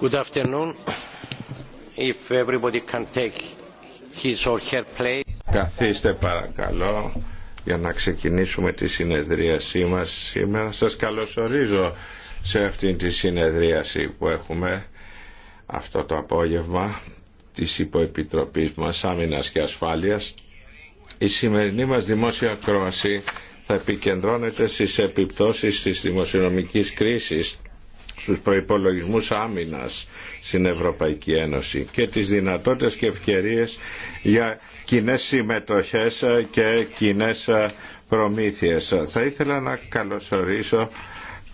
Good afternoon. If everybody can take his or her place. Καθίστε παρακαλώ για να ξεκινήσουμε τη συνεδρίασή μας σήμερα. Σας καλωσορίζω σε αυτήν τη συνεδρίαση που έχουμε αυτό το απόγευμα της Υποεπιτροπής μας Άμυνας και Ασφάλειας. Η σημερινή μας δημόσια ακρόαση θα επικεντρώνεται στις επιπτώσεις της δημοσιονομικής κρίσης στους προϋπολογισμούς άμυνας στην Ευρωπαϊκή Ένωση και τις δυνατότητες και ευκαιρίες για κοινέ συμμετοχές και κοινέ προμήθειες. Θα ήθελα να καλωσορίσω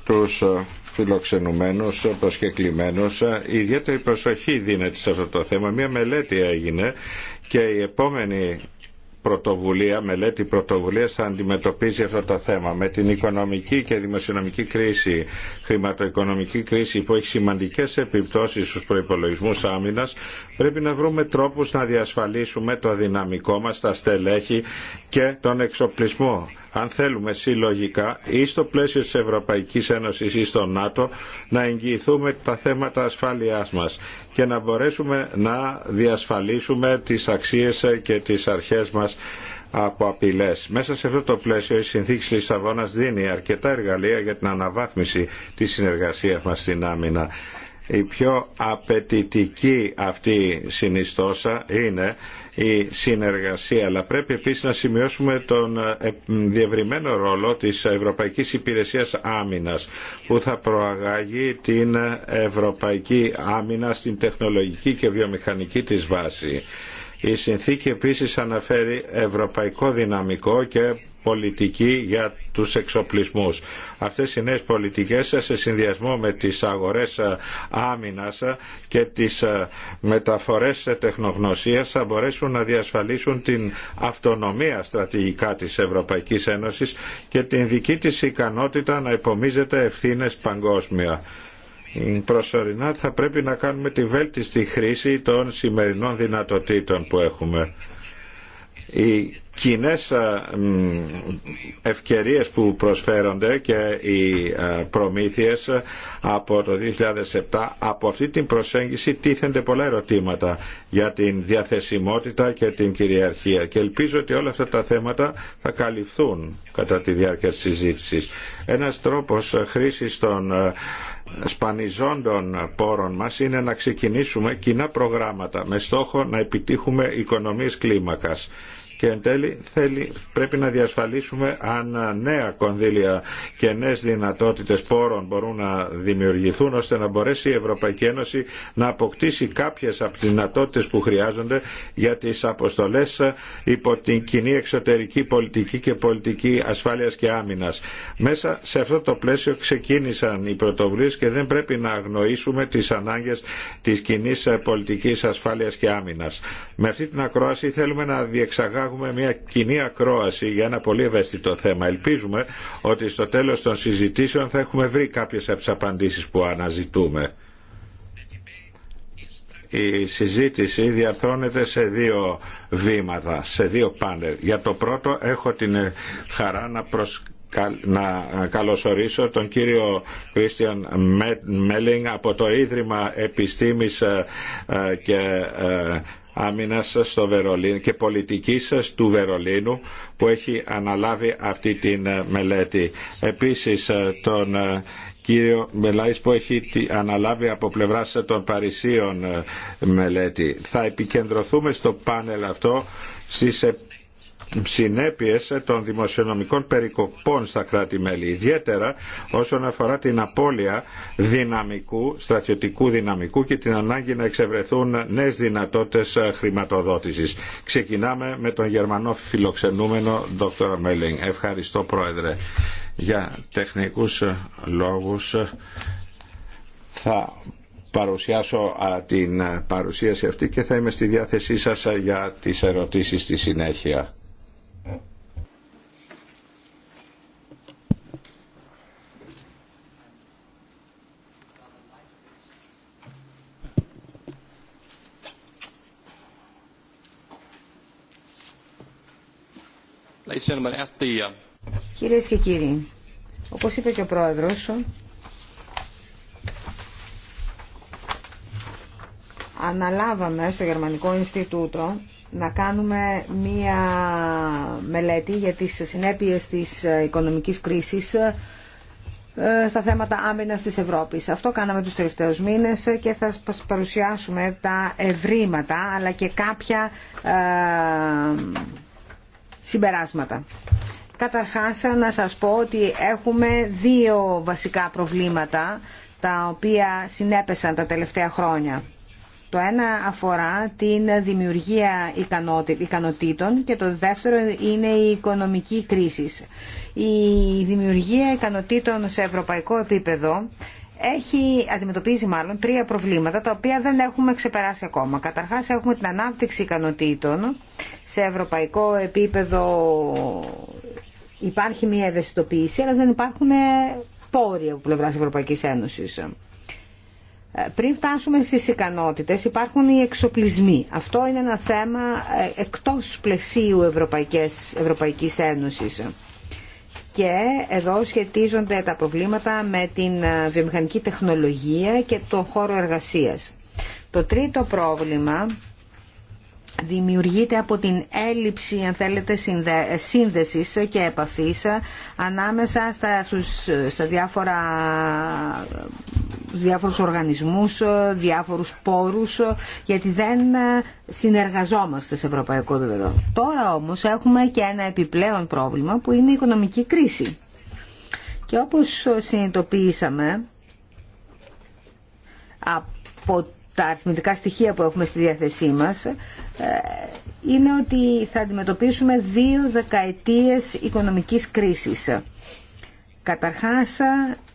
τους φιλοξενουμένους, προσκεκλημένους. Ιδιαίτερη προσοχή δίνεται σε αυτό το θέμα. Μία μελέτη έγινε και η επόμενη πρωτοβουλία, μελέτη πρωτοβουλία θα αντιμετωπίζει αυτό το θέμα. Με την οικονομική και δημοσιονομική κρίση, χρηματοοικονομική κρίση που έχει σημαντικέ επιπτώσεις στους προπολογισμού άμυνας, πρέπει να βρούμε τρόπους να διασφαλίσουμε το δυναμικό μας, τα στελέχη και τον εξοπλισμό αν θέλουμε συλλογικά ή στο πλαίσιο της Ευρωπαϊκής Ένωσης ή στο ΝΑΤΟ να εγγυηθούμε τα θέματα ασφάλειάς μας και να μπορέσουμε να διασφαλίσουμε τις αξίες και τις αρχές μας από απειλές. Μέσα σε αυτό το πλαίσιο η συνθήκη της Λισαβόνα δίνει αρκετά εργαλεία για την αναβάθμιση της συνεργασίας μας στην άμυνα η πιο απαιτητική αυτή συνιστόσα είναι η συνεργασία. Αλλά πρέπει επίσης να σημειώσουμε τον ε, διευρυμένο ρόλο της Ευρωπαϊκής Υπηρεσίας Άμυνας που θα προαγάγει την Ευρωπαϊκή Άμυνα στην τεχνολογική και βιομηχανική της βάση. Η συνθήκη επίσης αναφέρει ευρωπαϊκό δυναμικό και πολιτική για τους εξοπλισμούς. Αυτές οι νέες πολιτικές σε συνδυασμό με τις αγορές άμυνας και τις μεταφορές τεχνογνωσίας θα μπορέσουν να διασφαλίσουν την αυτονομία στρατηγικά της Ευρωπαϊκής Ένωσης και την δική της ικανότητα να υπομίζεται ευθύνες παγκόσμια. Προσωρινά θα πρέπει να κάνουμε τη βέλτιστη χρήση των σημερινών δυνατοτήτων που έχουμε οι κοινέ ευκαιρίες που προσφέρονται και οι προμήθειες από το 2007 από αυτή την προσέγγιση τίθενται πολλά ερωτήματα για την διαθεσιμότητα και την κυριαρχία και ελπίζω ότι όλα αυτά τα θέματα θα καλυφθούν κατά τη διάρκεια της συζήτησης. Ένας τρόπος χρήσης των σπανιζόντων πόρων μας είναι να ξεκινήσουμε κοινά προγράμματα με στόχο να επιτύχουμε οικονομίες κλίμακας και εν τέλει θέλει, πρέπει να διασφαλίσουμε αν νέα κονδύλια και νέες δυνατότητες πόρων μπορούν να δημιουργηθούν ώστε να μπορέσει η Ευρωπαϊκή Ένωση να αποκτήσει κάποιες από τις δυνατότητες που χρειάζονται για τις αποστολές υπό την κοινή εξωτερική πολιτική και πολιτική ασφάλειας και άμυνας. Μέσα σε αυτό το πλαίσιο ξεκίνησαν οι πρωτοβουλίες και δεν πρέπει να αγνοήσουμε τις ανάγκες της κοινή πολιτικής ασφάλειας και άμυνας. Με αυτή την ακρόαση θέλουμε να διεξαγάγουμε έχουμε μια κοινή ακρόαση για ένα πολύ ευαίσθητο θέμα. Ελπίζουμε ότι στο τέλος των συζητήσεων θα έχουμε βρει κάποιες από τις απαντήσεις που αναζητούμε. Η συζήτηση διαρθρώνεται σε δύο βήματα, σε δύο πάνελ. Για το πρώτο έχω την χαρά να να καλωσορίσω τον κύριο Κρίστιαν Μέλινγκ από το Ίδρυμα Επιστήμης ε, ε, και ε, σας στο Βερολίνο και πολιτικής του Βερολίνου που έχει αναλάβει αυτή την ε, μελέτη. Επίσης ε, τον ε, κύριο Μελάης που έχει αναλάβει από πλευράς των Παρισίων μελέτη. Θα επικεντρωθούμε στο πάνελ αυτό στις συνέπειες των δημοσιονομικών περικοπών στα κράτη-μέλη, ιδιαίτερα όσον αφορά την απώλεια δυναμικού, στρατιωτικού δυναμικού και την ανάγκη να εξευρεθούν νέες δυνατότητες χρηματοδότησης. Ξεκινάμε με τον Γερμανό φιλοξενούμενο Δ. Μέλινγκ. Ευχαριστώ Πρόεδρε. Για τεχνικούς λόγους θα παρουσιάσω την παρουσίαση αυτή και θα είμαι στη διάθεσή σας για τις ερωτήσεις στη συνέχεια. Uh, Κυρίες και κύριοι, όπως είπε και ο Πρόεδρος, αναλάβαμε στο Γερμανικό Ινστιτούτο να κάνουμε μία μελέτη για τις συνέπειες της οικονομικής κρίσης ε, στα θέματα άμυνας της Ευρώπης. Αυτό κάναμε τους τελευταίους μήνες και θα παρουσιάσουμε τα ευρήματα αλλά και κάποια ε, συμπεράσματα. Καταρχάς να σας πω ότι έχουμε δύο βασικά προβλήματα τα οποία συνέπεσαν τα τελευταία χρόνια. Το ένα αφορά την δημιουργία ικανοτήτων και το δεύτερο είναι η οικονομική κρίση. Η δημιουργία ικανοτήτων σε ευρωπαϊκό επίπεδο έχει αντιμετωπίζει μάλλον τρία προβλήματα τα οποία δεν έχουμε ξεπεράσει ακόμα. Καταρχάς έχουμε την ανάπτυξη ικανοτήτων σε ευρωπαϊκό επίπεδο υπάρχει μια ευαισθητοποίηση αλλά δεν υπάρχουν πόροι από πλευρά Ευρωπαϊκής Ένωσης. Πριν φτάσουμε στις ικανότητες υπάρχουν οι εξοπλισμοί. Αυτό είναι ένα θέμα ε, εκτός πλαισίου Ευρωπαϊκής, Ευρωπαϊκής Ένωσης και εδώ σχετίζονται τα προβλήματα με την ε, βιομηχανική τεχνολογία και τον χώρο εργασίας. Το τρίτο πρόβλημα δημιουργείται από την έλλειψη αν θέλετε σύνδεσης και επαφής ανάμεσα στα, στους, στα διάφορα, διάφορους οργανισμούς, διάφορους πόρους γιατί δεν συνεργαζόμαστε σε ευρωπαϊκό δεδομένο. Τώρα όμως έχουμε και ένα επιπλέον πρόβλημα που είναι η οικονομική κρίση. Και όπως συνειδητοποίησαμε από τα αριθμητικά στοιχεία που έχουμε στη διάθεσή μας ε, είναι ότι θα αντιμετωπίσουμε δύο δεκαετίες οικονομικής κρίσης. Καταρχάς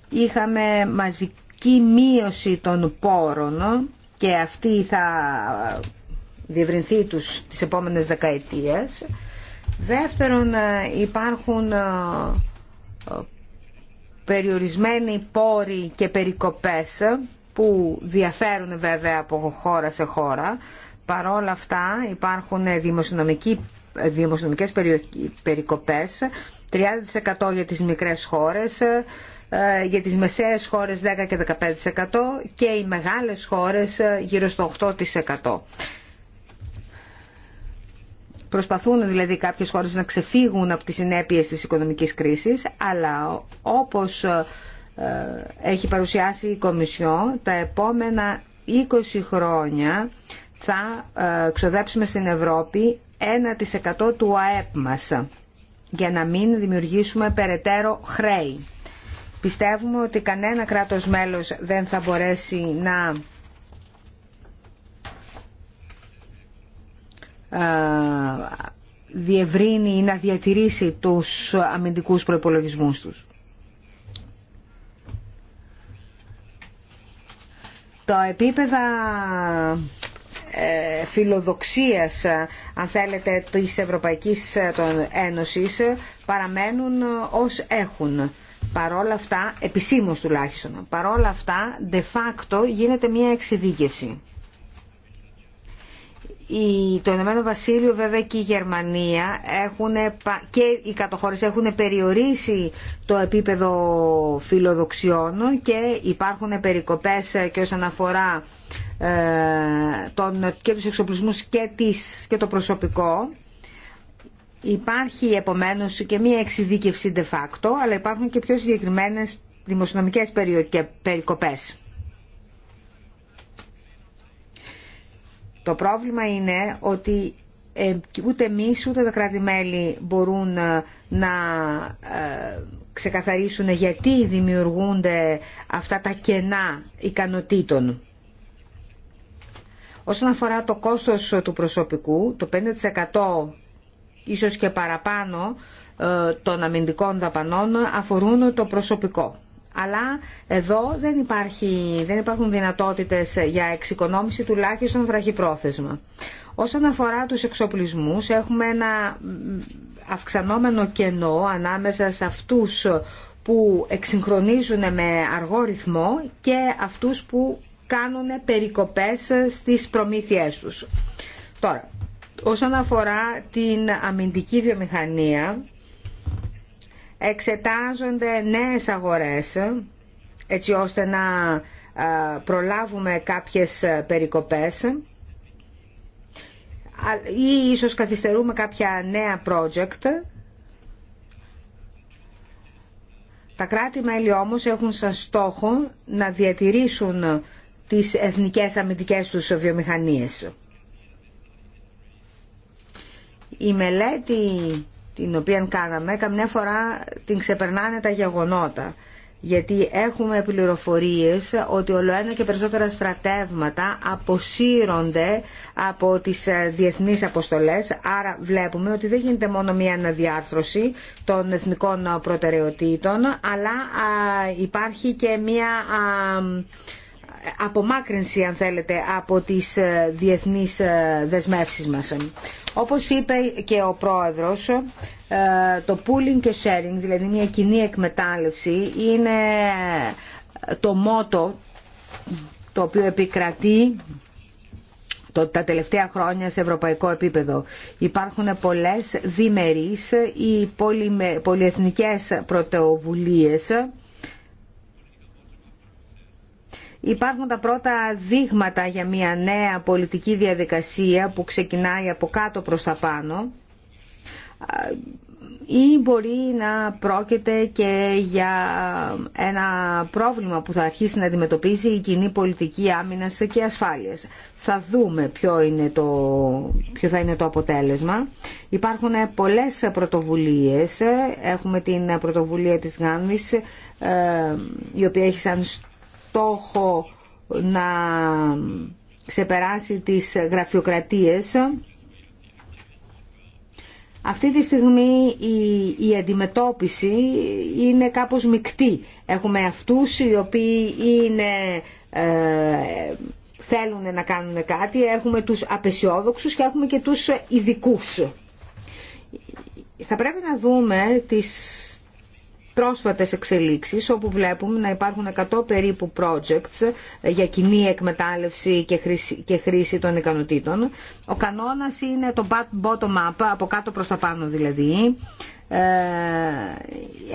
είχαμε μαζική μείωση των πόρων και αυτή θα διευρυνθεί τους τις επόμενες δεκαετίες. Δεύτερον ε, υπάρχουν ε, περιορισμένοι πόροι και περικοπές που διαφέρουν βέβαια από χώρα σε χώρα. Παρόλα αυτά υπάρχουν δημοσιονομικές περικοπές, 30% για τις μικρές χώρες, ε, για τις μεσαίες χώρες 10 και 15% και οι μεγάλες χώρες ε, γύρω στο 8%. Προσπαθούν δηλαδή κάποιες χώρες να ξεφύγουν από τις συνέπειες της οικονομικής κρίσης, αλλά όπως ε, ε, έχει παρουσιάσει η Κομισιό, τα επόμενα 20 χρόνια θα ε, ξοδέψουμε στην Ευρώπη 1% του ΑΕΠ μας για να μην δημιουργήσουμε περαιτέρω χρέη. Πιστεύουμε ότι κανένα κράτος μέλος δεν θα μπορέσει να ε, διευρύνει ή να διατηρήσει τους αμυντικούς προϋπολογισμούς τους. Το επίπεδα ε, φιλοδοξίας ε, αν θέλετε της Ευρωπαϊκής ε, Ένωσης παραμένουν ως έχουν παρόλα αυτά, επισήμως τουλάχιστον παρόλα αυτά de facto γίνεται μια εξειδίκευση το Ηνωμένο Βασίλειο βέβαια και η Γερμανία έχουν, και οι κατοχώρες έχουν περιορίσει το επίπεδο φιλοδοξιών και υπάρχουν περικοπές ε, και όσον αφορά ε, τον, και τους εξοπλισμούς και, τις, και το προσωπικό. Υπάρχει επομένως και μία εξειδίκευση de facto, αλλά υπάρχουν και πιο συγκεκριμένες δημοσιονομικές περικοπές. Το πρόβλημα είναι ότι ε, ούτε εμεί ούτε τα κράτη-μέλη μπορούν ε, να ε, ξεκαθαρίσουν γιατί δημιουργούνται αυτά τα κενά ικανοτήτων. Όσον αφορά το κόστος του προσωπικού, το 5% ίσως και παραπάνω των αμυντικών δαπανών αφορούν το προσωπικό αλλά εδώ δεν, υπάρχει, δεν υπάρχουν δυνατότητες για εξοικονόμηση τουλάχιστον βραχυπρόθεσμα. Όσον αφορά τους εξοπλισμούς έχουμε ένα αυξανόμενο κενό ανάμεσα σε αυτούς που εξυγχρονίζουν με αργό ρυθμό και αυτούς που κάνουν περικοπές στις προμήθειές τους. Τώρα, όσον αφορά την αμυντική βιομηχανία, εξετάζονται νέες αγορές έτσι ώστε να ε, προλάβουμε κάποιες ε, περικοπές ή ίσως καθυστερούμε κάποια νέα project. Τα κράτη-μέλη όμως έχουν σαν στόχο να διατηρήσουν τις εθνικές αμυντικές τους βιομηχανίες. Η μελέτη την οποία κάναμε, καμιά φορά την ξεπερνάνε τα γεγονότα. Γιατί έχουμε πληροφορίες ότι ολοένα και περισσότερα στρατεύματα αποσύρονται από τις ε, διεθνείς αποστολές, άρα βλέπουμε ότι δεν γίνεται μόνο μία αναδιάρθρωση των εθνικών προτεραιοτήτων, αλλά υπάρχει και μία απομάκρυνση αν θέλετε από τις ε, διεθνείς ε, δεσμεύσεις μας. Όπως είπε και ο πρόεδρος, ε, το pooling και sharing, δηλαδή μια κοινή εκμετάλλευση, είναι το μότο το οποίο επικρατεί τα τελευταία χρόνια σε ευρωπαϊκό επίπεδο. Υπάρχουν πολλές διμερείς ή πολυεθνικές πρωτοβουλίες Υπάρχουν τα πρώτα δείγματα για μια νέα πολιτική διαδικασία που ξεκινάει από κάτω προς τα πάνω ή μπορεί να πρόκειται και για ένα πρόβλημα που θα αρχίσει να αντιμετωπίσει η κοινή πολιτική άμυνας και ασφάλειας. Θα δούμε ποιο, είναι το, ποιο θα είναι το αποτέλεσμα. Υπάρχουν πολλές πρωτοβουλίες. Έχουμε την πρωτοβουλία της Γάνδης, ε, η οποία έχει σαν στόχο να ξεπεράσει τις γραφειοκρατίες. Αυτή τη στιγμή η, η αντιμετώπιση είναι κάπως μεικτή. Έχουμε αυτούς οι οποίοι είναι, ε, θέλουν να κάνουν κάτι, έχουμε τους απεσιόδοξους και έχουμε και τους ειδικού. Θα πρέπει να δούμε τις πρόσφατες εξελίξεις όπου βλέπουμε να υπάρχουν 100 περίπου projects για κοινή εκμετάλλευση και χρήση, και χρήση των ικανοτήτων. Ο κανόνας είναι το bottom-up, από κάτω προς τα πάνω δηλαδή. Ε,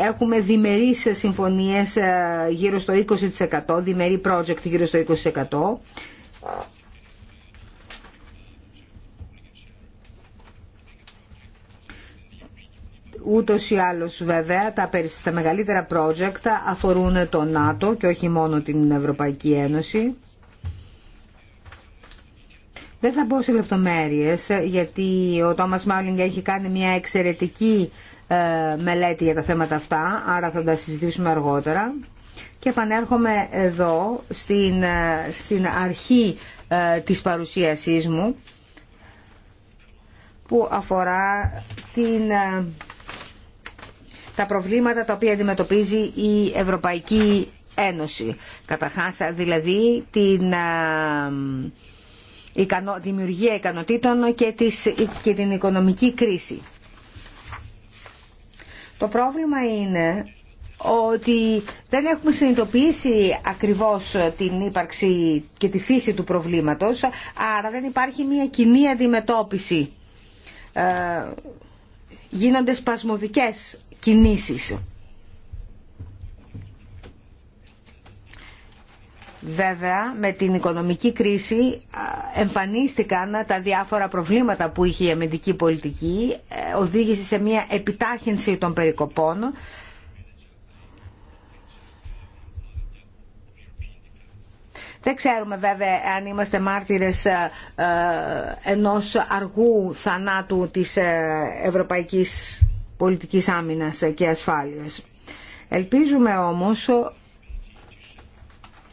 έχουμε διμερείς συμφωνίες ε, γύρω στο 20%, διμερεί project γύρω στο 20% Ούτως ή άλλως βέβαια τα, τα μεγαλύτερα project αφορούν το ΝΑΤΟ και όχι μόνο την Ευρωπαϊκή Ένωση. Δεν θα μπω σε λεπτομέρειες γιατί ο Τόμας Μάουλινγκ έχει κάνει μια εξαιρετική ε, μελέτη για τα θέματα αυτά, άρα θα τα συζητήσουμε αργότερα. Και επανέρχομαι εδώ στην, ε, στην αρχή ε, της παρουσίασής μου που αφορά την τα προβλήματα τα οποία αντιμετωπίζει η Ευρωπαϊκή Ένωση. Καταρχάς δηλαδή την δημιουργία ικανοτήτων και την οικονομική κρίση. Το πρόβλημα είναι ότι δεν έχουμε συνειδητοποιήσει ακριβώς την ύπαρξη και τη φύση του προβλήματος, άρα δεν υπάρχει μια κοινή αντιμετώπιση. Ε, γίνονται σπασμωδικές κινήσεις. Βέβαια, με την οικονομική κρίση εμφανίστηκαν τα διάφορα προβλήματα που είχε η αμυντική πολιτική, ε, οδήγησε σε μια επιτάχυνση των περικοπών, Δεν ξέρουμε βέβαια αν είμαστε μάρτυρες ε, ε, ενός αργού θανάτου της ευρωπαϊκής πολιτικής άμυνας και ασφάλειας. Ελπίζουμε όμως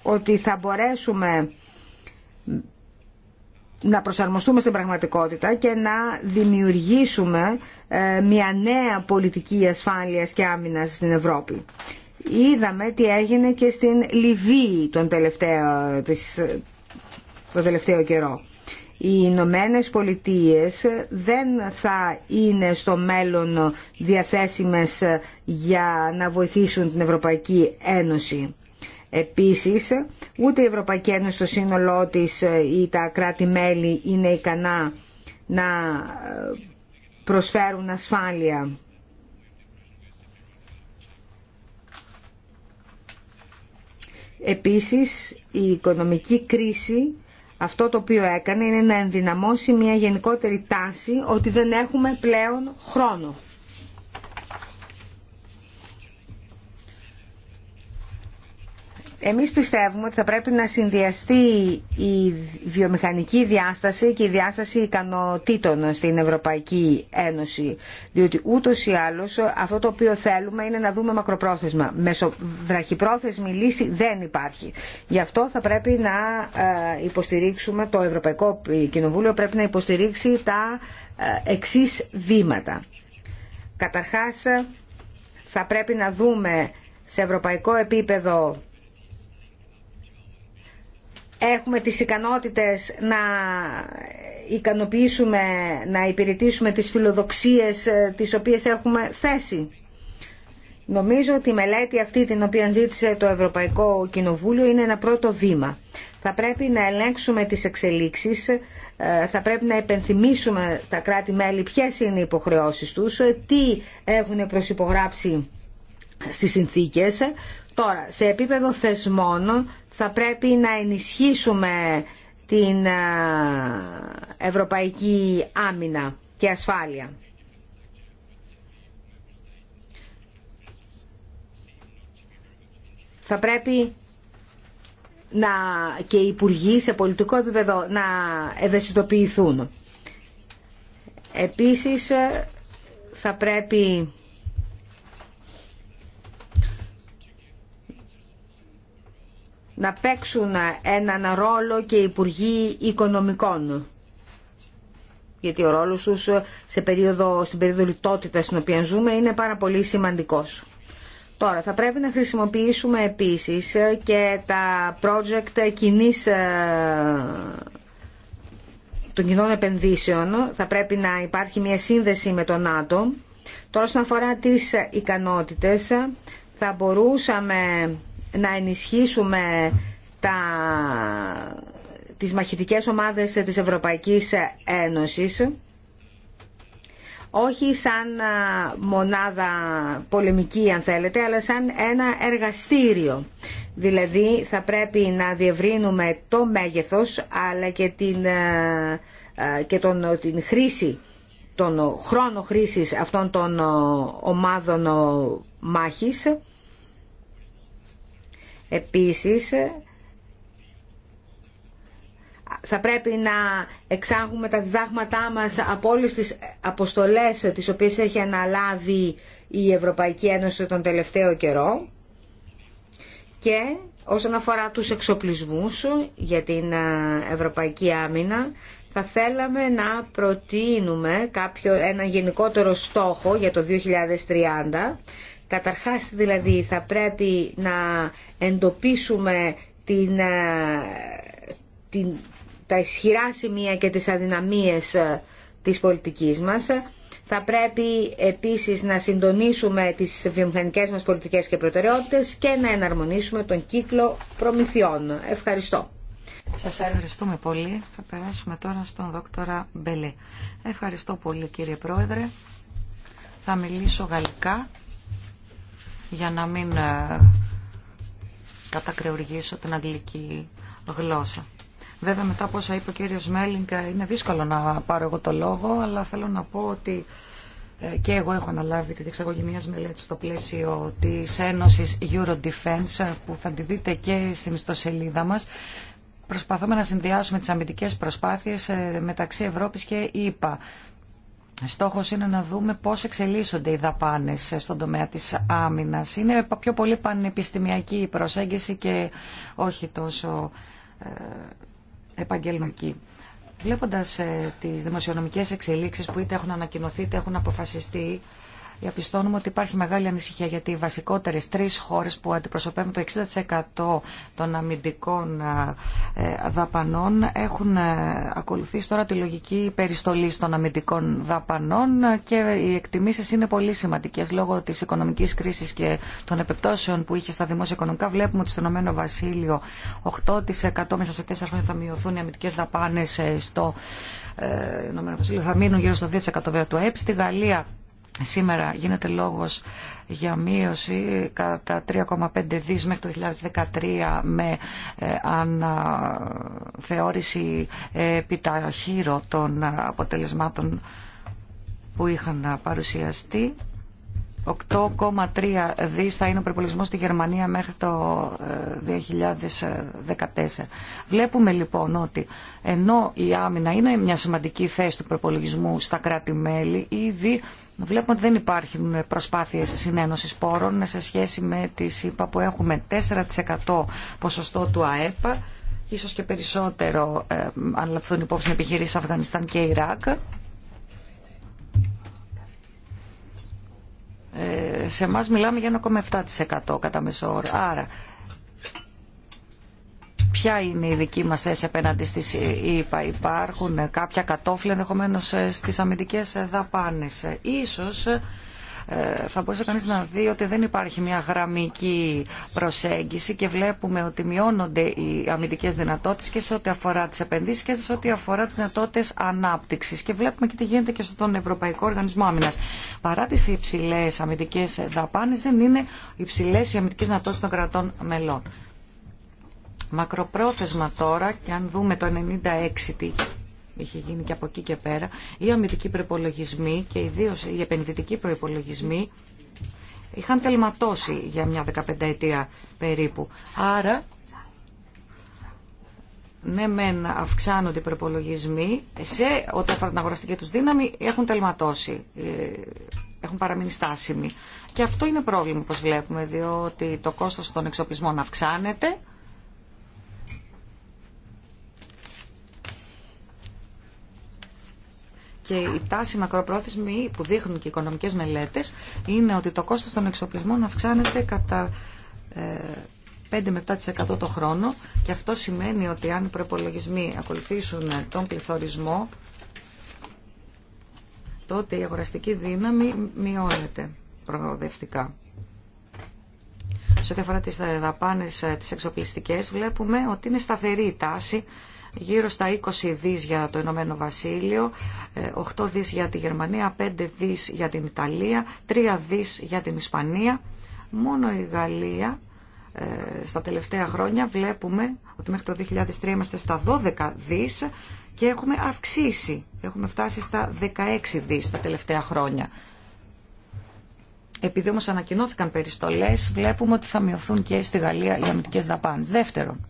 ότι θα μπορέσουμε να προσαρμοστούμε στην πραγματικότητα και να δημιουργήσουμε ε, μια νέα πολιτική ασφάλειας και άμυνας στην Ευρώπη. Είδαμε τι έγινε και στην Λιβύη τον τελευταίο, ε, ε, τον τελευταίο καιρό οι Ηνωμένε Πολιτείε δεν θα είναι στο μέλλον διαθέσιμες για να βοηθήσουν την Ευρωπαϊκή Ένωση. Επίσης, ούτε η Ευρωπαϊκή Ένωση στο σύνολό της ή τα κράτη-μέλη είναι ικανά να προσφέρουν ασφάλεια. Επίσης, η οικονομική κρίση αυτό το οποίο έκανε είναι να ενδυναμώσει μια γενικότερη τάση ότι δεν έχουμε πλέον χρόνο. Εμείς πιστεύουμε ότι θα πρέπει να συνδυαστεί η βιομηχανική διάσταση και η διάσταση ικανοτήτων στην Ευρωπαϊκή Ένωση. Διότι ούτως ή άλλως αυτό το οποίο θέλουμε είναι να δούμε μακροπρόθεσμα. Μεσοβραχυπρόθεσμη λύση δεν υπάρχει. Γι' αυτό θα πρέπει να ε, υποστηρίξουμε, το Ευρωπαϊκό Κοινοβούλιο πρέπει να υποστηρίξει τα ε, εξής βήματα. Καταρχάς θα πρέπει να δούμε σε ευρωπαϊκό επίπεδο έχουμε τις ικανότητες να ικανοποιήσουμε, να υπηρετήσουμε τις φιλοδοξίες ε, τις οποίες έχουμε θέσει. Νομίζω ότι η μελέτη αυτή την οποία ζήτησε το Ευρωπαϊκό Κοινοβούλιο είναι ένα πρώτο βήμα. Θα πρέπει να ελέγξουμε τις εξελίξεις, ε, θα πρέπει να επενθυμίσουμε τα κράτη-μέλη ποιες είναι οι υποχρεώσεις τους, ε, τι έχουν προσυπογράψει στις συνθήκες. Τώρα, σε επίπεδο θεσμών θα πρέπει να ενισχύσουμε την ε, ευρωπαϊκή άμυνα και ασφάλεια. Θα πρέπει να και οι υπουργοί σε πολιτικό επίπεδο να ευαισθητοποιηθούν. Επίσης θα πρέπει να παίξουν έναν ρόλο και Υπουργοί Οικονομικών. Γιατί ο ρόλος τους σε περίοδο, στην περίοδο λιτότητας στην οποία ζούμε είναι πάρα πολύ σημαντικός. Τώρα, θα πρέπει να χρησιμοποιήσουμε επίσης και τα project κοινής ε, των κοινών επενδύσεων. Θα πρέπει να υπάρχει μια σύνδεση με τον ΝΑΤΟ. Τώρα, όσον αφορά τις ικανότητες, θα μπορούσαμε να ενισχύσουμε τα, τις μαχητικές ομάδες της Ευρωπαϊκής Ένωσης όχι σαν μονάδα πολεμική αν θέλετε, αλλά σαν ένα εργαστήριο. Δηλαδή θα πρέπει να διευρύνουμε το μέγεθος αλλά και την, και τον, την χρήση, τον χρόνο χρήσης αυτών των ομάδων μάχης Επίσης, θα πρέπει να εξάγουμε τα διδάγματά μας από όλες τις αποστολές τις οποίες έχει αναλάβει η Ευρωπαϊκή Ένωση τον τελευταίο καιρό και όσον αφορά τους εξοπλισμούς για την ε, Ευρωπαϊκή Άμυνα θα θέλαμε να προτείνουμε κάποιο, ένα γενικότερο στόχο για το 2030 Καταρχάς δηλαδή θα πρέπει να εντοπίσουμε την, ε, τα ισχυρά σημεία και τις αδυναμίες ε, της πολιτικής μας. Θα πρέπει επίσης να συντονίσουμε τις βιομηχανικές μας πολιτικές και προτεραιότητες και να εναρμονίσουμε τον κύκλο προμηθειών. Ευχαριστώ. Σας ευχαριστούμε πολύ. Θα περάσουμε τώρα στον δόκτορα Μπελέ. Ευχαριστώ πολύ κύριε Πρόεδρε. Θα μιλήσω γαλλικά για να μην ε, κατακρεουργήσω την αγγλική γλώσσα. Βέβαια μετά από όσα είπε ο κύριος Μέλινγκ ε, είναι δύσκολο να πάρω εγώ το λόγο, αλλά θέλω να πω ότι ε, και εγώ έχω αναλάβει τη διεξαγωγή μιας μελέτης στο πλαίσιο της Ένωσης Eurodefense που θα τη δείτε και στην ιστοσελίδα μας. Προσπαθούμε να συνδυάσουμε τις αμυντικές προσπάθειες μεταξύ Ευρώπης και ΕΠΑ Στόχος είναι να δούμε πώς εξελίσσονται οι δαπάνες στον τομέα της άμυνας. Είναι πιο πολύ πανεπιστημιακή η προσέγγιση και όχι τόσο ε, επαγγελματική. Βλέποντας ε, τις δημοσιονομικές εξελίξεις που είτε έχουν ανακοινωθεί είτε έχουν αποφασιστεί, διαπιστώνουμε ότι υπάρχει μεγάλη ανησυχία γιατί οι βασικότερε τρει χώρε που αντιπροσωπεύουν το 60% των αμυντικών ε, δαπανών έχουν ε, ακολουθήσει τώρα τη λογική περιστολή των αμυντικών δαπανών και οι εκτιμήσει είναι πολύ σημαντικέ λόγω τη οικονομική κρίση και των επιπτώσεων που είχε στα δημόσια οικονομικά. Βλέπουμε ότι στο Ηνωμένο Βασίλειο 8% μέσα σε 4 χρόνια θα μειωθούν οι αμυντικέ δαπάνε ε, στο Ηνωμένο Βασίλειο θα μείνουν γύρω στο 2% του ΕΠ. Στη Γαλλία Σήμερα γίνεται λόγος για μείωση κατά 3,5 δις μέχρι το 2013 με ε, αναθεώρηση ε, επιταχύρω των αποτελεσμάτων που είχαν παρουσιαστεί. 8,3 δις θα είναι ο προπολογισμός στη Γερμανία μέχρι το 2014. Ε, βλέπουμε λοιπόν ότι ενώ η άμυνα είναι μια σημαντική θέση του προπολογισμού στα κράτη-μέλη, ήδη βλέπουμε ότι δεν υπάρχουν προσπάθειες συνένωσης πόρων σε σχέση με τις ΗΠΑ που έχουμε 4% ποσοστό του ΑΕΠΑ, ίσως και περισσότερο ε, αν λαμβάνουν υπόψη επιχειρήσεις Αφγανιστάν και Ιράκ Ε, σε εμά μιλάμε για 1,7% κατά μέσο όρο. Άρα, ποια είναι η δική μας θέση απέναντι στι. ΕΕ. Υπάρχουν κάποια κατόφλια ενδεχομένω ε, στι αμυντικές ε, δαπάνε. Ίσως ε, θα μπορούσε κανείς να δει ότι δεν υπάρχει μια γραμμική προσέγγιση και βλέπουμε ότι μειώνονται οι αμυντικές δυνατότητες και σε ό,τι αφορά τις επενδύσεις και σε ό,τι αφορά τις δυνατότητες ανάπτυξης. Και βλέπουμε και τι γίνεται και στον Ευρωπαϊκό Οργανισμό Άμυνας. Παρά τις υψηλές αμυντικές δαπάνες δεν είναι υψηλές οι αμυντικές δυνατότητες των κρατών μελών. Μακροπρόθεσμα τώρα, και αν δούμε το 96 είχε γίνει και από εκεί και πέρα, οι αμυντικοί προπολογισμοί και ιδίω οι επενδυτικοί προπολογισμοί είχαν τελματώσει για μια 15 περίπου. Άρα, ναι μεν αυξάνονται οι προπολογισμοί, σε όταν αφορά την αγοραστική τους δύναμη έχουν τελματώσει, ε, έχουν παραμείνει στάσιμοι. Και αυτό είναι πρόβλημα, όπως βλέπουμε, διότι το κόστος των εξοπλισμών αυξάνεται, και η τάση μακροπρόθεσμη που δείχνουν και οι οικονομικές μελέτες είναι ότι το κόστος των εξοπλισμών αυξάνεται κατά 5 ε, με 7% το χρόνο και αυτό σημαίνει ότι αν οι προπολογισμοί ακολουθήσουν τον πληθωρισμό τότε η αγοραστική δύναμη μειώνεται προοδευτικά. Σε ό,τι αφορά τις δαπάνες ε, τις εξοπλιστικές βλέπουμε ότι είναι σταθερή η τάση γύρω στα 20 δις για το Ηνωμένο Βασίλειο, 8 ε, δις για τη Γερμανία, 5 δις για την Ιταλία, 3 δις για την Ισπανία. Μόνο η Γαλλία ε, στα τελευταία χρόνια βλέπουμε ότι μέχρι το 2003 είμαστε στα 12 δις και έχουμε αυξήσει, έχουμε φτάσει στα 16 δις τα τελευταία χρόνια. Επειδή όμως ανακοινώθηκαν περιστολές, βλέπουμε ότι θα μειωθούν και στη Γαλλία οι αμυντικές δαπάνες. Δεύτερον,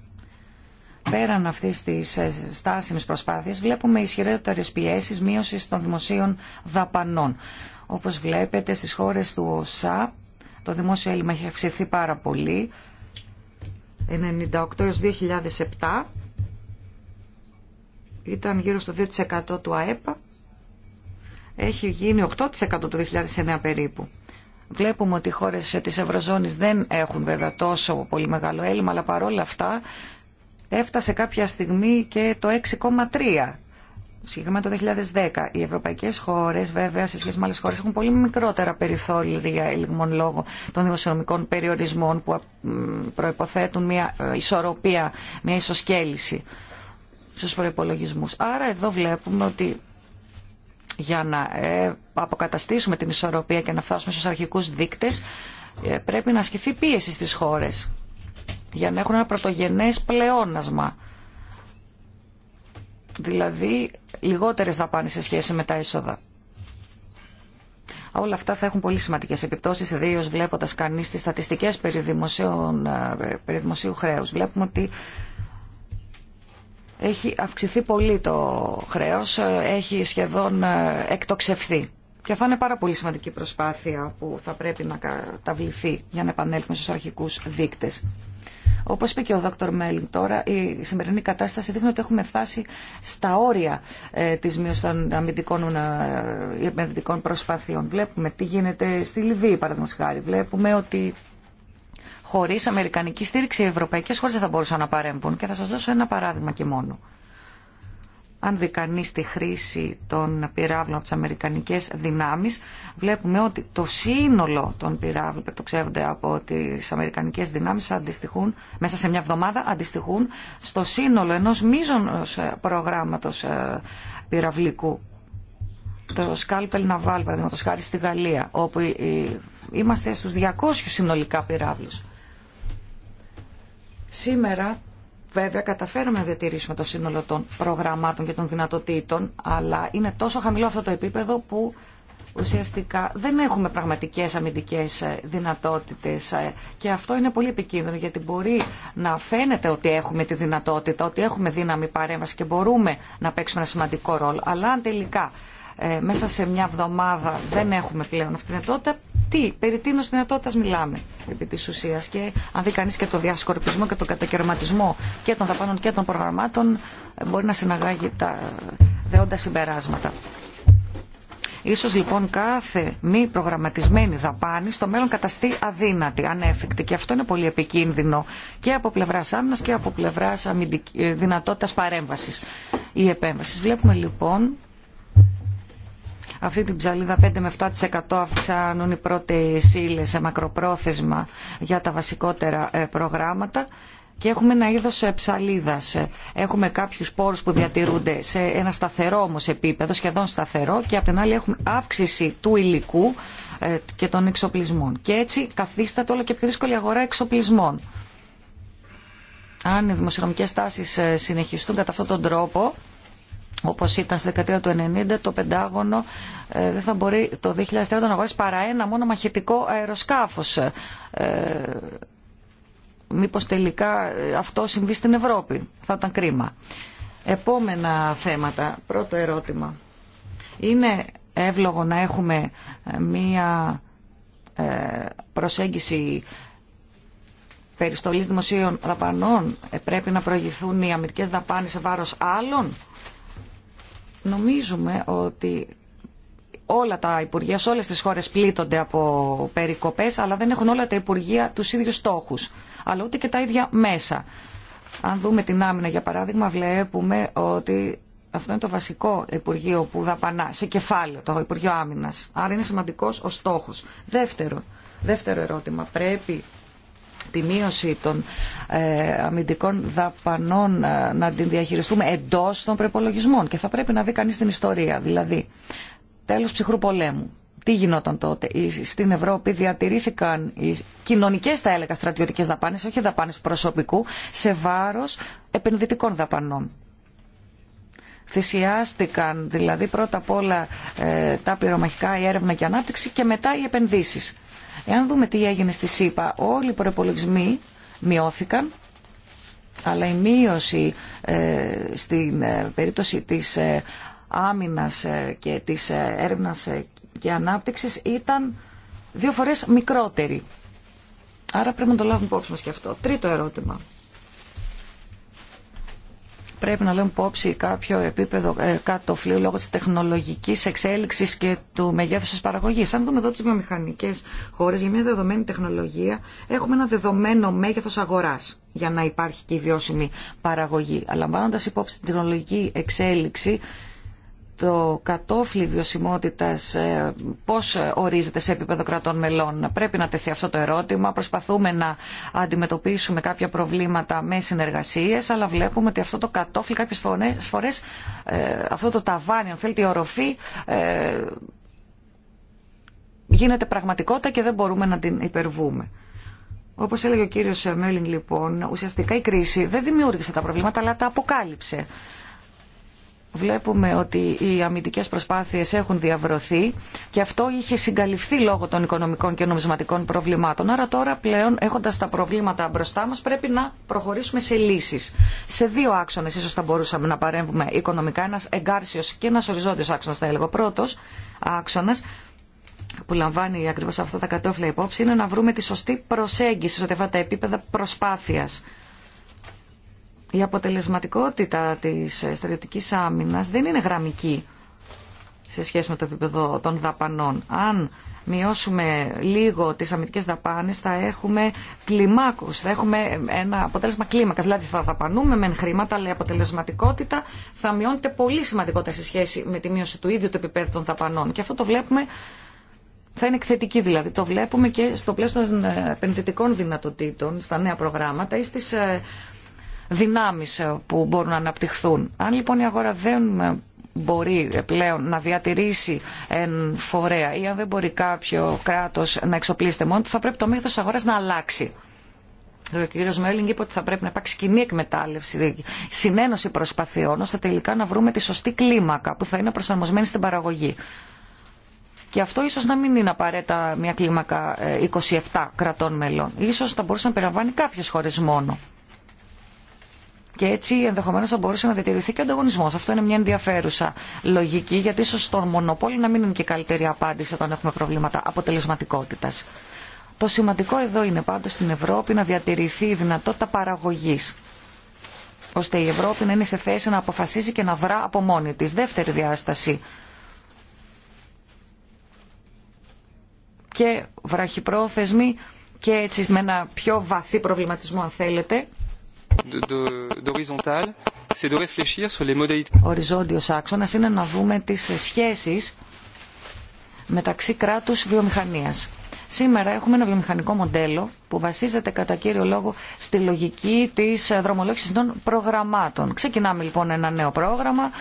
Πέραν αυτή τη ε, στάσιμης προσπάθεια βλέπουμε ισχυρότερε πιέσει μείωση των δημοσίων δαπανών. Όπως βλέπετε στις χώρες του ΟΣΑ το δημόσιο έλλειμμα έχει αυξηθεί πάρα πολύ. 98 έως 2007 ήταν γύρω στο 2% του ΑΕΠ. Έχει γίνει 8% το 2009 περίπου. Βλέπουμε ότι οι χώρες της Ευρωζώνης δεν έχουν βέβαια τόσο πολύ μεγάλο έλλειμμα, αλλά παρόλα αυτά έφτασε κάποια στιγμή και το 6,3% συγκεκριμένα το 2010. Οι ευρωπαϊκέ χώρε, βέβαια, σε σχέση με άλλε χώρε, έχουν πολύ μικρότερα περιθώρια ελιγμών λόγω των δημοσιονομικών περιορισμών που προποθέτουν μια ε, ισορροπία, μια ισοσκέληση στου προπολογισμού. Άρα εδώ βλέπουμε ότι για να ε, αποκαταστήσουμε την ισορροπία και να φτάσουμε στους αρχικούς δείκτες ε, πρέπει να ασκηθεί πίεση στις χώρες για να έχουν ένα πρωτογενές πλεόνασμα. Δηλαδή λιγότερες πάνε σε σχέση με τα έσοδα. Όλα αυτά θα έχουν πολύ σημαντικές επιπτώσεις, ιδίω βλέποντα κανεί τι στατιστικέ ε, περί, δημοσίου χρέους. Βλέπουμε ότι έχει αυξηθεί πολύ το χρέος, ε, έχει σχεδόν ε, εκτοξευθεί. Και θα είναι πάρα πολύ σημαντική προσπάθεια που θα πρέπει να καταβληθεί για να επανέλθουμε στους αρχικούς δείκτες. Όπω είπε και ο Δόκτωρ Μέλλιν, τώρα, η σημερινή κατάσταση δείχνει ότι έχουμε φτάσει στα όρια ε, τη μείωση των αμυντικών ε, επενδυτικών προσπαθειών. Βλέπουμε τι γίνεται στη Λιβύη, παραδείγματο χάρη. Βλέπουμε ότι χωρί αμερικανική στήριξη οι ευρωπαϊκέ χώρε δεν θα μπορούσαν να παρέμβουν. Και θα σα δώσω ένα παράδειγμα και μόνο αν δει κανεί τη χρήση των πυράβλων από τι Αμερικανικέ δυνάμει, βλέπουμε ότι το σύνολο των πυράβλων που εκτοξεύονται από τι Αμερικανικέ δυνάμει αντιστοιχούν, μέσα σε μια εβδομάδα, αντιστοιχούν στο σύνολο ενό μείζων ε, προγράμματο ε, πυραυλικού. Το Σκάλπελ Ναβάλ, παραδείγματο χάρη στη Γαλλία, όπου είμαστε στου 200 συνολικά πυράβλου. Σήμερα Βέβαια, καταφέραμε να διατηρήσουμε το σύνολο των προγραμμάτων και των δυνατοτήτων, αλλά είναι τόσο χαμηλό αυτό το επίπεδο που ουσιαστικά δεν έχουμε πραγματικές αμυντικές ε, δυνατότητες ε, και αυτό είναι πολύ επικίνδυνο γιατί μπορεί να φαίνεται ότι έχουμε τη δυνατότητα, ότι έχουμε δύναμη παρέμβαση και μπορούμε να παίξουμε ένα σημαντικό ρόλο, αλλά αν τελικά ε, μέσα σε μια εβδομάδα δεν έχουμε πλέον αυτή τη δυνατότητα, τι, περί τίνος δυνατότητας μιλάμε επί τη ουσία Και αν δει κανεί και το διασκορπισμό και τον κατακαιρματισμό και των δαπάνων και των προγραμμάτων, ε, μπορεί να συναγάγει τα δεόντα συμπεράσματα. Ίσως λοιπόν κάθε μη προγραμματισμένη δαπάνη στο μέλλον καταστεί αδύνατη, ανέφικτη και αυτό είναι πολύ επικίνδυνο και από πλευράς άμυνας και από πλευράς ε, δυνατότητας παρέμβασης ή επέμβασης. Βλέπουμε λοιπόν αυτή την ψαλίδα 5 με 7% αυξάνουν οι πρώτες ύλες σε μακροπρόθεσμα για τα βασικότερα ε, προγράμματα και έχουμε ένα είδος ε, ψαλίδας. Έχουμε κάποιους πόρους που διατηρούνται σε ένα σταθερό όμως επίπεδο, σχεδόν σταθερό και απ' την άλλη έχουν αύξηση του υλικού ε, και των εξοπλισμών. Και έτσι καθίσταται όλο και πιο δύσκολη αγορά εξοπλισμών. Αν οι δημοσιονομικές τάσεις συνεχιστούν κατά αυτόν τον τρόπο, όπως ήταν στη δεκαετία του 1990, το Πεντάγωνο ε, δεν θα μπορεί το 2030 να αγοράσει παρά ένα μόνο μαχητικό αεροσκάφος. Ε, μήπως τελικά ε, αυτό συμβεί στην Ευρώπη. Θα ήταν κρίμα. Επόμενα θέματα. Πρώτο ερώτημα. Είναι εύλογο να έχουμε ε, μία προσέγγιση περιστολής δημοσίων δαπανών. πρέπει να προηγηθούν οι αμυντικές δαπάνες σε βάρος άλλων Νομίζουμε ότι όλα τα Υπουργεία σε όλες τις χώρες πλήττονται από περικοπές, αλλά δεν έχουν όλα τα Υπουργεία τους ίδιους στόχους, αλλά ούτε και τα ίδια μέσα. Αν δούμε την άμυνα, για παράδειγμα, βλέπουμε ότι αυτό είναι το βασικό Υπουργείο που δαπανά σε κεφάλαιο, το Υπουργείο Άμυνας. Άρα είναι σημαντικός ο στόχος. Δεύτερο, δεύτερο ερώτημα, πρέπει τη μείωση των ε, αμυντικών δαπανών ε, να την διαχειριστούμε εντός των προπολογισμών και θα πρέπει να δει κανείς την ιστορία, δηλαδή τέλος ψυχρού πολέμου. Τι γινόταν τότε. Στην Ευρώπη διατηρήθηκαν οι κοινωνικές, θα έλεγα, στρατιωτικές δαπάνες, όχι δαπάνες προσωπικού, σε βάρος επενδυτικών δαπανών θυσιάστηκαν δηλαδή πρώτα απ' όλα ε, τα πυρομαχικά, η έρευνα και η ανάπτυξη και μετά οι επενδύσεις. Εάν δούμε τι έγινε στη ΣΥΠΑ, όλοι οι προπολογισμοί μειώθηκαν, αλλά η μείωση ε, στην ε, περίπτωση της ε, άμυνας ε, και της ε, έρευνας και ανάπτυξης ήταν δύο φορές μικρότερη. Άρα πρέπει να το λάβουμε υπόψη μας και αυτό. Τρίτο ερώτημα πρέπει να λέμε υπόψη κάποιο επίπεδο ε, κάτω φλοιού λόγω της τεχνολογικής εξέλιξης και του μεγέθους της παραγωγής. Αν δούμε εδώ τις βιομηχανικές χώρες για μια δεδομένη τεχνολογία έχουμε ένα δεδομένο μέγεθος αγοράς για να υπάρχει και η βιώσιμη παραγωγή. Αλλά λαμβάνοντας υπόψη την τεχνολογική εξέλιξη το κατόφλι βιωσιμότητας ε, πώς ορίζεται σε επίπεδο κρατών μελών. Πρέπει να τεθεί αυτό το ερώτημα. Προσπαθούμε να αντιμετωπίσουμε κάποια προβλήματα με συνεργασίες, αλλά βλέπουμε ότι αυτό το κατόφλι κάποιες φορές, ε, αυτό το ταβάνι, αν θέλετε, η οροφή ε, γίνεται πραγματικότητα και δεν μπορούμε να την υπερβούμε. Όπω έλεγε ο κύριο Μέλινγκ, λοιπόν, ουσιαστικά η κρίση δεν δημιούργησε τα προβλήματα, αλλά τα αποκάλυψε βλέπουμε ότι οι αμυντικές προσπάθειες έχουν διαβρωθεί και αυτό είχε συγκαλυφθεί λόγω των οικονομικών και νομισματικών προβλημάτων. Άρα τώρα πλέον έχοντας τα προβλήματα μπροστά μας πρέπει να προχωρήσουμε σε λύσεις. Σε δύο άξονες ίσως θα μπορούσαμε να παρέμβουμε οικονομικά, ένας εγκάρσιος και ένας οριζόντιος άξονας θα έλεγα. πρώτος άξονας που λαμβάνει ακριβώς αυτά τα κατόφλα υπόψη είναι να βρούμε τη σωστή προσέγγιση σε αυτά τα επίπεδα προσπάθειας η αποτελεσματικότητα της στρατιωτικής άμυνας δεν είναι γραμμική σε σχέση με το επίπεδο των δαπανών. Αν μειώσουμε λίγο τις αμυντικές δαπάνες θα έχουμε κλιμάκους, θα έχουμε ένα αποτέλεσμα κλίμακας. Δηλαδή θα δαπανούμε μεν χρήματα, αλλά η αποτελεσματικότητα θα μειώνεται πολύ σημαντικότητα σε σχέση με τη μείωση του ίδιου του επίπεδου των δαπανών. Και αυτό το βλέπουμε θα είναι εκθετική δηλαδή. Το βλέπουμε και στο πλαίσιο των ε, επενδυτικών δυνατοτήτων, στα νέα προγράμματα ή στις ε, δυνάμεις ε, που μπορούν να αναπτυχθούν. Αν λοιπόν η αγορά δεν ε, μπορεί πλέον να διατηρήσει εν φορέα ή αν δεν μπορεί κάποιο κράτος να εξοπλίζεται μόνο του, θα πρέπει το μέγεθος της αγοράς να αλλάξει. Ο κ. Μέλινγκ είπε ότι θα πρέπει να υπάρξει κοινή εκμετάλλευση, συνένωση προσπαθειών, ώστε τελικά να βρούμε τη σωστή κλίμακα που θα είναι προσαρμοσμένη στην παραγωγή. Και αυτό ίσως να μην είναι απαραίτητα μια κλίμακα 27 ε, κρατών μελών. Ίσως θα μπορούσε να περιλαμβάνει κάποιες χώρες μόνο. Και έτσι ενδεχομένω θα μπορούσε να διατηρηθεί και ο ανταγωνισμό. Αυτό είναι μια ενδιαφέρουσα λογική, γιατί ίσω στον μονοπόλιο να μην είναι και καλύτερη απάντηση όταν έχουμε προβλήματα αποτελεσματικότητα. Το σημαντικό εδώ είναι πάντω στην Ευρώπη να διατηρηθεί η δυνατότητα παραγωγή. ώστε η Ευρώπη να είναι σε θέση να αποφασίζει και να βρά από μόνη της. Δεύτερη διάσταση. Και βραχυπρόθεσμη και έτσι με ένα πιο βαθύ προβληματισμό αν θέλετε Οριζόντιος άξονας είναι να δούμε τις σχέσεις μεταξύ κράτους βιομηχανίας. Σήμερα έχουμε ένα βιομηχανικό μοντέλο που βασίζεται κατά κύριο λόγο στη λογική της δρομολόγησης των προγραμμάτων. Ξεκινάμε λοιπόν ένα νέο πρόγραμμα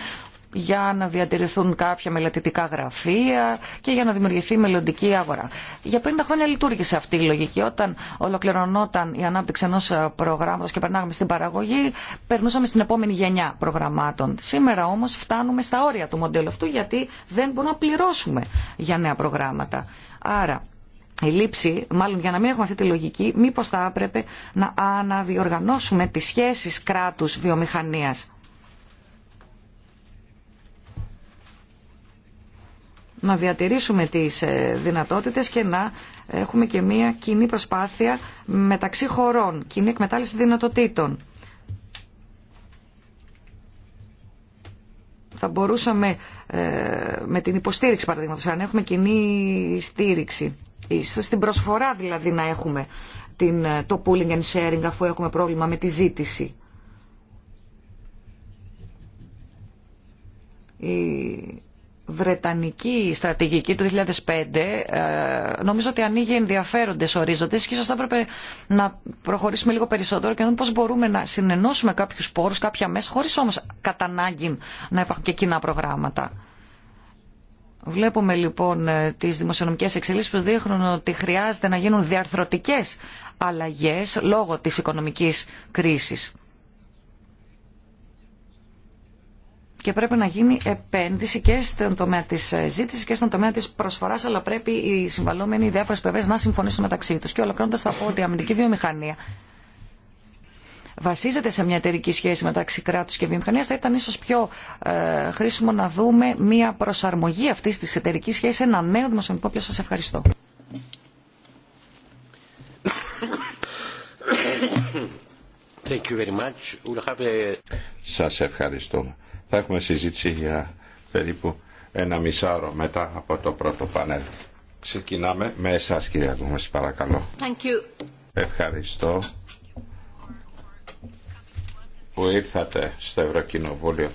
για να διατηρηθούν κάποια μελετητικά γραφεία και για να δημιουργηθεί μελλοντική αγορά. Για 50 χρόνια λειτουργήσε αυτή η λογική. Όταν ολοκληρωνόταν η ανάπτυξη ενό ε, προγράμματο και περνάγαμε στην παραγωγή, περνούσαμε στην επόμενη γενιά προγραμμάτων. Σήμερα όμω φτάνουμε στα όρια του μοντέλου αυτού γιατί δεν μπορούμε να πληρώσουμε για νέα προγράμματα. Άρα, η λήψη, μάλλον για να μην έχουμε αυτή τη λογική, μήπως θα έπρεπε να αναδιοργανώσουμε τις σχεσεις κράτου κράτους-βιομηχανίας. να διατηρήσουμε τις ε, δυνατότητες και να έχουμε και μια κοινή προσπάθεια μεταξύ χωρών, κοινή εκμετάλλευση δυνατοτήτων. Θα μπορούσαμε ε, με την υποστήριξη παραδείγματος, αν έχουμε κοινή στήριξη, στην προσφορά δηλαδή να έχουμε ε, το pooling and sharing αφού έχουμε πρόβλημα με τη ζήτηση. Βρετανική στρατηγική του 2005 ε, νομίζω ότι ανοίγει ενδιαφέροντες ορίζοντες και ίσως θα έπρεπε να προχωρήσουμε λίγο περισσότερο και να δούμε πώς μπορούμε να συνενώσουμε κάποιους πόρους, κάποια μέσα, χωρίς όμως κατά να υπάρχουν και κοινά προγράμματα. Βλέπουμε λοιπόν ε, τις δημοσιονομικές εξελίξεις που δείχνουν ότι χρειάζεται να γίνουν διαρθρωτικές αλλαγές λόγω της οικονομικής κρίσης. και πρέπει να γίνει επένδυση και στον τομέα τη ε, ζήτηση και στον τομέα τη προσφορά, αλλά πρέπει οι συμβαλόμενοι διάφορε πλευρέ να συμφωνήσουν μεταξύ του. Και ολοκληρώνοντα, θα πω ότι η αμυντική βιομηχανία βασίζεται σε μια εταιρική σχέση μεταξύ κράτου και βιομηχανία, θα ήταν ίσω πιο ε, χρήσιμο να δούμε μια προσαρμογή αυτή τη εταιρική σχέση σε ένα νέο δημοσιονομικό πλαίσιο. Σα ευχαριστώ. Thank Σας ευχαριστώ. Θα έχουμε συζήτηση για περίπου ένα μισάωρο μετά από το πρώτο πανέλ. Ξεκινάμε με εσάς κυρία Δούμες, παρακαλώ. Thank you. Ευχαριστώ που ήρθατε στο Ευρωκοινοβούλιο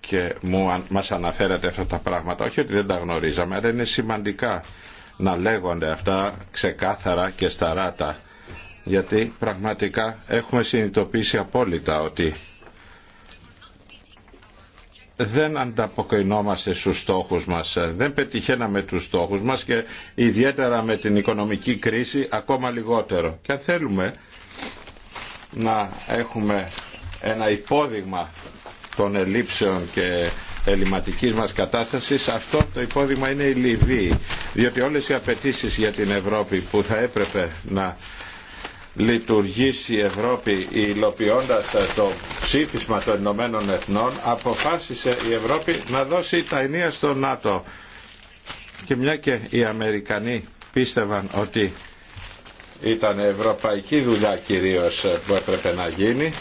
και μου, μας αναφέρατε αυτά τα πράγματα. Όχι ότι δεν τα γνωρίζαμε, αλλά είναι σημαντικά να λέγονται αυτά ξεκάθαρα και σταράτα. Γιατί πραγματικά έχουμε συνειδητοποιήσει απόλυτα ότι δεν ανταποκρινόμαστε στους στόχους μας, δεν πετυχαίναμε τους στόχους μας και ιδιαίτερα με την οικονομική κρίση ακόμα λιγότερο. Και αν θέλουμε να έχουμε ένα υπόδειγμα των ελλείψεων και ελληματικής μας κατάστασης, αυτό το υπόδειγμα είναι η Λιβύη. Διότι όλες οι απαιτήσει για την Ευρώπη που θα έπρεπε να λειτουργήσει η Ευρώπη υλοποιώντα το ψήφισμα των Ηνωμένων Εθνών αποφάσισε η Ευρώπη να δώσει τα ενία στο ΝΑΤΟ και μια και οι Αμερικανοί πίστευαν ότι ήταν ευρωπαϊκή δουλειά κυρίως που έπρεπε να γίνει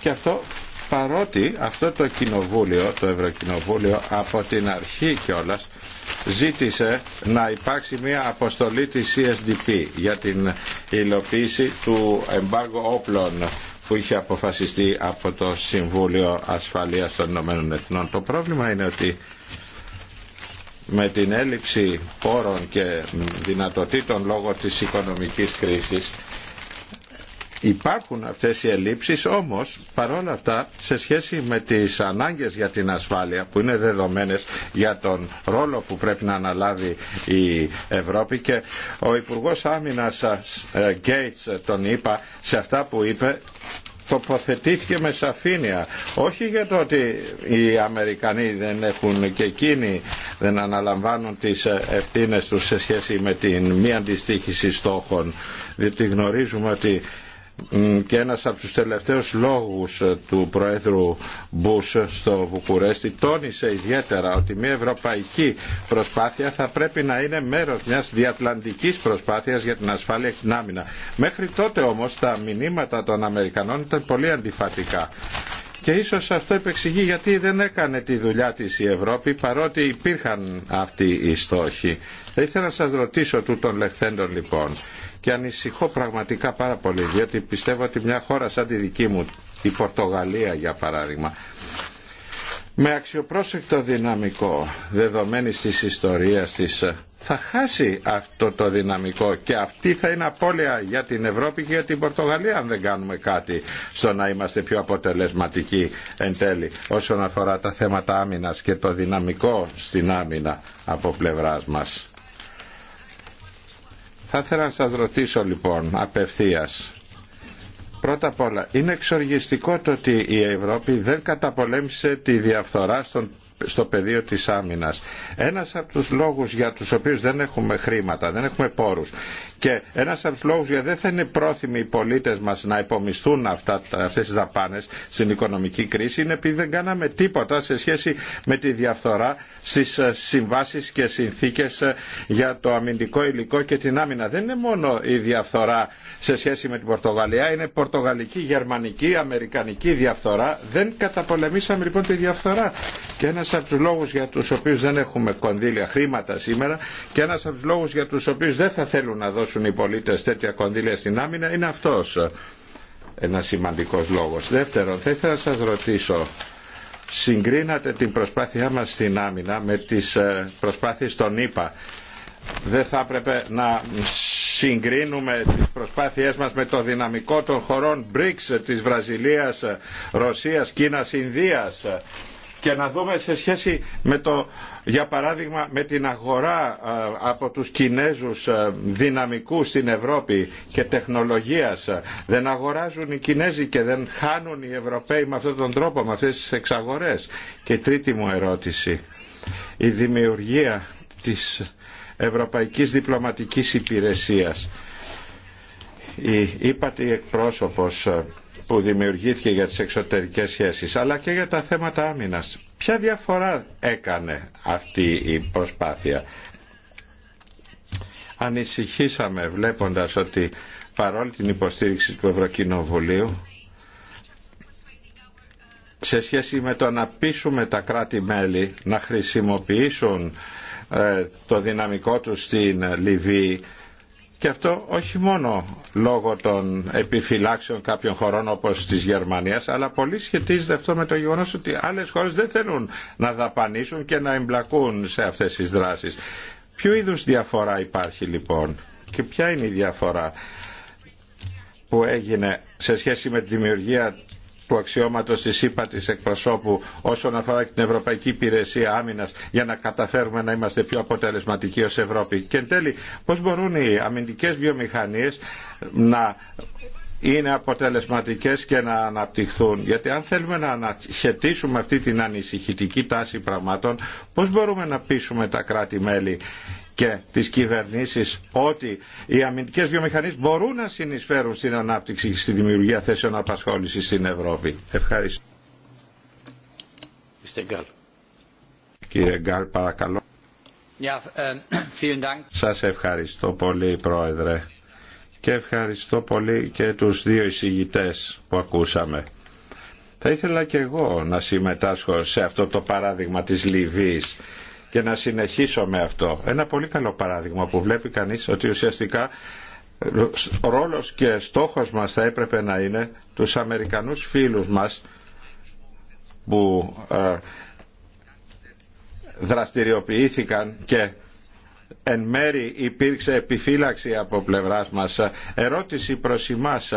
και αυτό παρότι αυτό το κοινοβούλιο, το Ευρωκοινοβούλιο από την αρχή κιόλα ζήτησε να υπάρξει μια αποστολή της CSDP για την υλοποίηση του εμπάργου όπλων που είχε αποφασιστεί από το Συμβούλιο Ασφαλείας των Ηνωμένων Εθνών. Το πρόβλημα είναι ότι με την έλλειψη πόρων και δυνατοτήτων λόγω της οικονομικής κρίσης Υπάρχουν αυτές οι ελλείψεις όμως παρόλα αυτά σε σχέση με τις ανάγκες για την ασφάλεια που είναι δεδομένες για τον ρόλο που πρέπει να αναλάβει η Ευρώπη και ο Υπουργός Άμυνας ε, Γκέιτς τον είπα σε αυτά που είπε τοποθετήθηκε με σαφήνεια όχι για το ότι οι Αμερικανοί δεν έχουν και εκείνοι δεν αναλαμβάνουν τις ε, ευθύνες τους σε σχέση με την μη αντιστοίχηση στόχων διότι γνωρίζουμε ότι και ένας από τους τελευταίους λόγους ε, του Προέδρου Μπούς ε, στο Βουκουρέστι τόνισε ιδιαίτερα ότι μια ευρωπαϊκή προσπάθεια θα πρέπει να είναι μέρος μιας διατλαντικής προσπάθειας για την ασφάλεια και την άμυνα. Μέχρι τότε όμως τα μηνύματα των Αμερικανών ήταν πολύ αντιφατικά. Και ίσως αυτό επεξηγεί γιατί δεν έκανε τη δουλειά της η Ευρώπη παρότι υπήρχαν αυτοί οι στόχοι. Θα ήθελα να σας ρωτήσω τούτων λεχθέντων λοιπόν και ανησυχώ πραγματικά πάρα πολύ διότι πιστεύω ότι μια χώρα σαν τη δική μου η Πορτογαλία για παράδειγμα με αξιοπρόσεκτο δυναμικό δεδομένη της ιστορίας της θα χάσει αυτό το δυναμικό και αυτή θα είναι απώλεια για την Ευρώπη και για την Πορτογαλία αν δεν κάνουμε κάτι στο να είμαστε πιο αποτελεσματικοί εν τέλει όσον αφορά τα θέματα άμυνας και το δυναμικό στην άμυνα από πλευράς μας. Θα ήθελα να σας ρωτήσω λοιπόν απευθείας. Πρώτα απ' όλα, είναι εξοργιστικό το ότι η Ευρώπη δεν καταπολέμησε τη διαφθορά στον στο πεδίο της άμυνας. Ένας από τους λόγους για τους οποίους δεν έχουμε χρήματα, δεν έχουμε πόρους και ένας από τους λόγους για δεν θα είναι πρόθυμοι οι πολίτες μας να υπομισθούν αυτά, αυτές τις δαπάνες στην οικονομική κρίση είναι επειδή δεν κάναμε τίποτα σε σχέση με τη διαφθορά στις ε, συμβάσεις και συνθήκες ε, για το αμυντικό υλικό και την άμυνα. Δεν είναι μόνο η διαφθορά σε σχέση με την Πορτογαλία, είναι πορτογαλική, γερμανική, αμερικανική διαφθορά. Δεν καταπολεμήσαμε λοιπόν τη διαφθορά. Και ένας από τους λόγους για τους οποίους δεν έχουμε κονδύλια χρήματα σήμερα και ένας από τους λόγους για τους οποίους δεν θα θέλουν να δώσουν οι πολίτες τέτοια κονδύλια στην άμυνα είναι αυτός ένα σημαντικός λόγος. Δεύτερον, θα ήθελα να σας ρωτήσω συγκρίνατε την προσπάθειά μας στην άμυνα με τις ε, προσπάθειες των ΗΠΑ. Δεν θα έπρεπε να συγκρίνουμε τις προσπάθειές μας με το δυναμικό των χωρών BRICS της Βραζιλίας, Ρωσίας, Κίνας, Ινδίας και να δούμε σε σχέση με το, για παράδειγμα, με την αγορά ε, από τους Κινέζους ε, δυναμικού στην Ευρώπη και τεχνολογίας. Δεν αγοράζουν οι Κινέζοι και δεν χάνουν οι Ευρωπαίοι με αυτόν τον τρόπο, με αυτές τις εξαγορές. Και τρίτη μου ερώτηση. Η δημιουργία της Ευρωπαϊκής Διπλωματικής Υπηρεσίας. Η, είπατε η εκπρόσωπος ε, που δημιουργήθηκε για τις εξωτερικές σχέσεις αλλά και για τα θέματα άμυνας. Ποια διαφορά έκανε αυτή η προσπάθεια. Ανησυχήσαμε βλέποντας ότι παρόλη την υποστήριξη του Ευρωκοινοβουλίου σε σχέση με το να πείσουμε τα κράτη-μέλη να χρησιμοποιήσουν ε, το δυναμικό τους στην Λιβύη και αυτό όχι μόνο λόγω των επιφυλάξεων κάποιων χωρών όπως της Γερμανίας, αλλά πολύ σχετίζεται αυτό με το γεγονός ότι άλλες χώρες δεν θέλουν να δαπανίσουν και να εμπλακούν σε αυτές τις δράσεις. Ποιο είδους διαφορά υπάρχει λοιπόν και ποια είναι η διαφορά που έγινε σε σχέση με τη δημιουργία του αξιώματος της ΥΠΑ της εκπροσώπου όσον αφορά την Ευρωπαϊκή Υπηρεσία Άμυνας για να καταφέρουμε να είμαστε πιο αποτελεσματικοί ως Ευρώπη. Και εν τέλει πώς μπορούν οι αμυντικές βιομηχανίες να είναι αποτελεσματικές και να αναπτυχθούν. Γιατί αν θέλουμε να αναχαιτήσουμε αυτή την ανησυχητική τάση πραγμάτων, πώς μπορούμε να πείσουμε τα κράτη-μέλη και τις κυβερνήσεις ότι οι αμυντικές βιομηχανίες μπορούν να συνεισφέρουν στην ανάπτυξη και στη δημιουργία θέσεων απασχόλησης στην Ευρώπη. Ευχαριστώ. Γκάλ. Κύριε Γκάλ, παρακαλώ. Ähm, Σας ευχαριστώ πολύ, Πρόεδρε. Και ευχαριστώ πολύ και τους δύο εισηγητές που ακούσαμε. Θα ήθελα και εγώ να συμμετάσχω σε αυτό το παράδειγμα της Λιβύης και να συνεχίσω με αυτό. Ένα πολύ καλό παράδειγμα που βλέπει κανείς ότι ουσιαστικά ο ρόλος και στόχος μας θα έπρεπε να είναι τους Αμερικανούς φίλους μας που ε, δραστηριοποιήθηκαν και εν μέρη υπήρξε επιφύλαξη από πλευράς μας. Ερώτηση προς εμάς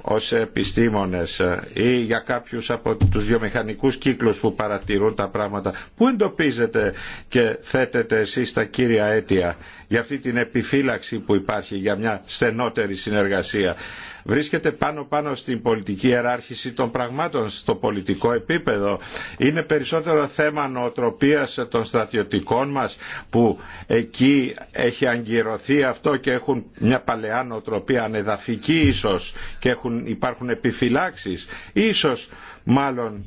ως επιστήμονες ή για κάποιους από τους βιομηχανικούς κύκλους που παρατηρούν τα πράγματα. Πού εντοπίζετε και θέτετε εσείς τα κύρια αίτια για αυτή την επιφύλαξη που υπάρχει για μια στενότερη συνεργασία βρίσκεται πάνω-πάνω στην πολιτική ιεράρχηση των πραγμάτων στο πολιτικό επίπεδο. Είναι περισσότερο θέμα νοοτροπίας των στρατιωτικών μας που εκεί έχει αγκυρωθεί αυτό και έχουν μια παλαιά νοοτροπία ανεδαφική ίσως και έχουν, υπάρχουν επιφυλάξεις. Ίσως μάλλον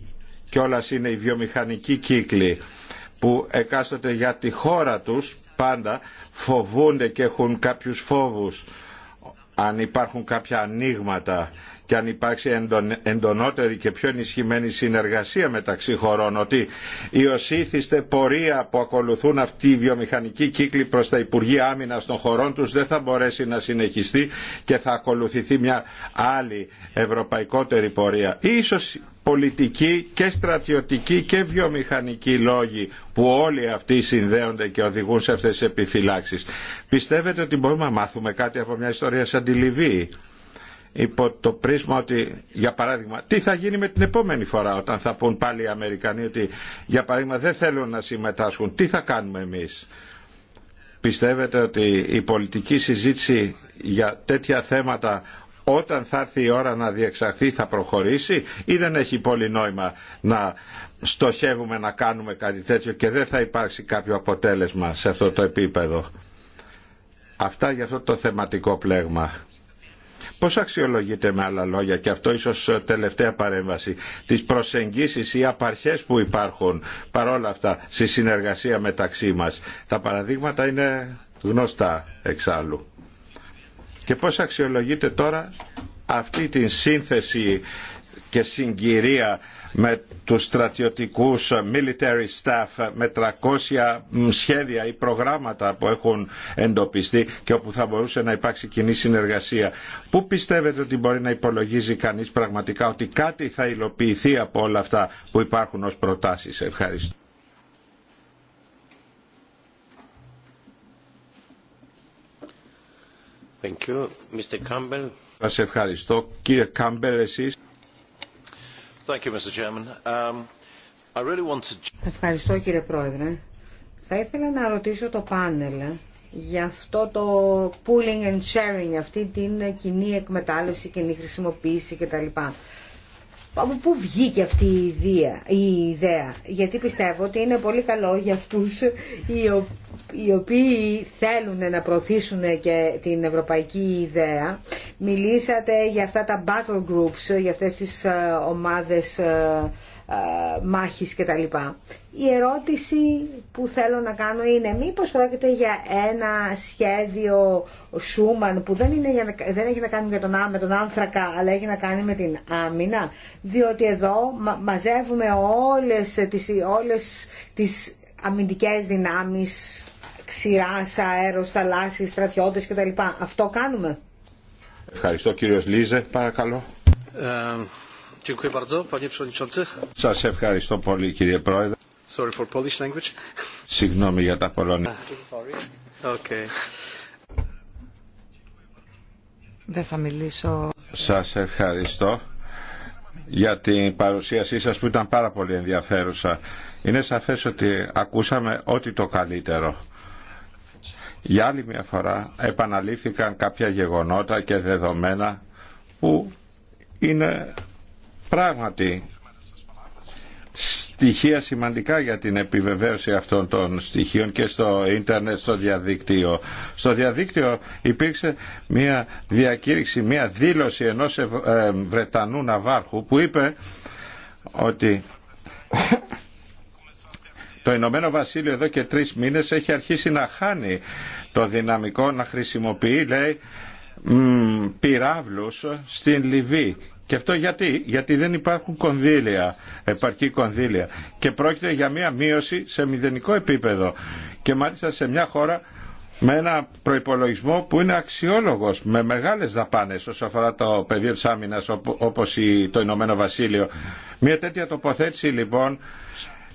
όλα είναι οι βιομηχανικοί κύκλοι που εκάστοτε για τη χώρα τους πάντα φοβούνται και έχουν κάποιους φόβους αν υπάρχουν κάποια ανοίγματα και αν υπάρξει εντονότερη και πιο ενισχυμένη συνεργασία μεταξύ χωρών ότι η οσήθιστε πορεία που ακολουθούν αυτοί οι βιομηχανικοί κύκλοι προς τα Υπουργεία Άμυνας των χωρών τους δεν θα μπορέσει να συνεχιστεί και θα ακολουθηθεί μια άλλη ευρωπαϊκότερη πορεία. Ίσως πολιτικοί και στρατιωτικοί και βιομηχανικοί λόγοι που όλοι αυτοί συνδέονται και οδηγούν σε αυτές τις επιφυλάξεις. Πιστεύετε ότι μπορούμε να μάθουμε κάτι από μια ιστορία σαν τη Λιβύη υπό το πρίσμα ότι, για παράδειγμα, τι θα γίνει με την επόμενη φορά όταν θα πούν πάλι οι Αμερικανοί ότι, για παράδειγμα, δεν θέλουν να συμμετάσχουν. Τι θα κάνουμε εμείς. Πιστεύετε ότι η πολιτική συζήτηση για τέτοια θέματα όταν θα έρθει η ώρα να διεξαχθεί θα προχωρήσει ή δεν έχει πολύ νόημα να στοχεύουμε να κάνουμε κάτι τέτοιο και δεν θα υπάρξει κάποιο αποτέλεσμα σε αυτό το επίπεδο. Αυτά για αυτό το θεματικό πλέγμα. Πώς αξιολογείται με άλλα λόγια και αυτό ίσως τελευταία παρέμβαση τις προσεγγίσεις ή απαρχές που υπάρχουν παρόλα αυτά στη συνεργασία μεταξύ μας. Τα παραδείγματα είναι γνωστά εξάλλου και πώς αξιολογείται τώρα αυτή την σύνθεση και συγκυρία με τους στρατιωτικούς military staff με 300 σχέδια ή προγράμματα που έχουν εντοπιστεί και όπου θα μπορούσε να υπάρξει κοινή συνεργασία. Πού πιστεύετε ότι μπορεί να υπολογίζει κανείς πραγματικά ότι κάτι θα υλοποιηθεί από όλα αυτά που υπάρχουν ως προτάσεις. Ευχαριστώ. ευχαριστώ. Κύριε Ευχαριστώ κύριε Πρόεδρε. Θα ήθελα να ρωτήσω το πάνελ για αυτό το pooling and sharing, αυτή την κοινή εκμετάλλευση, κοινή χρησιμοποίηση κτλ από πού βγήκε αυτή η ιδέα, η ιδέα, γιατί πιστεύω ότι είναι πολύ καλό για αυτούς οι οποίοι θέλουν να προωθήσουν και την ευρωπαϊκή ιδέα. Μιλήσατε για αυτά τα battle groups, για αυτές τις ε, ομάδες ε, ε, μάχης κτλ. Η ερώτηση που θέλω να κάνω είναι μήπως πρόκειται για ένα σχέδιο Σούμαν που δεν, είναι, δεν έχει να κάνει τον, με τον άνθρακα αλλά έχει να κάνει με την άμυνα διότι εδώ μαζεύουμε όλες τις, όλες τις αμυντικές δυνάμεις ξηράς, αέρος, θαλάσσις, στρατιώτες κτλ. Αυτό κάνουμε. Ευχαριστώ κύριος Λίζε, παρακαλώ. Ε, σας ευχαριστώ πολύ κύριε Πρόεδρε. Sorry for Polish language. Συγγνώμη για τα πολωνικά. Okay. Δεν θα μιλήσω. Σας ευχαριστώ για την παρουσίασή σας που ήταν πάρα πολύ ενδιαφέρουσα. Είναι σαφές ότι ακούσαμε ό,τι το καλύτερο. Για άλλη μια φορά επαναλήφθηκαν κάποια γεγονότα και δεδομένα που είναι πράγματι στοιχεία σημαντικά για την επιβεβαίωση αυτών των στοιχείων και στο ίντερνετ, στο διαδίκτυο. Στο διαδίκτυο υπήρξε μια διακήρυξη, μια δήλωση ενός ε, Βρετανού ναυάρχου που είπε ότι το Ηνωμένο Βασίλειο εδώ και τρεις μήνες έχει αρχίσει να χάνει το δυναμικό να χρησιμοποιεί, λέει, πυράβλους στην Λιβύη και αυτό γιατί, γιατί δεν υπάρχουν κονδύλια, επαρκή κονδύλια. Και πρόκειται για μια μείωση σε μηδενικό επίπεδο. Και μάλιστα σε μια χώρα με ένα προϋπολογισμό που είναι αξιόλογος, με μεγάλες δαπάνες όσον αφορά το πεδίο της άμυνας όπως το Ηνωμένο Βασίλειο. Μια τέτοια τοποθέτηση λοιπόν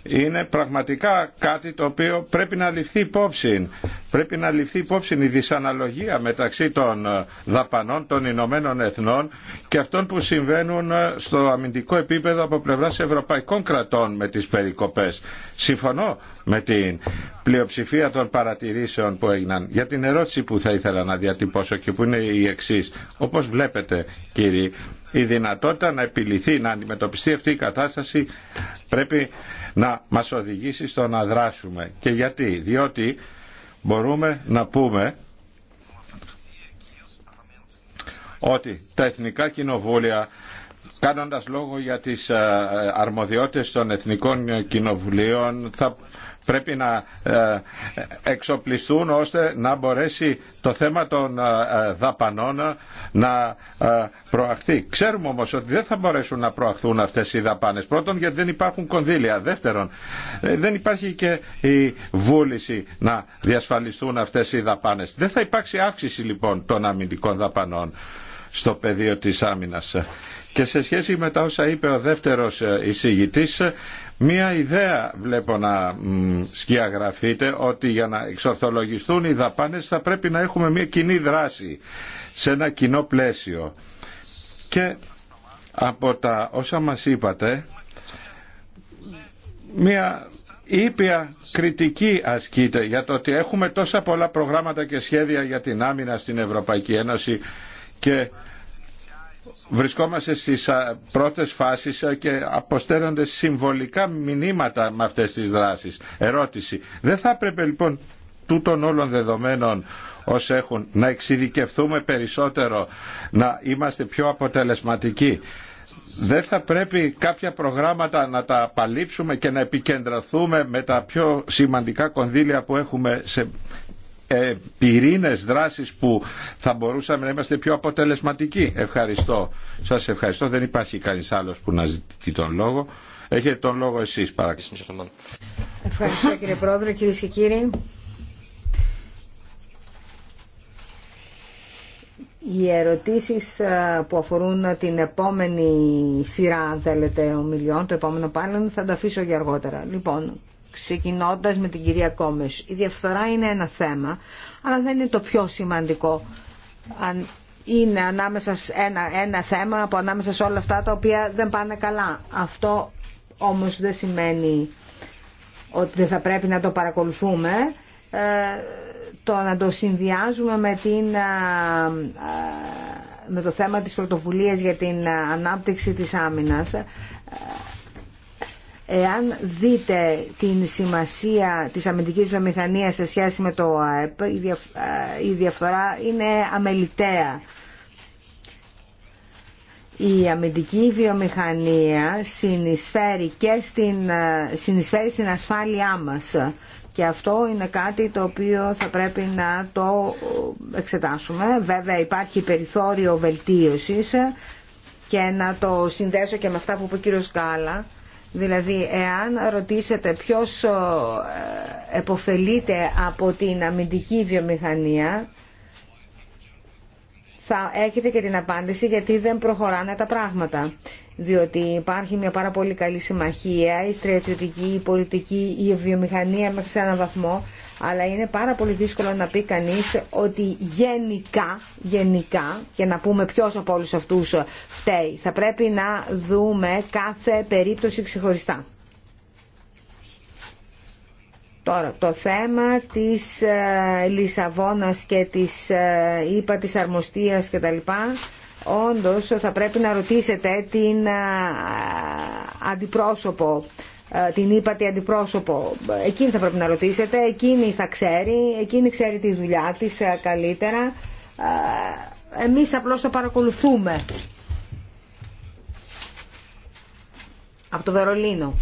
είναι πραγματικά κάτι το οποίο πρέπει να ληφθεί υπόψη. Πρέπει να ληφθεί υπόψη η δυσαναλογία μεταξύ των ε, δαπανών των Ηνωμένων Εθνών και αυτών που συμβαίνουν ε, στο αμυντικό επίπεδο από πλευρά ευρωπαϊκών κρατών με τις περικοπές. Συμφωνώ με την πλειοψηφία των παρατηρήσεων που έγιναν. Για την ερώτηση που θα ήθελα να διατυπώσω και που είναι η εξή. Όπως βλέπετε κύριοι, η δυνατότητα να επιληθεί, να αντιμετωπιστεί αυτή η κατάσταση πρέπει να μας οδηγήσει στο να δράσουμε. Και γιατί, διότι μπορούμε να πούμε ότι τα εθνικά κοινοβούλια κάνοντας λόγο για τις ε, ε, αρμοδιότητες των εθνικών ε, κοινοβουλίων θα πρέπει να ε, εξοπλιστούν ώστε να μπορέσει το θέμα των ε, ε, δαπανών να προαχθεί. Ξέρουμε όμως ότι δεν θα μπορέσουν να προαχθούν αυτές οι δαπάνες. Πρώτον γιατί δεν υπάρχουν κονδύλια. Δεύτερον δεν υπάρχει και η βούληση να διασφαλιστούν αυτές οι δαπάνες. Δεν θα υπάρξει αύξηση λοιπόν των αμυντικών δαπανών στο πεδίο της άμυνας. Και σε σχέση με τα όσα είπε ο δεύτερος εισηγητής, Μία ιδέα βλέπω να σκιαγραφείτε ότι για να εξορθολογιστούν οι δαπάνες θα πρέπει να έχουμε μια κοινή δράση σε ένα κοινό πλαίσιο. Και από τα όσα μας είπατε, μια ήπια κριτική ασκείται για το ότι έχουμε τόσα πολλά προγράμματα και σχέδια για την άμυνα στην Ευρωπαϊκή Ένωση και βρισκόμαστε στις πρώτες φάσεις και αποστέλλονται συμβολικά μηνύματα με αυτές τις δράσεις. Ερώτηση. Δεν θα έπρεπε λοιπόν τούτων όλων δεδομένων ως έχουν να εξειδικευθούμε περισσότερο, να είμαστε πιο αποτελεσματικοί. Δεν θα πρέπει κάποια προγράμματα να τα απαλείψουμε και να επικεντρωθούμε με τα πιο σημαντικά κονδύλια που έχουμε σε ε, πυρήνες που θα μπορούσαμε να είμαστε πιο αποτελεσματικοί. Ευχαριστώ. Σας ευχαριστώ. Δεν υπάρχει κανείς άλλος που να ζητεί τον λόγο. Έχετε τον λόγο εσείς παρακαλώ. Ευχαριστώ κύριε Πρόεδρε, κυρίες και κύριοι. Οι ερωτήσεις που αφορούν την επόμενη σειρά, αν θέλετε, ομιλιών, το επόμενο πάλι θα το αφήσω για αργότερα. Λοιπόν, ξεκινώντας με την κυρία Κόμες. Η διαφθορά είναι ένα θέμα, αλλά δεν είναι το πιο σημαντικό. Αν είναι ανάμεσα ένα, ένα θέμα από ανάμεσα σε όλα αυτά τα οποία δεν πάνε καλά. Αυτό όμως δεν σημαίνει ότι δεν θα πρέπει να το παρακολουθούμε. Ε, το να το συνδυάζουμε με, την, ε, ε, με το θέμα της πρωτοβουλίας για την ε, ανάπτυξη της άμυνας Εάν δείτε την σημασία της αμυντικής βιομηχανίας σε σχέση με το ΑΕΠ, η ε, διαφθορά είναι αμεληταία. Η αμυντική βιομηχανία συνεισφέρει και στην, ε, συνεισφέρει στην ασφάλειά μας και αυτό είναι κάτι το οποίο θα πρέπει να το εξετάσουμε. Βέβαια υπάρχει περιθώριο βελτίωσης και να το συνδέσω και με αυτά που είπε ο κύριος Κάλα, Δηλαδή, εάν ρωτήσετε ποιος ε, εποφελείται από την αμυντική βιομηχανία, θα έχετε και την απάντηση γιατί δεν προχωράνε τα πράγματα διότι υπάρχει μια πάρα πολύ καλή συμμαχία, η στρατιωτική, η πολιτική, η βιομηχανία μέχρι σε έναν βαθμό, αλλά είναι πάρα πολύ δύσκολο να πει κανείς ότι γενικά, γενικά, και να πούμε ποιος από όλους αυτούς φταίει, θα πρέπει να δούμε κάθε περίπτωση ξεχωριστά. Τώρα, το θέμα της ε, Λισαβόνας και της ε, ΥΠΑ, της Αρμοστίας κτλ. Όντως θα πρέπει να ρωτήσετε την αντιπρόσωπο, την είπατε αντιπρόσωπο. Εκείνη θα πρέπει να ρωτήσετε, εκείνη θα ξέρει, εκείνη ξέρει τη δουλειά της καλύτερα. Εμείς απλώς θα παρακολουθούμε. Από το Βερολίνο.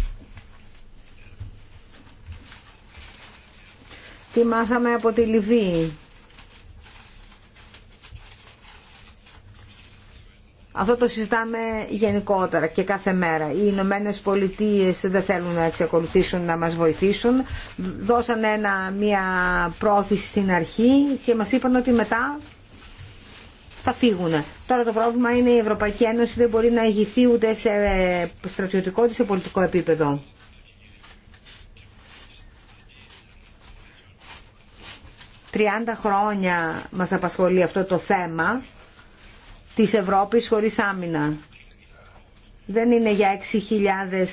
Τι μάθαμε από τη Λιβύη. Αυτό το συζητάμε γενικότερα και κάθε μέρα. Οι Ηνωμένε Πολιτείε δεν θέλουν να εξακολουθήσουν να μας βοηθήσουν. Δώσανε ένα, μια πρόθεση στην αρχή και μας είπαν ότι μετά θα φύγουν. Τώρα το πρόβλημα είναι η Ευρωπαϊκή Ένωση δεν μπορεί να ηγηθεί ούτε σε ε, στρατιωτικό ούτε σε πολιτικό επίπεδο. Τριάντα χρόνια μας απασχολεί αυτό το θέμα της Ευρώπης χωρίς άμυνα. Δεν είναι για 6.000 ε,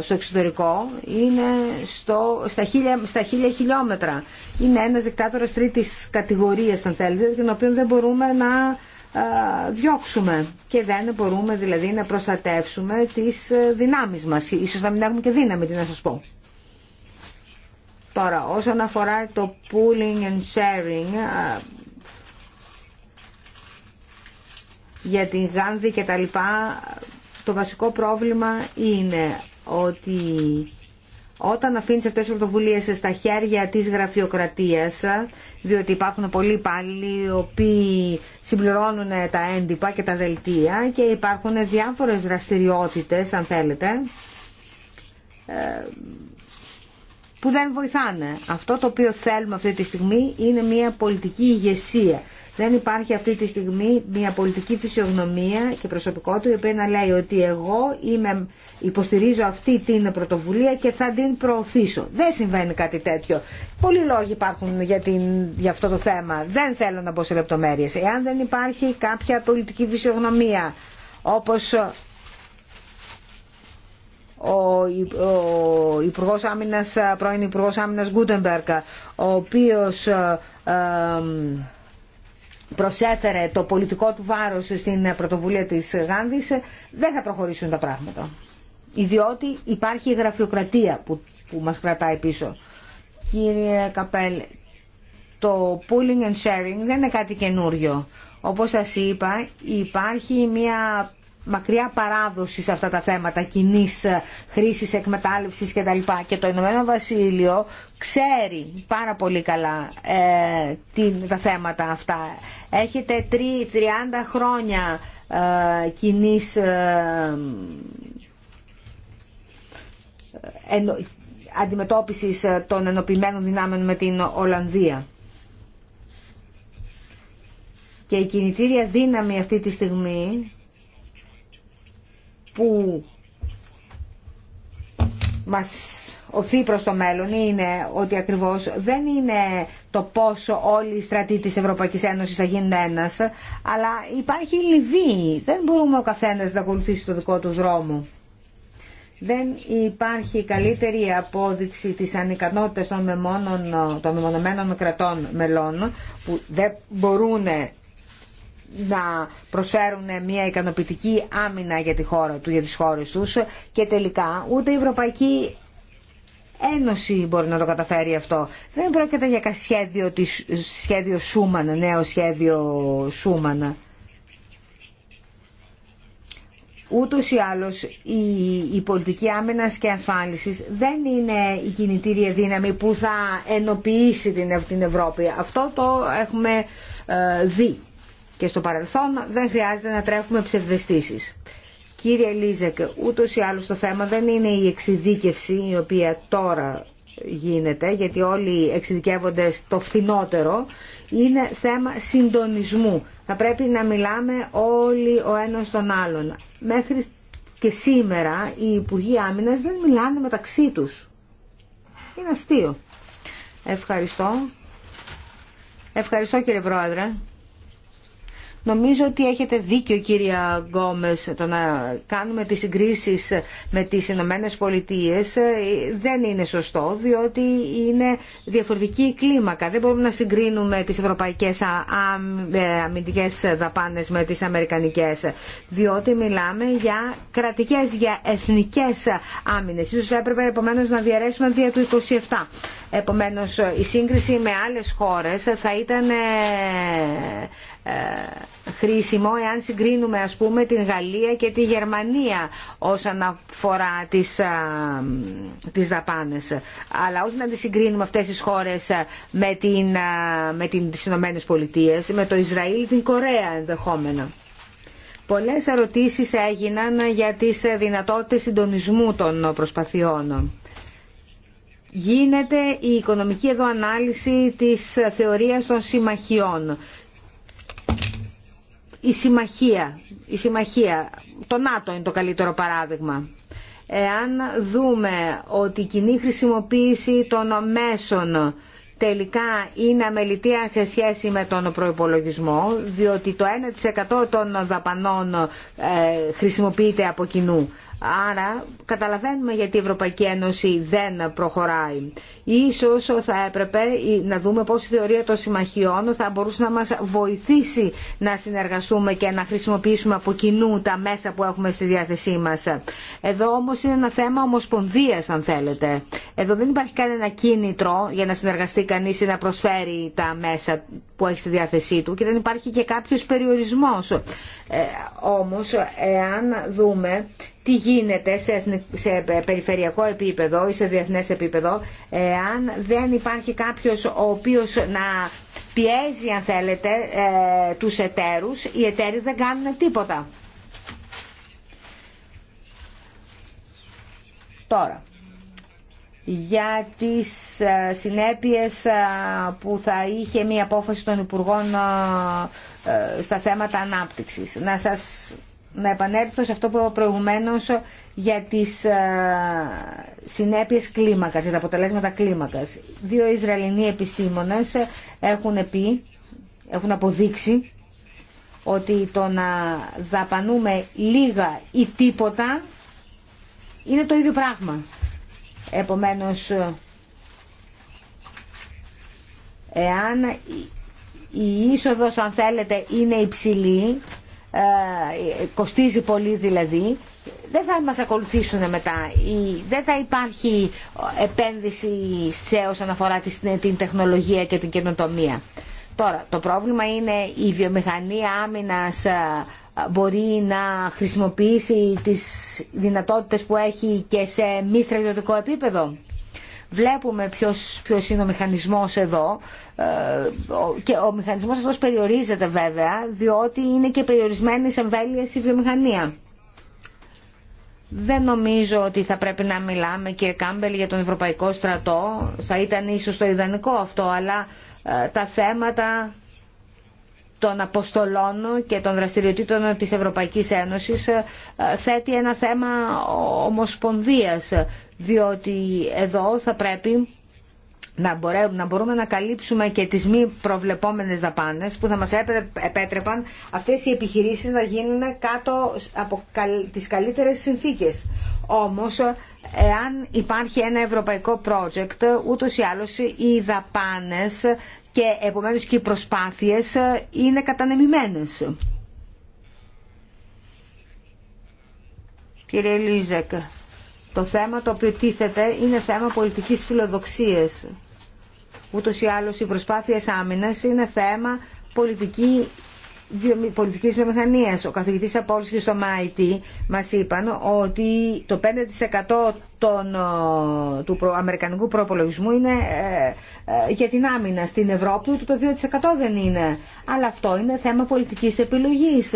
στο εξωτερικό, είναι στο, στα, 1.000, στα χίλια χιλιόμετρα. Είναι ένας δικτάτορας τρίτης κατηγορίας, αν θέλετε, την οποία δεν μπορούμε να ε, διώξουμε και δεν μπορούμε δηλαδή να προστατεύσουμε τις ε, δυνάμεις μας. Ίσως να μην έχουμε και δύναμη, τι να σας πω. Τώρα, όσον αφορά το pooling and sharing, για την Γάνδη και τα λοιπά, το βασικό πρόβλημα είναι ότι όταν αφήνεις αυτές τις πρωτοβουλίες στα χέρια της γραφειοκρατίας, διότι υπάρχουν πολλοί υπάλληλοι οι οποίοι συμπληρώνουν τα έντυπα και τα δελτία και υπάρχουν διάφορες δραστηριότητες, αν θέλετε, ε, που δεν βοηθάνε. Αυτό το οποίο θέλουμε αυτή τη στιγμή είναι μια πολιτική ηγεσία δεν υπάρχει αυτή τη στιγμή μια πολιτική φυσιογνωμία και προσωπικό του η οποία να λέει ότι εγώ είμαι, υποστηρίζω αυτή την πρωτοβουλία και θα την προωθήσω. Δεν συμβαίνει κάτι τέτοιο. Πολλοί λόγοι υπάρχουν για, την, για αυτό το θέμα. Δεν θέλω να μπω σε λεπτομέρειε. Εάν δεν υπάρχει κάποια πολιτική φυσιογνωμία Όπω ο, ο πρώην υπουργό άμυνα ο οποίο. Ε, ε, προσέφερε το πολιτικό του βάρος στην πρωτοβουλία της Γάνδης, δεν θα προχωρήσουν τα πράγματα. Διότι υπάρχει η γραφειοκρατία που, που μας κρατάει πίσω. Κύριε Καπέλ, το pooling and sharing δεν είναι κάτι καινούριο. Όπως σας είπα, υπάρχει μια μακριά παράδοση σε αυτά τα θέματα κοινή χρήση, εκμετάλλευση κτλ. Και το Ηνωμένο Βασίλειο ξέρει πάρα πολύ καλά ε, τα θέματα αυτά έχετε 30 χρόνια ε, κοινής ε, αντιμετώπιση ε, των ενωπημένων δυνάμεων με την Ολλανδία. Και η κινητήρια δύναμη αυτή τη στιγμή που μας οθεί προς το μέλλον είναι ότι ακριβώς δεν είναι το πόσο όλοι οι στρατοί της Ευρωπαϊκής Ένωσης θα γίνουν ένας, αλλά υπάρχει λιβύη. Δεν μπορούμε ο καθένας να ακολουθήσει το δικό του δρόμο. Δεν υπάρχει καλύτερη απόδειξη της ανικανότητας των, μεμόνων, μεμονωμένων κρατών μελών που δεν μπορούν να προσφέρουν μια ικανοποιητική άμυνα για τη χώρα του, για τις χώρες τους και τελικά ούτε η Ευρωπαϊκή Ένωση μπορεί να το καταφέρει αυτό. Δεν πρόκειται για σχέδιο, της, σχέδιο Σούμαν, νέο σχέδιο Σούμαν. Ούτως ή άλλως η, πολιτική άμυνας και ασφάλισης δεν είναι η κινητήρια δύναμη που θα ενοποιήσει την, την Ευρώπη. Αυτό το έχουμε ε, δει και στο παρελθόν δεν χρειάζεται να τρέχουμε ψευδεστήσεις. Κύριε Λίζεκ, ούτως ή άλλως το θέμα δεν είναι η εξειδίκευση η οποία τώρα γίνεται, γιατί όλοι εξειδικεύονται στο φθηνότερο, είναι θέμα συντονισμού. Θα πρέπει να μιλάμε όλοι ο ένας τον άλλον. Μέχρι και σήμερα οι Υπουργοί Άμυνας δεν μιλάνε μεταξύ τους. Είναι αστείο. Ευχαριστώ. Ευχαριστώ κύριε Πρόεδρε. Νομίζω ότι έχετε δίκιο κυρία Γκόμες το να κάνουμε τις συγκρίσεις με τις Ηνωμένε Πολιτείε ε, δεν είναι σωστό διότι είναι διαφορετική κλίμακα. Δεν μπορούμε να συγκρίνουμε τις ευρωπαϊκές ε, αμυντικές δαπάνες με τις αμερικανικές διότι μιλάμε για κρατικές, για εθνικές άμυνες. Ίσως έπρεπε επομένως να διαρρέσουμε δια του 27. Επομένως, η σύγκριση με άλλες χώρες θα ήταν ε, ε, χρήσιμο εάν συγκρίνουμε ας πούμε την Γαλλία και τη Γερμανία όσον αφορά τις, ε, τις δαπάνες αλλά όχι να τις συγκρίνουμε αυτές τις χώρες με, την, με την, τις Ηνωμένες με το Ισραήλ την Κορέα ενδεχόμενα Πολλές ερωτήσεις έγιναν για τις δυνατότητες συντονισμού των προσπαθειών γίνεται η οικονομική εδώ ανάλυση της θεωρίας των συμμαχιών. Η συμμαχία, η συμμαχία, το ΝΑΤΟ είναι το καλύτερο παράδειγμα. Εάν δούμε ότι η κοινή χρησιμοποίηση των μέσων τελικά είναι αμελητία σε σχέση με τον προϋπολογισμό, διότι το 1% των δαπανών ε, χρησιμοποιείται από κοινού. Άρα καταλαβαίνουμε γιατί η Ευρωπαϊκή Ένωση δεν προχωράει. Ίσως θα έπρεπε να δούμε πώς η θεωρία των συμμαχιών θα μπορούσε να μας βοηθήσει να συνεργαστούμε και να χρησιμοποιήσουμε από κοινού τα μέσα που έχουμε στη διάθεσή μας. Εδώ όμως είναι ένα θέμα ομοσπονδίας αν θέλετε. Εδώ δεν υπάρχει κανένα κίνητρο για να συνεργαστεί κανείς ή να προσφέρει τα μέσα που έχει στη διάθεσή του και δεν υπάρχει και κάποιος περιορισμός. Ε, όμως εάν δούμε τι γίνεται σε περιφερειακό επίπεδο ή σε διεθνές επίπεδο αν δεν υπάρχει κάποιος ο οποίος να πιέζει αν θέλετε ε, τους εταίρους οι εταίροι δεν κάνουν τίποτα. Τώρα, για τις ε, συνέπειες ε, που θα είχε μία απόφαση των Υπουργών στα θέματα ανάπτυξης. Να σας να επανέλθω σε αυτό που είπα προηγουμένως για τις ε, συνέπειες κλίμακας, για τα αποτελέσματα κλίμακας. Δύο Ισραηλινοί επιστήμονες έχουν πει, έχουν αποδείξει ότι το να δαπανούμε λίγα ή τίποτα είναι το ίδιο πράγμα. Επομένως, εάν η είσοδος, αν θέλετε, είναι υψηλή, ε, κοστίζει πολύ δηλαδή, δεν θα μας ακολουθήσουν μετά. Δεν θα υπάρχει επένδυση σε όσον αφορά την τεχνολογία και την καινοτομία. Τώρα, το πρόβλημα είναι η βιομηχανία άμυνας ε, μπορεί να χρησιμοποιήσει τις δυνατότητες που έχει και σε μη στρατιωτικό επίπεδο. Βλέπουμε ποιος, ποιος είναι ο μηχανισμός εδώ ε, και ο μηχανισμός αυτός περιορίζεται βέβαια διότι είναι και περιορισμένη σε η βιομηχανία. Δεν νομίζω ότι θα πρέπει να μιλάμε και Κάμπελ για τον Ευρωπαϊκό στρατό. Θα ήταν ίσως το ιδανικό αυτό, αλλά ε, τα θέματα των αποστολών και των δραστηριοτήτων της Ευρωπαϊκής Ένωσης ε, θέτει ένα θέμα ομοσπονδίας, διότι εδώ θα πρέπει να, μπορούμε, να καλύψουμε και τις μη προβλεπόμενες δαπάνες που θα μας επέτρεπαν αυτές οι επιχειρήσεις να γίνουν κάτω από τις καλύτερες συνθήκες. Όμως, εάν υπάρχει ένα ευρωπαϊκό project, ούτως ή άλλως οι δαπάνες και επομένως και οι προσπάθειες ε, είναι κατανεμημένες. Κύριε Λίζεκ, το θέμα το οποίο τίθεται είναι θέμα πολιτικής φιλοδοξίας. Ούτως ή άλλως οι προσπάθειες άμυνας είναι θέμα πολιτική πολιτικής βιομηχανίας. Ο καθηγητής και στο ΜΑΙΤΙ μας είπαν ότι το 5% των, ε, του αμερικανικού προπολογισμού είναι ε, ε, για την άμυνα. Στην Ευρώπη το 2% δεν είναι. Αλλά αυτό είναι θέμα πολιτικής επιλογής.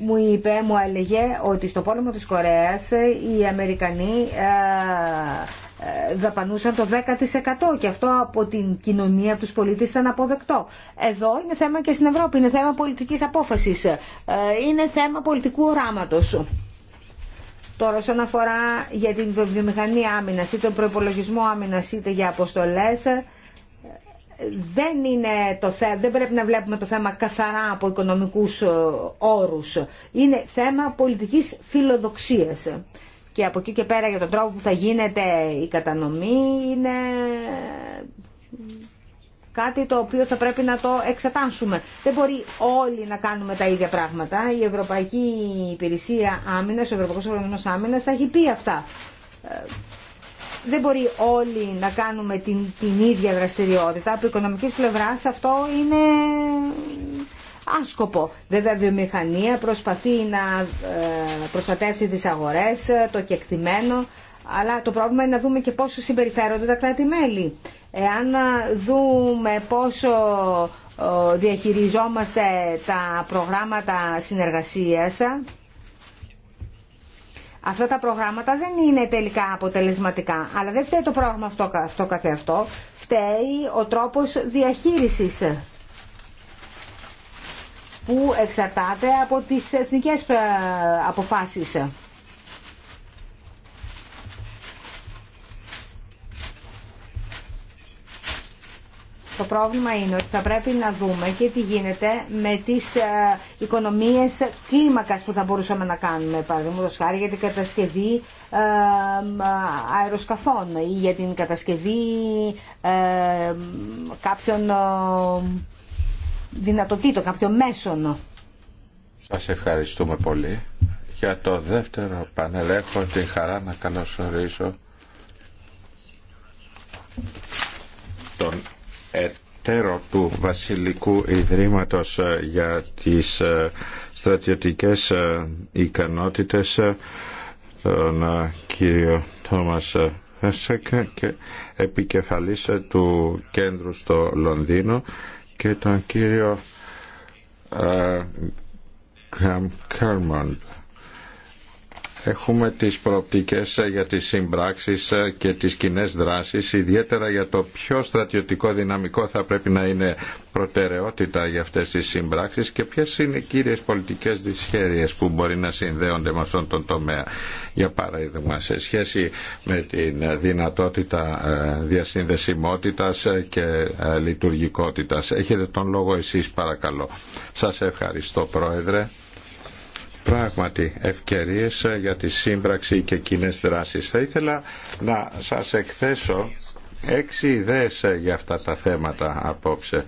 Μου είπε, μου έλεγε ότι στο πόλεμο της Κορέας οι Αμερικανοί ε, δαπανούσαν το 10% και αυτό από την κοινωνία τους πολίτες ήταν αποδεκτό. Εδώ είναι θέμα και στην Ευρώπη, είναι θέμα πολιτικής απόφασης, ε, είναι θέμα πολιτικού οράματος. Τώρα, όσον αφορά για την βιομηχανία άμυνα ή τον προπολογισμό άμυνα είτε για αποστολέ, ε, δεν, είναι το θέμα, δεν πρέπει να βλέπουμε το θέμα καθαρά από οικονομικούς όρους. Είναι θέμα πολιτικής φιλοδοξίας και από εκεί και πέρα για τον τρόπο που θα γίνεται η κατανομή είναι κάτι το οποίο θα πρέπει να το εξετάσουμε. Δεν μπορεί όλοι να κάνουμε τα ίδια πράγματα. Η Ευρωπαϊκή Υπηρεσία Άμυνα, ο Ευρωπαϊκό Οργανισμό Άμυνα θα έχει πει αυτά. Ε, δεν μπορεί όλοι να κάνουμε την, την ίδια δραστηριότητα. Από οικονομικής πλευράς αυτό είναι άσκοπο. Βέβαια η βιομηχανία προσπαθεί να ε, προστατεύσει τις αγορές, ε, το κεκτημένο, αλλά το πρόβλημα είναι να δούμε και πόσο συμπεριφέρονται τα κράτη-μέλη. Εάν ε, δούμε πόσο διαχειριζόμαστε τα προγράμματα συνεργασίας, αυτά τα προγράμματα δεν είναι τελικά αποτελεσματικά. Αλλά δεν φταίει το πρόγραμμα αυτό, αυτό καθεαυτό, φταίει ο τρόπος διαχείρισης που εξαρτάται από τις εθνικές ε, αποφάσεις. Το πρόβλημα είναι ότι θα πρέπει να δούμε και τι γίνεται με τις ε, οικονομίες κλίμακας που θα μπορούσαμε να κάνουμε, παραδείγματο χάρη για την κατασκευή ε, αεροσκαφών ή για την κατασκευή κάποιων δυνατοτήτων, κάποιο μέσον. Σας ευχαριστούμε πολύ. Για το δεύτερο πανελ έχω την χαρά να καλωσορίσω τον εταίρο του Βασιλικού Ιδρύματος ε, για τις ε, στρατιωτικές ε, ικανότητες τον κύριο Τόμας Χέσεκ και επικεφαλής του κέντρου στο Λονδίνο και τον κύριο Γκραμ ε, Uh, Έχουμε τις προοπτικές ε, για τις συμπράξεις ε, και τις κοινέ δράσεις, ιδιαίτερα για το ποιο στρατιωτικό δυναμικό θα πρέπει να είναι προτεραιότητα για αυτές τις συμπράξεις και ποιες είναι οι κύριες πολιτικές δυσχέρειες που μπορεί να συνδέονται με αυτόν τον τομέα. Για παράδειγμα, σε σχέση με την δυνατότητα ε, διασυνδεσιμότητας και λειτουργικότητας. Έχετε τον λόγο εσείς παρακαλώ. Σας ευχαριστώ Πρόεδρε πράγματι ευκαιρίες ε, για τη σύμπραξη και κοινέ δράσεις. Θα ήθελα να σας εκθέσω έξι ιδέες ε, για αυτά τα θέματα απόψε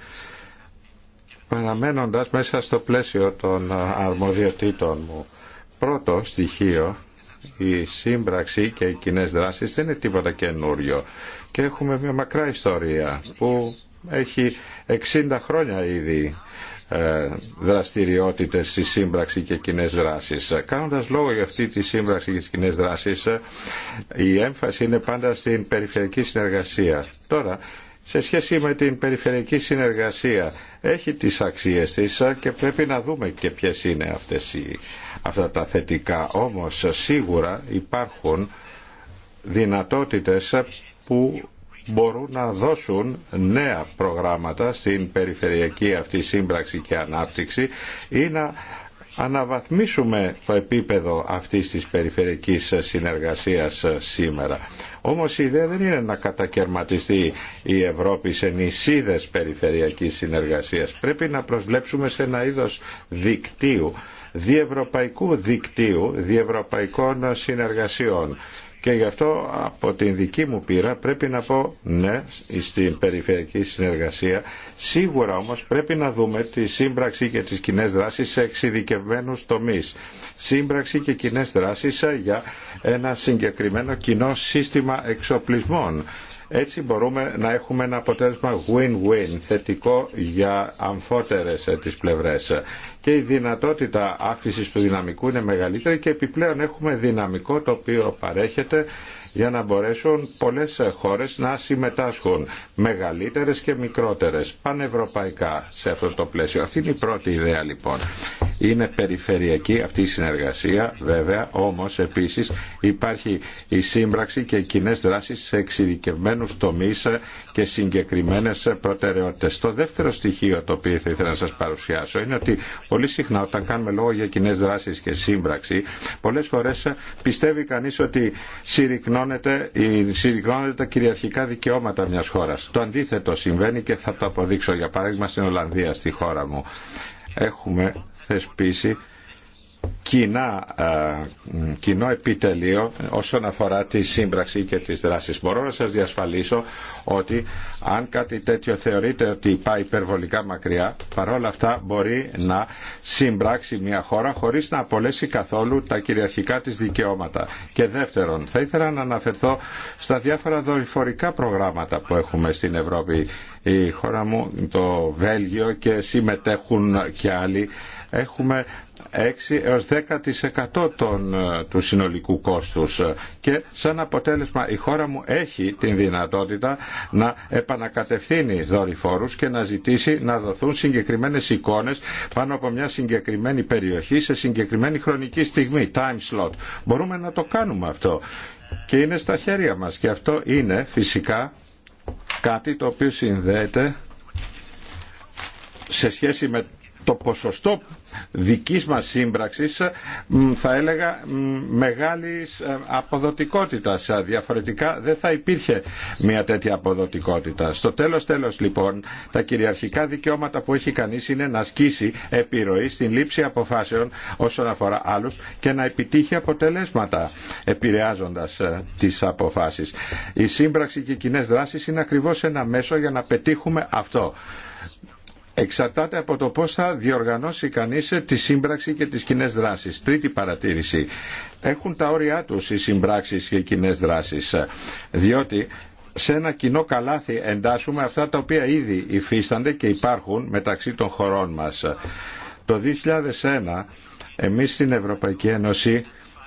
παραμένοντας μέσα στο πλαίσιο των ε, αρμοδιοτήτων μου. Πρώτο στοιχείο, η σύμπραξη και οι κοινέ δράσεις δεν είναι τίποτα καινούριο και έχουμε μια μακρά ιστορία που έχει 60 χρόνια ήδη ε, δραστηριότητες στη σύμπραξη και κοινέ δράσεις. Κάνοντας λόγο για αυτή τη σύμπραξη και τις κοινέ δράσεις, η έμφαση είναι πάντα στην περιφερειακή συνεργασία. Τώρα, σε σχέση με την περιφερειακή συνεργασία, έχει τις αξίες της και πρέπει να δούμε και ποιες είναι αυτές οι, αυτά τα θετικά. Όμως, σίγουρα υπάρχουν δυνατότητες που μπορούν να δώσουν νέα προγράμματα στην περιφερειακή αυτή σύμπραξη και ανάπτυξη ή να αναβαθμίσουμε το επίπεδο αυτής της περιφερειακής συνεργασίας σήμερα. Όμως η ιδέα δεν είναι να κατακαιρματιστεί η Ευρώπη σε νησίδες περιφερειακής συνεργασίας. Πρέπει να προσβλέψουμε σε ένα είδος δικτύου, διευρωπαϊκού δικτύου, διευρωπαϊκών συνεργασιών και γι' αυτό από την δική μου πείρα πρέπει να πω ναι στην περιφερειακή συνεργασία. Σίγουρα όμως πρέπει να δούμε τη σύμπραξη και τις κοινέ δράσεις σε εξειδικευμένους τομείς. Σύμπραξη και κοινέ δράσεις για ένα συγκεκριμένο κοινό σύστημα εξοπλισμών έτσι μπορούμε να έχουμε ένα αποτέλεσμα win-win, θετικό για αμφότερες ε, τις πλευρές. Και η δυνατότητα αύξησης του δυναμικού είναι μεγαλύτερη και επιπλέον έχουμε δυναμικό το οποίο παρέχεται για να μπορέσουν πολλές χώρες να συμμετάσχουν μεγαλύτερες και μικρότερες πανευρωπαϊκά σε αυτό το πλαίσιο. Αυτή είναι η πρώτη ιδέα λοιπόν. Είναι περιφερειακή αυτή η συνεργασία βέβαια όμως επίσης υπάρχει η σύμπραξη και κοινέ δράσεις σε εξειδικευμένους τομείς και συγκεκριμένες προτεραιότητες. Το δεύτερο στοιχείο το οποίο θα ήθελα να σας παρουσιάσω είναι ότι πολύ συχνά όταν κάνουμε λόγο για κοινέ δράσεις και σύμπραξη πολλές φορές πιστεύει κανείς ότι συγκρίνονται τα κυριαρχικά δικαιώματα μια χώρας. Το αντίθετο συμβαίνει και θα το αποδείξω για παράδειγμα στην Ολλανδία, στη χώρα μου. Έχουμε θεσπίσει κοινά, ε, κοινό επιτελείο όσον αφορά τη σύμπραξη και τις δράσεις. Μπορώ να σας διασφαλίσω ότι αν κάτι τέτοιο θεωρείτε ότι πάει υπερβολικά μακριά, παρόλα αυτά μπορεί να συμπράξει μια χώρα χωρίς να απολέσει καθόλου τα κυριαρχικά της δικαιώματα. Και δεύτερον, θα ήθελα να αναφερθώ στα διάφορα δορυφορικά προγράμματα που έχουμε στην Ευρώπη. Η χώρα μου, το Βέλγιο και συμμετέχουν και άλλοι έχουμε 6 έως 10% των, ε, του συνολικού κόστους και σαν αποτέλεσμα η χώρα μου έχει την δυνατότητα να επανακατευθύνει δορυφόρους και να ζητήσει να δοθούν συγκεκριμένες εικόνες πάνω από μια συγκεκριμένη περιοχή σε συγκεκριμένη χρονική στιγμή, time slot. Μπορούμε να το κάνουμε αυτό και είναι στα χέρια μας και αυτό είναι φυσικά κάτι το οποίο συνδέεται σε σχέση με το ποσοστό δικής μας σύμπραξης θα έλεγα μεγάλης ε, αποδοτικότητας. Ε, διαφορετικά δεν θα υπήρχε μια τέτοια αποδοτικότητα. Στο τέλος τέλος λοιπόν τα κυριαρχικά δικαιώματα που έχει κανείς είναι να ασκήσει επιρροή στην λήψη αποφάσεων όσον αφορά άλλους και να επιτύχει αποτελέσματα επηρεάζοντας ε, τις αποφάσεις. Η σύμπραξη και οι κοινέ δράσεις είναι ακριβώς ένα μέσο για να πετύχουμε αυτό εξαρτάται από το πώς θα διοργανώσει κανεί τη σύμπραξη και τις κοινέ δράσεις. Τρίτη παρατήρηση. Έχουν τα όρια τους οι συμπράξεις και οι κοινέ δράσεις, διότι σε ένα κοινό καλάθι εντάσσουμε αυτά τα οποία ήδη υφίστανται και υπάρχουν μεταξύ των χωρών μας. Το 2001 εμείς στην Ευρωπαϊκή Ένωση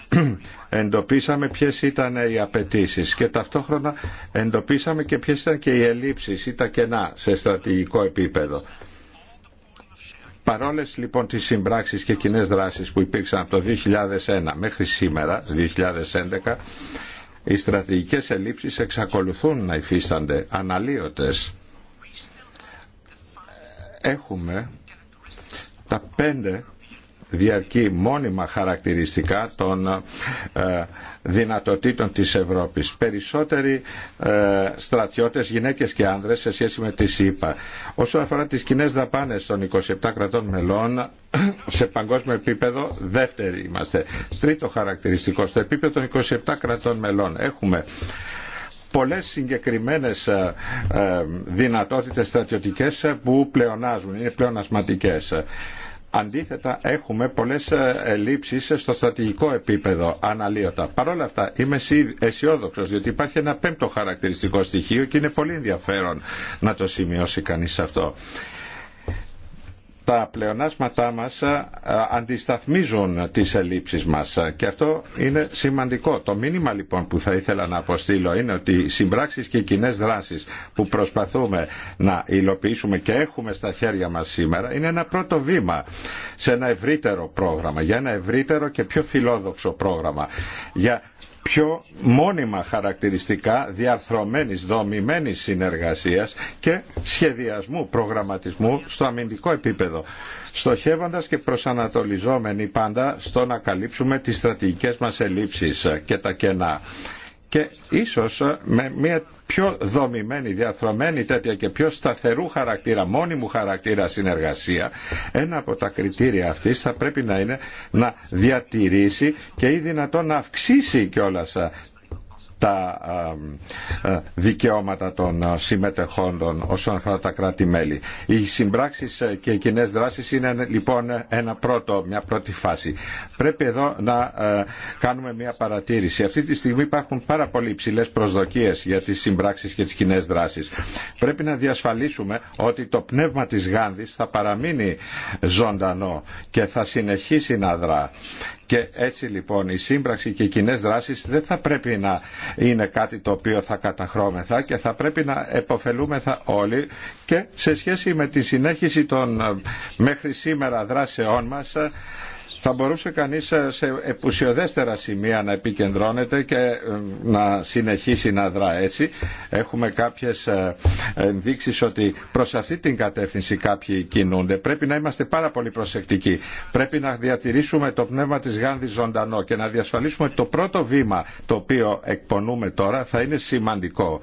εντοπίσαμε ποιε ήταν οι απαιτήσει και ταυτόχρονα εντοπίσαμε και ποιες ήταν και οι ελλείψεις ή τα κενά σε στρατηγικό επίπεδο. Παρόλε λοιπόν τις συμπράξεις και κοινέ δράσεις που υπήρξαν από το 2001 μέχρι σήμερα, 2011, οι στρατηγικές ελλείψεις εξακολουθούν να υφίστανται αναλύωτες. Έχουμε τα πέντε διαρκεί μόνιμα χαρακτηριστικά των ε, δυνατοτήτων της Ευρώπης. Περισσότεροι ε, στρατιώτες, γυναίκες και άνδρες σε σχέση με τις ΗΠΑ. Όσον αφορά τις κοινέ δαπάνες των 27 κρατών μελών, σε παγκόσμιο επίπεδο δεύτεροι είμαστε. Τρίτο χαρακτηριστικό, στο επίπεδο των 27 κρατών μελών έχουμε πολλές συγκεκριμένες ε, δυνατότητες στρατιωτικές που πλεονάζουν, είναι πλεονασματικές. Αντίθετα, έχουμε πολλές ε, ελλείψεις στο στρατηγικό επίπεδο, αναλύωτα. Παρ' όλα αυτά, είμαι αισιόδοξο, διότι υπάρχει ένα πέμπτο χαρακτηριστικό στοιχείο και είναι πολύ ενδιαφέρον να το σημειώσει κανεί αυτό τα πλεονάσματά μας αντισταθμίζουν τις ελλείψεις μας και αυτό είναι σημαντικό. Το μήνυμα λοιπόν που θα ήθελα να αποστείλω είναι ότι οι συμπράξεις και οι κοινέ δράσεις που προσπαθούμε να υλοποιήσουμε και έχουμε στα χέρια μας σήμερα είναι ένα πρώτο βήμα σε ένα ευρύτερο πρόγραμμα, για ένα ευρύτερο και πιο φιλόδοξο πρόγραμμα, για πιο μόνιμα χαρακτηριστικά διαρθρωμένης, δομημένης συνεργασίας και σχεδιασμού, προγραμματισμού στο αμυντικό επίπεδο, στοχεύοντας και προσανατολιζόμενοι πάντα στο να καλύψουμε τις στρατηγικές μας ελλείψεις και τα κενά και ίσως ε, με μια πιο δομημένη, διαθρωμένη τέτοια και πιο σταθερού χαρακτήρα, μόνιμου χαρακτήρα συνεργασία, ένα από τα κριτήρια αυτής θα πρέπει να είναι να διατηρήσει και ή δυνατόν να αυξήσει κιόλας ε, τα δικαιώματα των συμμετεχόντων όσον αφορά τα κράτη-μέλη. Οι συμπράξεις ε, και οι κοινέ δράσεις είναι λοιπόν ένα πρώτο, μια πρώτη φάση. Πρέπει εδώ να ε, κάνουμε μια παρατήρηση. Αυτή τη στιγμή υπάρχουν πάρα πολύ υψηλέ προσδοκίες για τις συμπράξεις και τις κοινέ δράσεις. Πρέπει να διασφαλίσουμε ότι το πνεύμα της Γάνδης θα παραμείνει ζωντανό και θα συνεχίσει να δρά. Και έτσι λοιπόν η σύμπραξη και οι κοινέ δράσεις δεν θα πρέπει να είναι κάτι το οποίο θα καταχρώμεθα και θα πρέπει να εποφελούμεθα όλοι και σε σχέση με τη συνέχιση των ε, μέχρι σήμερα δράσεών μας θα μπορούσε κανείς ε, σε επουσιοδέστερα σημεία να επικεντρώνεται και ε, να συνεχίσει να δρά Έχουμε κάποιες ε, ενδείξεις ότι προς αυτή την κατεύθυνση κάποιοι κινούνται. Πρέπει να είμαστε πάρα πολύ προσεκτικοί. Πρέπει να διατηρήσουμε το πνεύμα της Γάνδης ζωντανό και να διασφαλίσουμε ότι το πρώτο βήμα το οποίο εκπονούμε τώρα θα είναι σημαντικό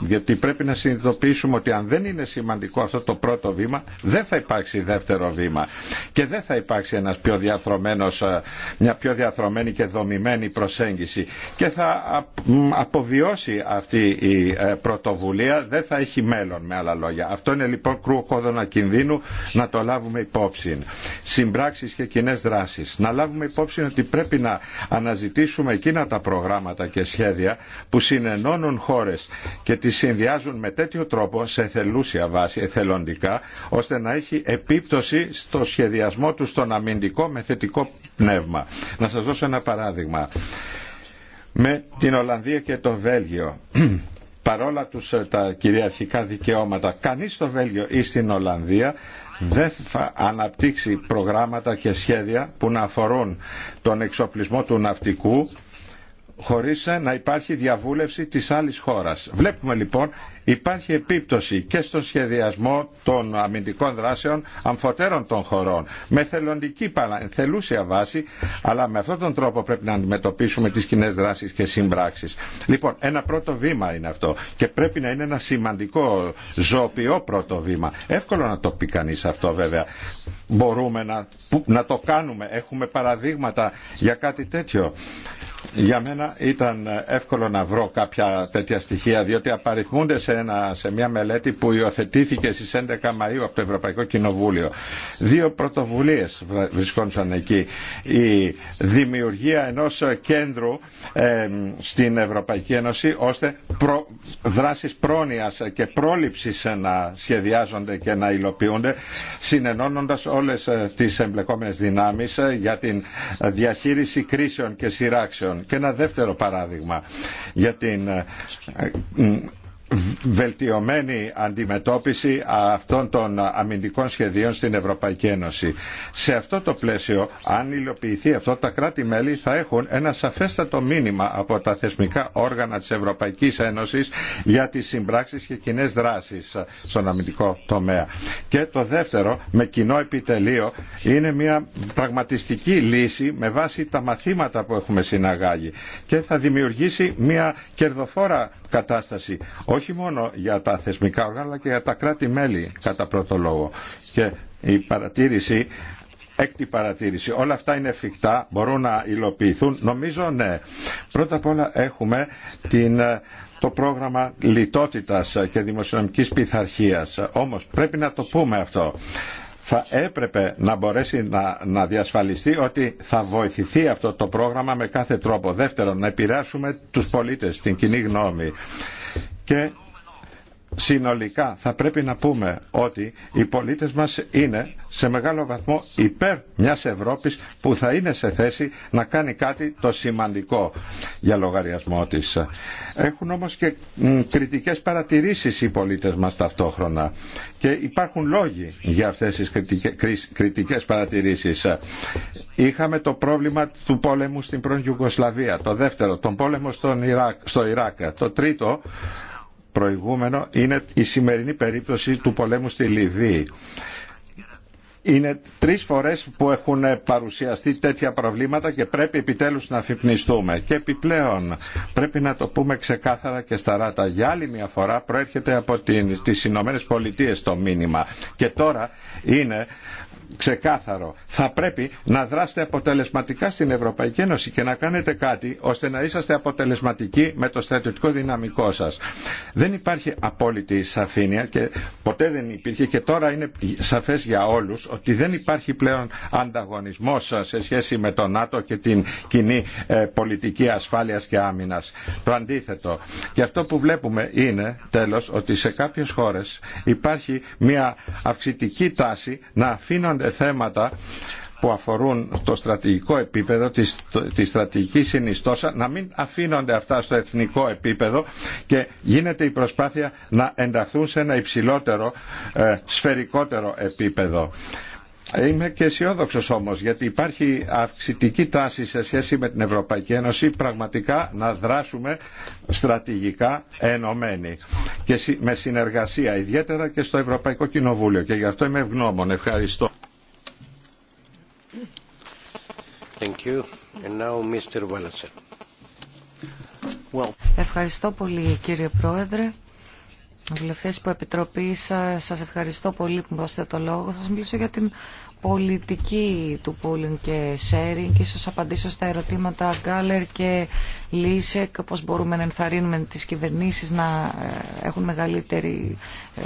γιατί πρέπει να συνειδητοποιήσουμε ότι αν δεν είναι σημαντικό αυτό το πρώτο βήμα, δεν θα υπάρξει δεύτερο βήμα και δεν θα υπάρξει ένας πιο διαθρωμένος, ε, μια πιο διαθρωμένη και δομημένη προσέγγιση και θα αποβιώσει αυτή η ε, πρωτοβουλία, δεν θα έχει μέλλον με άλλα λόγια. Αυτό είναι λοιπόν κρούχοδονα κινδύνου να το λάβουμε υπόψη. Συμπράξεις και κοινέ δράσεις. Να λάβουμε υπόψη ότι πρέπει να αναζητήσουμε εκείνα τα προγράμματα και σχέδια που συνενώνουν χώρες και τις συνδυάζουν με τέτοιο τρόπο σε θελούσια βάση εθελοντικά ώστε να έχει επίπτωση στο σχεδιασμό του στον αμυντικό με θετικό πνεύμα. Να σας δώσω ένα παράδειγμα. Με την Ολλανδία και το Βέλγιο παρόλα τους ε, τα κυριαρχικά δικαιώματα κανείς στο Βέλγιο ή στην Ολλανδία δεν θα αναπτύξει προγράμματα και σχέδια που να αφορούν τον εξοπλισμό του ναυτικού χωρίς να υπάρχει διαβούλευση της άλλης χώρας. Βλέπουμε λοιπόν υπάρχει επίπτωση και στο σχεδιασμό των αμυντικών δράσεων αμφωτέρων των χωρών με θελοντική θελούσια βάση αλλά με αυτόν τον τρόπο πρέπει να αντιμετωπίσουμε τις κοινέ δράσεις και συμπράξεις. Λοιπόν, ένα πρώτο βήμα είναι αυτό και πρέπει να είναι ένα σημαντικό ζωοποιό πρώτο βήμα. Εύκολο να το πει κανεί αυτό βέβαια. Μπορούμε να, να το κάνουμε. Έχουμε παραδείγματα για κάτι τέτοιο. Για μένα ήταν εύκολο να βρω κάποια τέτοια στοιχεία διότι απαριθμούνται σε, μια μελέτη που υιοθετήθηκε στις 11 Μαΐου από το Ευρωπαϊκό Κοινοβούλιο. Δύο πρωτοβουλίες βρισκόντουσαν εκεί. Η δημιουργία ενός κέντρου στην Ευρωπαϊκή Ένωση ώστε δράσεις πρόνοιας και πρόληψης να σχεδιάζονται και να υλοποιούνται συνενώνοντας όλες ε, τις εμπλεκόμενες δυνάμεις ε, για την διαχείριση κρίσεων και σειράξεων. Και ένα δεύτερο παράδειγμα για την ε, βελτιωμένη αντιμετώπιση αυτών των αμυντικών σχεδίων στην Ευρωπαϊκή Ένωση. Σε αυτό το πλαίσιο, αν υλοποιηθεί αυτό, τα κράτη-μέλη θα έχουν ένα σαφέστατο μήνυμα από τα θεσμικά όργανα της Ευρωπαϊκής Ένωσης για τις συμπράξεις και κοινέ δράσεις στον αμυντικό τομέα. Και το δεύτερο, με κοινό επιτελείο, είναι μια πραγματιστική λύση με βάση τα μαθήματα που έχουμε συναγάγει και θα δημιουργήσει μια κερδοφόρα κατάσταση όχι μόνο για τα θεσμικά οργάνα αλλά και για τα κράτη-μέλη κατά πρώτο λόγο. Και η παρατήρηση Έκτη παρατήρηση. Όλα αυτά είναι εφικτά, μπορούν να υλοποιηθούν. Νομίζω ναι. Πρώτα απ' όλα έχουμε την, ε, το πρόγραμμα λιτότητας και δημοσιονομικής πειθαρχίας. Όμως πρέπει να το πούμε αυτό θα έπρεπε να μπορέσει να, να διασφαλιστεί ότι θα βοηθηθεί αυτό το πρόγραμμα με κάθε τρόπο. Δεύτερον, να επηρεάσουμε τους πολίτες, την κοινή γνώμη. Και συνολικά θα πρέπει να πούμε ότι οι πολίτες μας είναι σε μεγάλο βαθμό υπέρ μιας Ευρώπης που θα είναι σε θέση να κάνει κάτι το σημαντικό για λογαριασμό της. Έχουν όμως και κριτικές παρατηρήσεις οι πολίτες μας ταυτόχρονα και υπάρχουν λόγοι για αυτές τις κριτικές παρατηρήσεις. Είχαμε το πρόβλημα του πόλεμου στην πρώην Ιουγκοσλαβία, το δεύτερο, τον πόλεμο στον στο Ιράκ, το τρίτο προηγούμενο είναι η σημερινή περίπτωση του πολέμου στη Λιβύη. Είναι τρεις φορές που έχουν παρουσιαστεί τέτοια προβλήματα και πρέπει επιτέλους να αφυπνιστούμε. Και επιπλέον πρέπει να το πούμε ξεκάθαρα και σταράτα. Για άλλη μια φορά προέρχεται από τις Ηνωμένες Πολιτείες το μήνυμα. Και τώρα είναι ξεκάθαρο. Θα πρέπει να δράσετε αποτελεσματικά στην Ευρωπαϊκή Ένωση και να κάνετε κάτι ώστε να είσαστε αποτελεσματικοί με το στρατιωτικό δυναμικό σας. Δεν υπάρχει απόλυτη σαφήνεια και ποτέ δεν υπήρχε και τώρα είναι σαφές για όλους ότι δεν υπάρχει πλέον ανταγωνισμός σε σχέση με το ΝΑΤΟ και την κοινή ε, πολιτική ασφάλειας και άμυνας. Το αντίθετο. Και αυτό που βλέπουμε είναι τέλος ότι σε κάποιες χώρες υπάρχει μια αυξητική τάση να αφήνονται ε, θέματα που αφορούν το στρατηγικό επίπεδο, τη, τη στρατηγική συνιστόσα, να μην αφήνονται αυτά στο εθνικό επίπεδο και γίνεται η προσπάθεια να ενταχθούν σε ένα υψηλότερο, ε, σφαιρικότερο επίπεδο. Είμαι και αισιόδοξο όμως γιατί υπάρχει αυξητική τάση σε σχέση με την Ευρωπαϊκή Ένωση πραγματικά να δράσουμε στρατηγικά ενωμένοι και με συνεργασία ιδιαίτερα και στο Ευρωπαϊκό Κοινοβούλιο και γι' αυτό είμαι ευγνώμων. Ευχαριστώ. Ευχαριστώ πολύ κύριε Πρόεδρε. Βουλευτές που επιτροπή σας ευχαριστώ πολύ που δώσετε το λόγο. Θα σας μιλήσω για την πολιτική του pooling και sharing και ίσως απαντήσω στα ερωτήματα Γκάλερ και Λίσεκ πώς μπορούμε να ενθαρρύνουμε τις κυβερνήσεις να ε, έχουν μεγαλύτερη ε,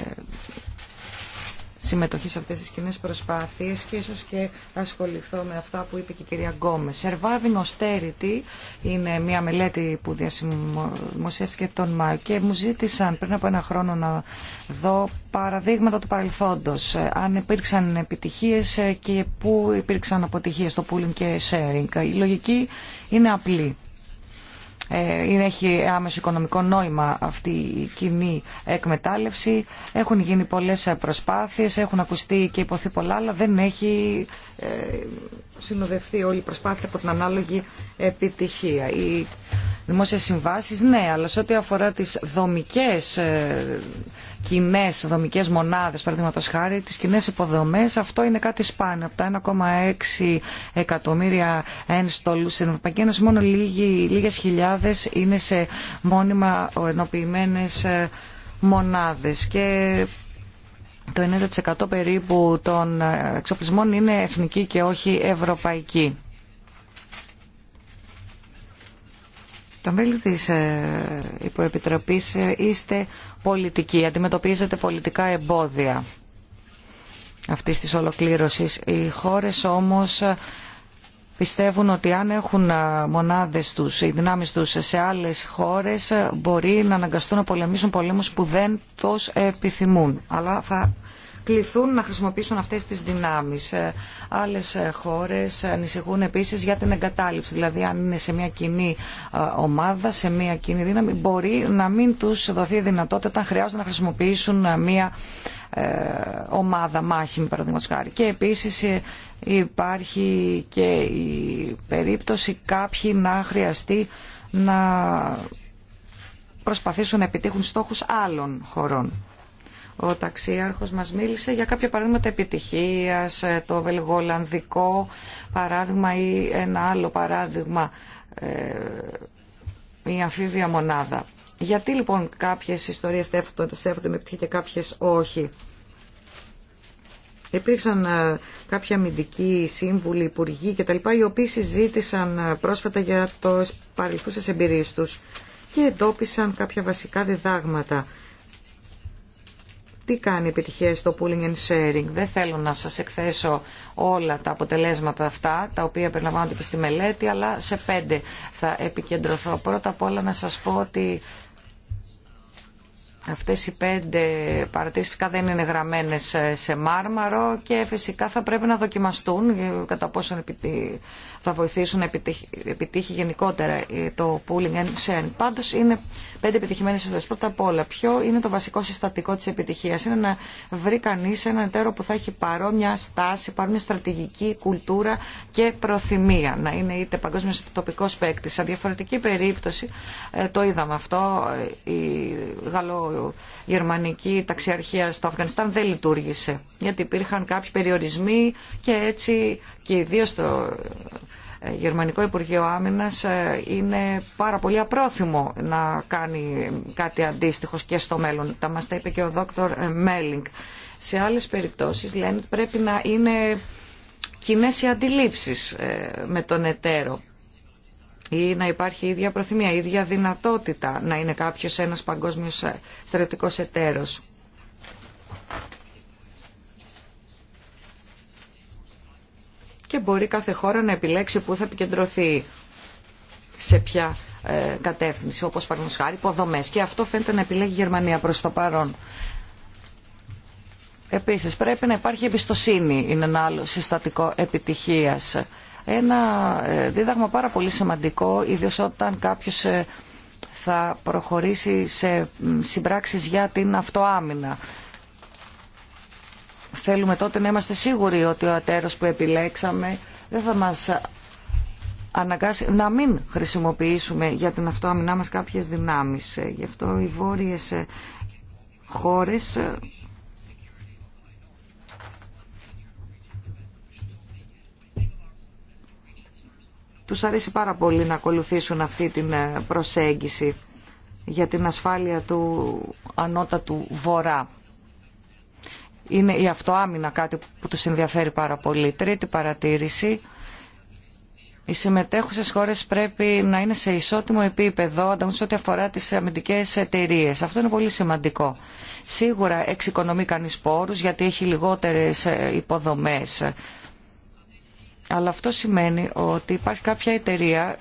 συμμετοχή σε αυτές τις κοινέ προσπάθειες και ίσως και ασχοληθώ με αυτά που είπε και η κυρία Γκόμε. Surviving Austerity είναι μια μελέτη που διασημοσιεύτηκε τον Μάιο και μου ζήτησαν πριν από ένα χρόνο να δω παραδείγματα του παρελθόντος, ε, αν υπήρξαν επιτυχίες ε, και πού υπήρξαν αποτυχίες, στο pooling και sharing. Η λογική είναι απλή. Ε, είναι, έχει άμεσο οικονομικό νόημα αυτή η κοινή εκμετάλλευση. Έχουν γίνει πολλές προσπάθειες, έχουν ακουστεί και υποθεί πολλά, αλλά δεν έχει ε, συνοδευτεί όλη η προσπάθεια από την ανάλογη επιτυχία. Οι δημόσιες συμβάσεις, ναι, αλλά σε ό,τι αφορά τις δομικές ε, κοινέ δομικέ μονάδε, παραδείγματο χάρη, τι κοινέ υποδομέ, αυτό είναι κάτι σπάνιο. Από τα 1,6 εκατομμύρια ένστολου στην Ευρωπαϊκή Ένωση, μόνο λίγε χιλιάδε είναι σε μόνιμα ενοποιημένε ε, μονάδε. Και το 90% περίπου των ε, εξοπλισμών είναι εθνική και όχι ευρωπαϊκή. Τα μέλη της ε, υποεπιτροπής είστε πολιτική, αντιμετωπίζεται πολιτικά εμπόδια αυτή της ολοκλήρωσης. Οι χώρες όμως πιστεύουν ότι αν έχουν μονάδες τους, οι δυνάμεις τους σε άλλες χώρες μπορεί να αναγκαστούν να πολεμήσουν πολέμους που δεν τους επιθυμούν. Αλλά θα κληθούν να χρησιμοποιήσουν αυτές τις δυνάμεις. Ε, άλλες ε, χώρες ανησυχούν επίσης για την εγκατάλειψη. Δηλαδή αν είναι σε μια κοινή ε, ομάδα, σε μια κοινή δύναμη, μπορεί να μην τους δοθεί δυνατότητα όταν χρειάζονται να χρησιμοποιήσουν μια ομάδα μάχη, με παραδείγματος χάρη. Και επίσης υπάρχει και η περίπτωση κάποιοι να χρειαστεί να προσπαθήσουν να επιτύχουν στόχους άλλων χωρών. Ο ταξίαρχος μας μίλησε για κάποια παραδείγματα επιτυχίας, ε, το βελγολανδικό παράδειγμα ή ένα άλλο παράδειγμα, ε, η αμφίβια μονάδα. Γιατί λοιπόν κάποιες ιστορίες στέφονται με επιτυχία και κάποιες όχι. Υπήρξαν ε, κάποια αμυντικοί σύμβουλοι, υπουργοί κτλ. οι οποίοι συζήτησαν πρόσφατα για τους παρελθούσες εμπειρίες τους και εντόπισαν κάποια βασικά διδάγματα τι κάνει η επιτυχία στο pooling and sharing. Δεν θέλω να σας εκθέσω όλα τα αποτελέσματα αυτά, τα οποία περιλαμβάνονται και στη μελέτη, αλλά σε πέντε θα επικεντρωθώ. Πρώτα απ' όλα να σας πω ότι Αυτές οι πέντε παρατηρήσεις φυσικά δεν είναι γραμμένες σε μάρμαρο και φυσικά θα πρέπει να δοκιμαστούν κατά πόσο θα βοηθήσουν να επιτύχει γενικότερα το pooling and sharing. Πάντως είναι πέντε επιτυχημένες ιστορίες. Πρώτα απ' όλα, ποιο είναι το βασικό συστατικό της επιτυχίας. Είναι να βρει κανείς έναν εταίρο που θα έχει παρόμοια στάση, παρόμοια στρατηγική κουλτούρα και προθυμία. Να είναι είτε παγκόσμιος είτε τοπικός παίκτη. Σε διαφορετική περίπτωση, ε, το είδαμε αυτό, ε, η γερμανική ταξιαρχία στο Αφγανιστάν δεν λειτουργήσε. Γιατί υπήρχαν κάποιοι περιορισμοί και έτσι και ιδίω το ε, Γερμανικό Υπουργείο Άμυνα ε, είναι πάρα πολύ απρόθυμο να κάνει κάτι αντίστοιχο και στο μέλλον. Τα μα τα είπε και ο Δόκτωρ ε, Μέλινγκ. Σε άλλε περιπτώσει λένε ότι πρέπει να είναι κοινέ οι αντιλήψει με τον εταίρο ή να υπάρχει η ίδια προθυμία, η ίδια δυνατότητα να είναι κάποιος ένας παγκόσμιος στρατιωτικός εταίρος. Και μπορεί κάθε χώρα να επιλέξει πού θα επικεντρωθεί σε ποια ε, κατεύθυνση, όπως παραδείγματος χάρη υποδομές. Και αυτό φαίνεται να επιλέγει η Γερμανία προς το παρόν. Επίσης πρέπει να υπάρχει εμπιστοσύνη, είναι ένα άλλο συστατικό επιτυχίας ένα ε, δίδαγμα πάρα πολύ σημαντικό, ιδίω όταν κάποιος ε, θα προχωρήσει σε συμπράξεις για την αυτοάμυνα. Θέλουμε τότε να είμαστε σίγουροι ότι ο ατέρος που επιλέξαμε δεν θα μας αναγκάσει να μην χρησιμοποιήσουμε για την αυτοάμυνά μας κάποιες δυνάμεις. Ε, γι' αυτό οι βόρειες χώρες Τους αρέσει πάρα πολύ να ακολουθήσουν αυτή την ε, προσέγγιση για την ασφάλεια του ανώτατου βορρά. Είναι η αυτοάμυνα κάτι που τους ενδιαφέρει πάρα πολύ. Τρίτη παρατήρηση. Οι συμμετέχουσες χώρες πρέπει να είναι σε ισότιμο επίπεδο ανταγωνιστή ό,τι αφορά τις αμυντικές εταιρείε. Αυτό είναι πολύ σημαντικό. Σίγουρα εξοικονομεί κανείς πόρους γιατί έχει λιγότερες ε, υποδομές αλλά αυτό σημαίνει ότι υπάρχει κάποια εταιρεία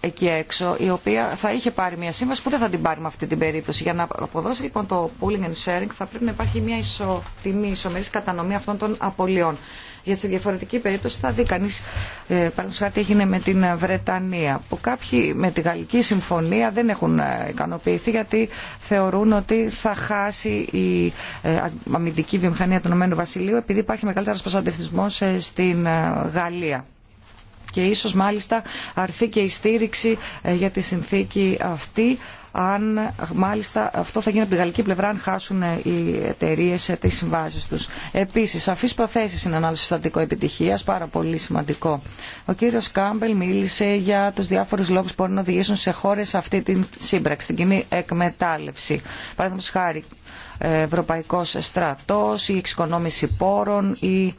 εκεί έξω, η οποία θα είχε πάρει μια σύμβαση που δεν θα την πάρει με αυτή την περίπτωση. Για να αποδώσει λοιπόν το pooling and sharing θα πρέπει να υπάρχει μια ισοτιμή, ισομερή κατανομή αυτών των απολειών. Για τη διαφορετική περίπτωση θα δει κανεί, ε, παραδείγματο χάρη έγινε με την Βρετανία, που κάποιοι με τη Γαλλική Συμφωνία δεν έχουν ε, ικανοποιηθεί γιατί θεωρούν ότι θα χάσει η ε, αμυντική βιομηχανία του Ηνωμένου Βασιλείου επειδή υπάρχει μεγαλύτερο προστατευτισμός στην Γαλλία και ίσως μάλιστα αρθεί και η στήριξη ε, για τη συνθήκη αυτή αν μάλιστα αυτό θα γίνει από τη γαλλική πλευρά αν χάσουν ε, οι εταιρείε ε, τι συμβάσει του. Επίση, σαφεί προθέσει είναι ανάλυση συστατικό επιτυχία, πάρα πολύ σημαντικό. Ο κύριο Κάμπελ μίλησε για του διάφορου λόγου που μπορεί να οδηγήσουν σε χώρε αυτή την σύμπραξη, την κοινή εκμετάλλευση. Παραδείγματο χάρη, Ευρωπαϊκό στρατό, η εξοικονόμηση πόρων, η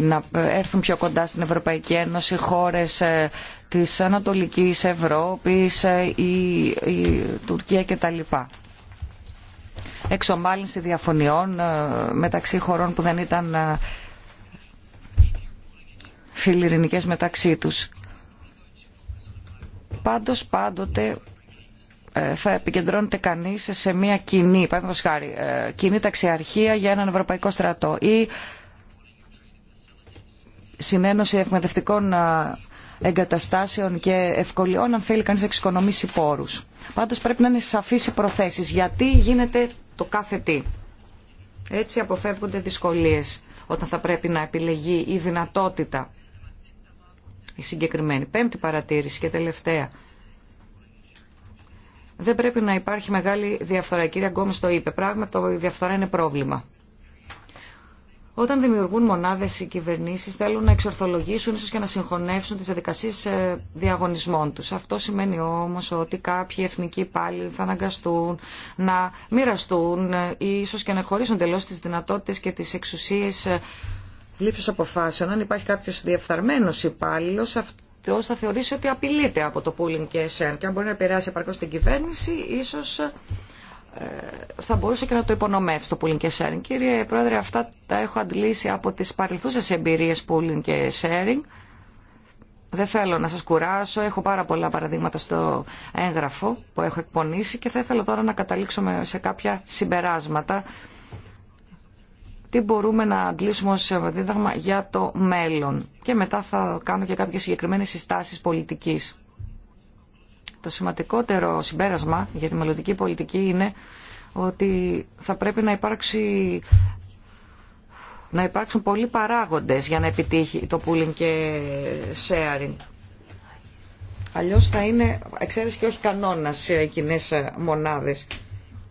να έρθουν πιο κοντά στην Ευρωπαϊκή Ένωση χώρες ε, της Ανατολικής Ευρώπης, ε, η, η Τουρκία κτλ. Εξομάλυνση διαφωνιών ε, μεταξύ χωρών που δεν ήταν φιλιρινικές μεταξύ τους. Πάντως πάντοτε θα επικεντρώνεται κανείς σε μια κοινή, χάρη, κοινή ταξιαρχία για έναν ευρωπαϊκό στρατό ή συνένωση εκμετευτικών εγκαταστάσεων και ευκολιών αν θέλει κανείς να εξοικονομήσει πόρους. Πάντως πρέπει να είναι σαφείς οι προθέσεις γιατί γίνεται το κάθε τι. Έτσι αποφεύγονται δυσκολίες όταν θα πρέπει να επιλεγεί η δυνατότητα η συγκεκριμένη. Πέμπτη παρατήρηση και τελευταία. Δεν πρέπει να υπάρχει μεγάλη διαφθορά. Η κυρία Γκόμες το είπε. Πράγματι, η διαφθορά είναι πρόβλημα. Όταν δημιουργούν μονάδε οι κυβερνήσει, θέλουν να εξορθολογήσουν ίσω και να συγχωνεύσουν τι διαδικασίε ε, διαγωνισμών του. Αυτό σημαίνει όμω ότι κάποιοι εθνικοί υπάλληλοι θα αναγκαστούν να μοιραστούν ε, ή ίσω και να χωρίσουν τελώ τι δυνατότητε και τι εξουσίε ε, λήψη αποφάσεων. Αν υπάρχει κάποιο διεφθαρμένο υπάλληλο, αυτό θα θεωρήσει ότι απειλείται από το pooling και εσέν. Και αν μπορεί να επηρεάσει επαρκώ την κυβέρνηση, ίσω ε, θα μπορούσε και να το υπονομεύσει το pooling και sharing. Κύριε Πρόεδρε, αυτά τα έχω αντλήσει από τις παρελθούσες εμπειρίες pooling και sharing. Δεν θέλω να σας κουράσω, έχω πάρα πολλά παραδείγματα στο έγγραφο που έχω εκπονήσει και θα ήθελα τώρα να καταλήξω σε κάποια συμπεράσματα. Τι μπορούμε να αντλήσουμε ως δίδαγμα για το μέλλον. Και μετά θα κάνω και κάποιες συγκεκριμένες συστάσεις πολιτικής. Το σημαντικότερο συμπέρασμα για τη μελλοντική πολιτική είναι ότι θα πρέπει να υπάρξει να υπάρξουν πολλοί παράγοντες για να επιτύχει το pooling και sharing. Αλλιώς θα είναι εξαίρεση και όχι κανόνα σε κοινέ μονάδες.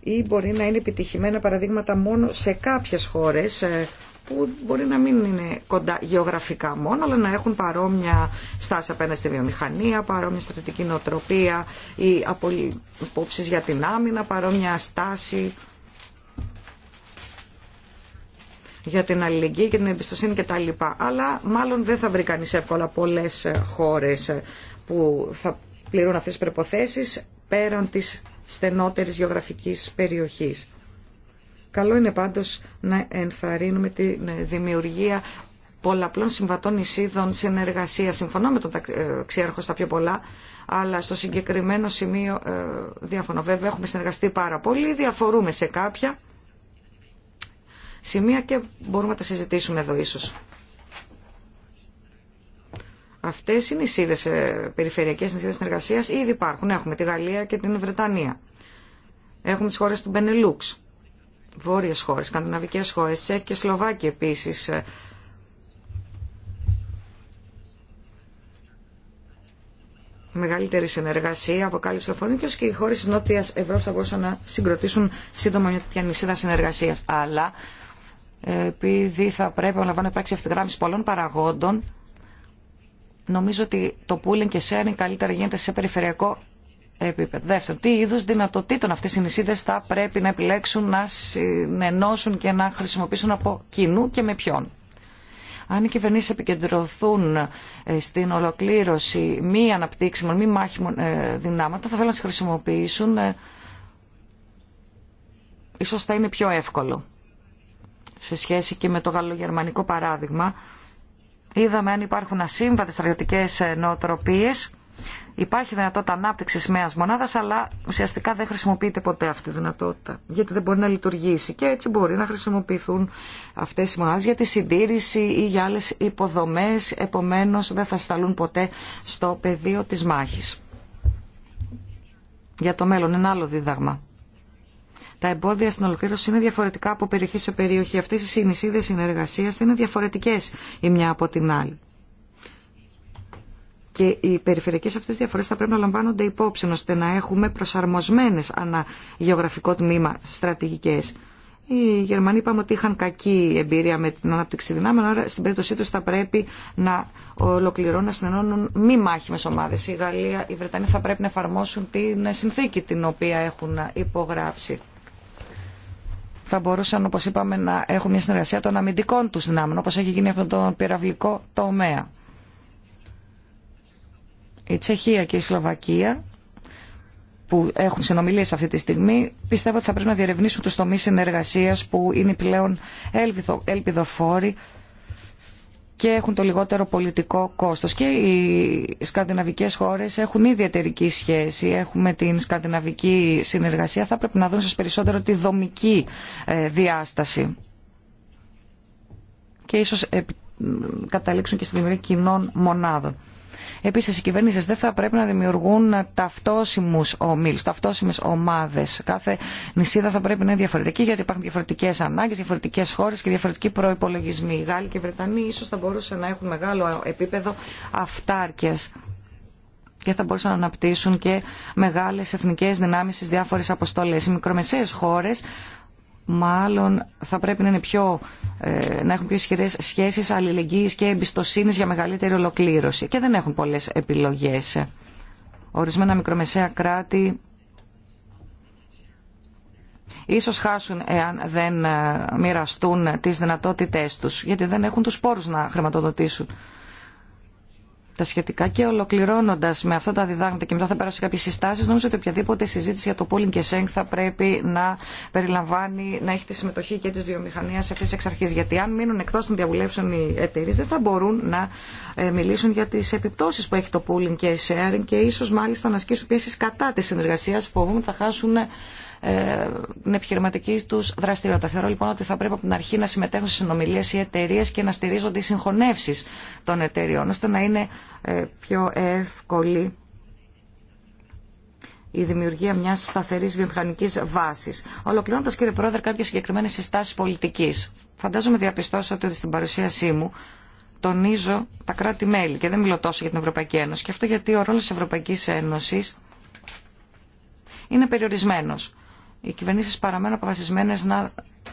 Ή μπορεί να είναι επιτυχημένα παραδείγματα μόνο σε κάποιες χώρες ε, που μπορεί να μην είναι κοντά γεωγραφικά μόνο, αλλά να έχουν παρόμοια στάση απέναντι στη βιομηχανία, παρόμοια στρατηγική νοοτροπία ή πόψεις για την άμυνα, παρόμοια στάση για την αλληλεγγύη και την εμπιστοσύνη κτλ. Αλλά μάλλον δεν θα βρει κανεί εύκολα πολλέ χώρε που θα πληρούν αυτέ τι προποθέσει πέραν τη στενότερη γεωγραφική περιοχή. Καλό είναι πάντως να ενθαρρύνουμε τη δημιουργία πολλαπλών συμβατών εισίδων συνεργασία. Συμφωνώ με τον ταξιάρχο ε, στα πιο πολλά, αλλά στο συγκεκριμένο σημείο ε, διαφωνώ. Βέβαια, έχουμε συνεργαστεί πάρα πολύ, διαφορούμε σε κάποια σημεία και μπορούμε να τα συζητήσουμε εδώ ίσως. Αυτές είναι οι σύνδες ε, περιφερειακές ήδη υπάρχουν. Έχουμε τη Γαλλία και την Βρετανία. Έχουμε τις χώρες του Μπενελούξ βόρειες χώρες, σκανδιναβικές χώρες, Τσέχ και Σλοβάκη επίσης. Ε, μεγαλύτερη συνεργασία, από των και οι χώρες της Νότιας Ευρώπης θα μπορούσαν να συγκροτήσουν σύντομα μια τέτοια νησίδα συνεργασίας. Αλλά ε, επειδή θα πρέπει να να υπάρξει ευθυγράμμιση πολλών παραγόντων, νομίζω ότι το pooling και sharing καλύτερα γίνεται σε περιφερειακό επίπεδο. Δεύτερον, τι είδου δυνατοτήτων αυτέ οι νησίδε θα πρέπει να επιλέξουν να συνενώσουν και να χρησιμοποιήσουν από κοινού και με ποιον. Αν οι κυβερνήσει επικεντρωθούν ε, στην ολοκλήρωση μη αναπτύξιμων, μη μάχημων ε, δυνάμεων, θα θέλουν να τι χρησιμοποιήσουν. Ε, ίσως θα είναι πιο εύκολο σε σχέση και με το γαλλογερμανικό παράδειγμα. Είδαμε αν υπάρχουν ασύμβατες στρατιωτικές νοοτροπίες Υπάρχει δυνατότητα ανάπτυξη μια μονάδα, αλλά ουσιαστικά δεν χρησιμοποιείται ποτέ αυτή η δυνατότητα. Γιατί δεν μπορεί να λειτουργήσει. Και έτσι μπορεί να χρησιμοποιηθούν αυτέ οι μονάδε για τη συντήρηση ή για άλλε υποδομέ. Επομένω, δεν θα σταλούν ποτέ στο πεδίο τη μάχη. Για το μέλλον, ένα άλλο δίδαγμα. Τα εμπόδια στην ολοκλήρωση είναι διαφορετικά από περιοχή σε περιοχή. Αυτέ οι συνεισίδε συνεργασία είναι διαφορετικέ η μια από την άλλη και οι περιφερειακές αυτές διαφορέ θα πρέπει να λαμβάνονται υπόψη ώστε να έχουμε προσαρμοσμένε ανά γεωγραφικό τμήμα στρατηγικέ. Οι Γερμανοί είπαμε ότι είχαν κακή εμπειρία με την ανάπτυξη δυνάμεων, άρα στην περίπτωσή του θα πρέπει να ολοκληρώνουν, να συνενώνουν μη μάχημε ομάδε. Η Γαλλία, η Βρετανία θα πρέπει να εφαρμόσουν την συνθήκη την οποία έχουν υπογράψει. Θα μπορούσαν, όπω είπαμε, να έχουν μια συνεργασία των αμυντικών του δυνάμεων, όπω έχει γίνει από τον πυραυλικό τομέα. Η Τσεχία και η Σλοβακία που έχουν συνομιλίε αυτή τη στιγμή πιστεύω ότι θα πρέπει να διερευνήσουν τους τομείς συνεργασίας που είναι πλέον ελπιδοφόροι και έχουν το λιγότερο πολιτικό κόστος. Και οι σκανδιναβικές χώρες έχουν ήδη εταιρική σχέση, έχουμε την σκανδιναβική συνεργασία, θα πρέπει να δουν σας περισσότερο τη δομική ε, διάσταση. Και ίσως καταλήξουν και στη δημιουργία κοινών μονάδων. Επίση, οι κυβέρνησε δεν θα πρέπει να δημιουργούν ταυτόσιμου ομίλου, ταυτόσιμε ομάδε. Κάθε νησίδα θα πρέπει να είναι διαφορετική, γιατί υπάρχουν διαφορετικέ ανάγκε, διαφορετικέ χώρε και διαφορετικοί προπολογισμοί. Οι Γάλλοι και οι Βρετανοί ίσω θα μπορούσαν να έχουν μεγάλο επίπεδο αυτάρκεια και θα μπορούσαν να αναπτύσσουν και μεγάλες εθνικές δυνάμεις στις διάφορες αποστολές. Οι μικρομεσαίες χώρες μάλλον θα πρέπει να, είναι πιο, ε, να έχουν πιο ισχυρέ σχέσεις αλληλεγγύης και εμπιστοσύνης για μεγαλύτερη ολοκλήρωση και δεν έχουν πολλές επιλογές. Ορισμένα μικρομεσαία κράτη ίσως χάσουν εάν δεν ε, μοιραστούν τις δυνατότητές τους γιατί δεν έχουν τους πόρους να χρηματοδοτήσουν τα σχετικά και ολοκληρώνοντα με αυτά τα διδάγματα και μετά θα περάσω σε κάποιε συστάσει, νομίζω ότι οποιαδήποτε συζήτηση για το pooling και sharing θα πρέπει να περιλαμβάνει, να έχει τη συμμετοχή και τη βιομηχανία αυτή εξ αρχή. Γιατί αν μείνουν εκτό των διαβουλεύσεων οι εταιρείε, δεν θα μπορούν να ε, μιλήσουν για τι επιπτώσει που έχει το pooling και sharing και ίσω μάλιστα να ασκήσουν πιέσει κατά τη συνεργασία. Φοβούμαι ότι θα χάσουν ε, την ε, επιχειρηματική του δραστηριότητα. Θεωρώ λοιπόν ότι θα πρέπει από την αρχή να συμμετέχουν σε συνομιλίε οι εταιρείε και να στηρίζονται οι συγχωνεύσει των εταιριών ώστε να είναι ε, πιο εύκολη η δημιουργία μια σταθερή βιομηχανική βάση. Ολοκληρώνοντα, κύριε Πρόεδρε, κάποιε συγκεκριμένε συστάσει πολιτική. Φαντάζομαι διαπιστώσατε ότι στην παρουσίασή μου τονίζω τα κράτη-μέλη και δεν μιλώ τόσο για την Ευρωπαϊκή Ένωση. Και αυτό γιατί ο ρόλο τη Ευρωπαϊκή Ένωση είναι περιορισμένο οι κυβερνήσει παραμένουν αποφασισμένε να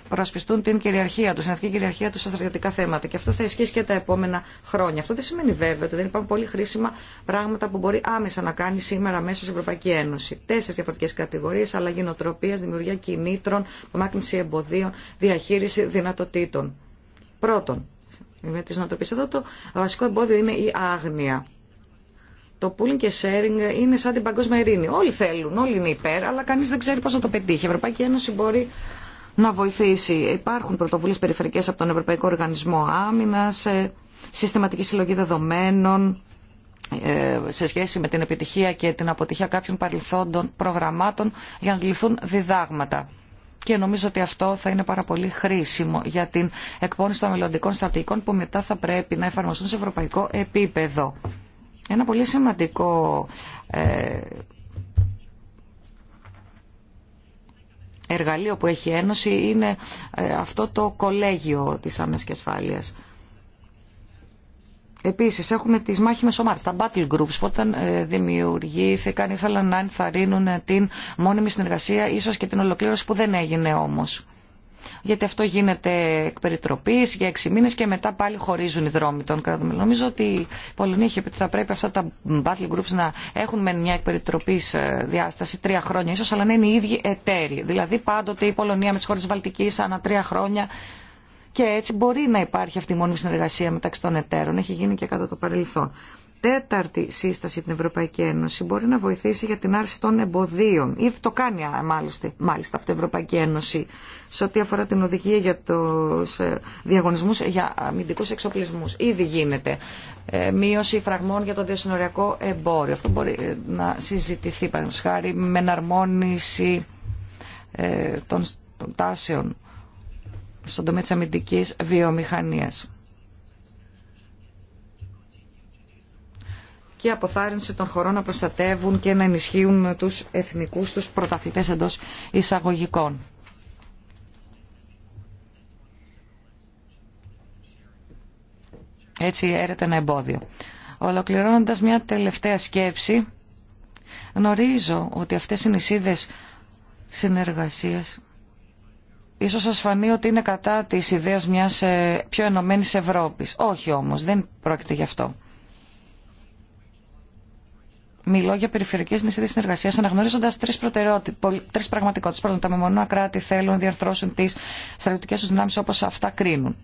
προασπιστούν την κυριαρχία του, την εθνική κυριαρχία του στα στρατιωτικά θέματα. Και αυτό θα ισχύσει και τα επόμενα χρόνια. Αυτό δεν σημαίνει βέβαια ότι δεν υπάρχουν πολύ χρήσιμα πράγματα που μπορεί άμεσα να κάνει σήμερα μέσω στην Ευρωπαϊκή Ένωση. Τέσσερι διαφορετικέ κατηγορίε, αλλαγή νοοτροπία, δημιουργία κινήτρων, απομάκρυνση εμποδίων, διαχείριση δυνατοτήτων. Πρώτον, με τι νοοτροπίε εδώ το βασικό εμπόδιο είναι η άγνοια. Το pooling και sharing είναι σαν την παγκόσμια ειρήνη. Όλοι θέλουν, όλοι είναι υπέρ, αλλά κανεί δεν ξέρει πώ να το πετύχει. Η Ευρωπαϊκή Ένωση μπορεί να βοηθήσει. Υπάρχουν πρωτοβουλίε περιφερικέ από τον Ευρωπαϊκό Οργανισμό Άμυνα, ε, συστηματική συλλογή δεδομένων ε, σε σχέση με την επιτυχία και την αποτυχία κάποιων παρελθόντων προγραμμάτων για να λυθούν διδάγματα και νομίζω ότι αυτό θα είναι πάρα πολύ χρήσιμο για την εκπόνηση των μελλοντικών στρατηγικών που μετά θα πρέπει να εφαρμοστούν σε ευρωπαϊκό επίπεδο. Ένα πολύ σημαντικό ε, εργαλείο που έχει Ένωση είναι ε, αυτό το κολέγιο της άμυνας και ασφάλειας. Επίσης έχουμε τις μάχημες ομάδες, τα battle groups που όταν ε, δημιουργήθηκαν ήθελαν να ενθαρρύνουν την μόνιμη συνεργασία ίσως και την ολοκλήρωση που δεν έγινε όμως γιατί αυτό γίνεται εκ περιτροπής για έξι μήνες και μετά πάλι χωρίζουν οι δρόμοι των κρατών. Νομίζω ότι η Πολωνία θα πρέπει αυτά τα battle groups να έχουν μια εκ περιτροπής ε, διάσταση τρία χρόνια ίσως, αλλά να είναι οι ίδιοι εταίροι. Δηλαδή πάντοτε η Πολωνία με τις χώρες Βαλτικής ανά τρία χρόνια και έτσι μπορεί να υπάρχει αυτή η μόνιμη συνεργασία μεταξύ των εταίρων. Έχει γίνει και κατά το παρελθόν τέταρτη σύσταση την Ευρωπαϊκή Ένωση μπορεί να βοηθήσει για την άρση των εμποδίων. η το κάνει μάλιστα, μάλιστα αυτή η Ευρωπαϊκή Ένωση σε ό,τι αφορά την οδηγία για τους ε, διαγωνισμούς ε, για αμυντικούς εξοπλισμούς. Ήδη γίνεται ε, μείωση φραγμών για το διασυνοριακό εμπόριο. Αυτό μπορεί να συζητηθεί παραδείγματος χάρη με εναρμόνιση των τάσεων στον τομέα της αμυντικής βιομηχανίας και αποθάρρυνση των χωρών να προστατεύουν και να ενισχύουν τους εθνικούς τους πρωταθλητές εντός εισαγωγικών. Έτσι έρεται ένα εμπόδιο. Ολοκληρώνοντας μια τελευταία σκέψη, γνωρίζω ότι αυτές οι νησίδες συνεργασίας ίσως σας φανεί ότι είναι κατά της ιδέας μιας ε, πιο ενωμένης Ευρώπης. Όχι όμως, δεν πρόκειται γι' αυτό. Μιλώ για περιφερειακέ νησίδε συνεργασία, αναγνωρίζοντα τρει τρεις πραγματικότητε. Πρώτον, τα μεμονωμένα κράτη θέλουν να διαρθρώσουν τι στρατιωτικέ του δυνάμει όπω αυτά κρίνουν.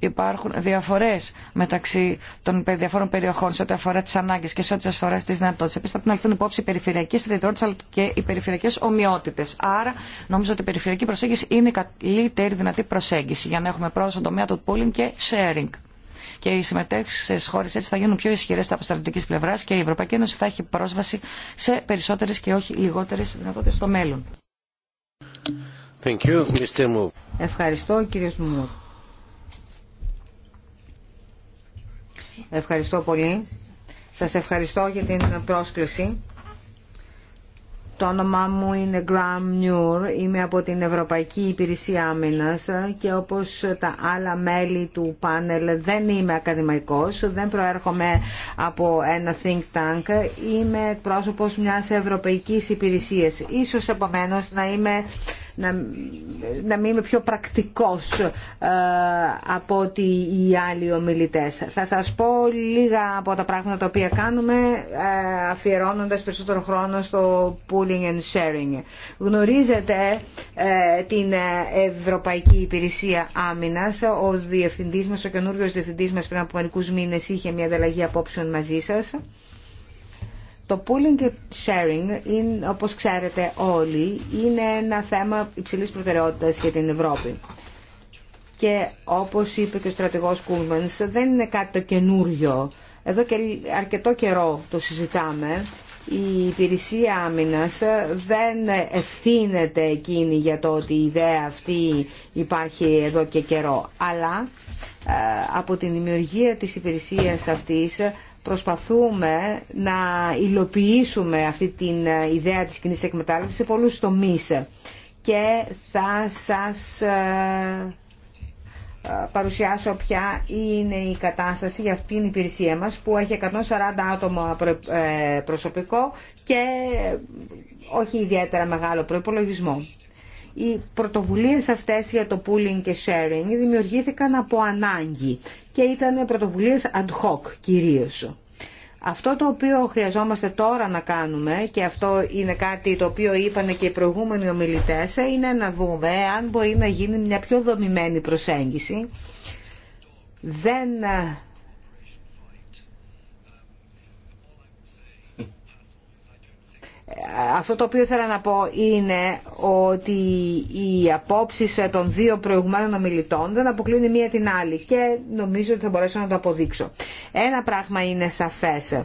Υπάρχουν διαφορέ μεταξύ των διαφόρων περιοχών σε ό,τι αφορά τι ανάγκε και σε ό,τι αφορά τι δυνατότητε. Επίση, θα πρέπει να λυθούν υπόψη οι περιφερειακέ ιδιαιτερότητε αλλά και οι περιφερειακέ ομοιότητε. Άρα, νομίζω ότι η περιφερειακή προσέγγιση είναι η καλύτερη δυνατή προσέγγιση για να έχουμε πρόσωπο τομέα του pooling και sharing και οι συμμετέχουσε χώρε έτσι θα γίνουν πιο ισχυρέ από στρατιωτική πλευρά και η Ευρωπαϊκή Ένωση θα έχει πρόσβαση σε περισσότερε και όχι λιγότερε δυνατότητε στο μέλλον. Thank you, Mr. Ευχαριστώ, κύριε Μουρ. Ευχαριστώ πολύ. Σας ευχαριστώ για την πρόσκληση. Το όνομά μου είναι Graham Νιούρ, είμαι από την Ευρωπαϊκή Υπηρεσία Άμυνας και όπως τα άλλα μέλη του πάνελ δεν είμαι ακαδημαϊκός, δεν προέρχομαι από ένα think tank, είμαι εκπρόσωπος μιας Ευρωπαϊκής Υπηρεσίας. Ίσως επομένως να είμαι να, να μην είμαι πιο πρακτικός ε, από ότι οι άλλοι ομιλητές. Θα σας πω λίγα από τα πράγματα τα οποία κάνουμε ε, αφιερώνοντας περισσότερο χρόνο στο pooling and sharing. Γνωρίζετε ε, την Ευρωπαϊκή Υπηρεσία Άμυνας. Ο διευθυντής μας, ο καινούριος διευθυντής μας πριν από μερικούς μήνες είχε μια ανταλλαγή απόψεων μαζί σας. Το pooling και sharing, είναι, όπως ξέρετε όλοι, είναι ένα θέμα υψηλής προτεραιότητας για την Ευρώπη. Και όπως είπε και ο στρατηγός Κούλμανς, δεν είναι κάτι το καινούριο. Εδώ και αρκετό καιρό το συζητάμε. Η υπηρεσία άμυνας δεν ευθύνεται εκείνη για το ότι η ιδέα αυτή υπάρχει εδώ και καιρό. Αλλά ε, από την δημιουργία της υπηρεσίας αυτής προσπαθούμε να υλοποιήσουμε αυτή την ε, ιδέα της κοινή εκμετάλλευσης σε πολλούς τομείς και θα σας ε, ε, παρουσιάσω ποια είναι η κατάσταση για αυτήν την υπηρεσία μας που έχει 140 άτομα προσωπικό και όχι ιδιαίτερα μεγάλο προϋπολογισμό. Οι πρωτοβουλίες αυτές για το pooling και sharing δημιουργήθηκαν από ανάγκη και ήταν πρωτοβουλίες ad hoc κυρίως. Αυτό το οποίο χρειαζόμαστε τώρα να κάνουμε και αυτό είναι κάτι το οποίο είπαν και οι προηγούμενοι ομιλητές είναι να δούμε αν μπορεί να γίνει μια πιο δομημένη προσέγγιση. Δεν αυτό το οποίο ήθελα να πω είναι ότι οι απόψεις των δύο προηγουμένων ομιλητών δεν αποκλίνουν μία την άλλη και νομίζω ότι θα μπορέσω να το αποδείξω. Ένα πράγμα είναι σαφές.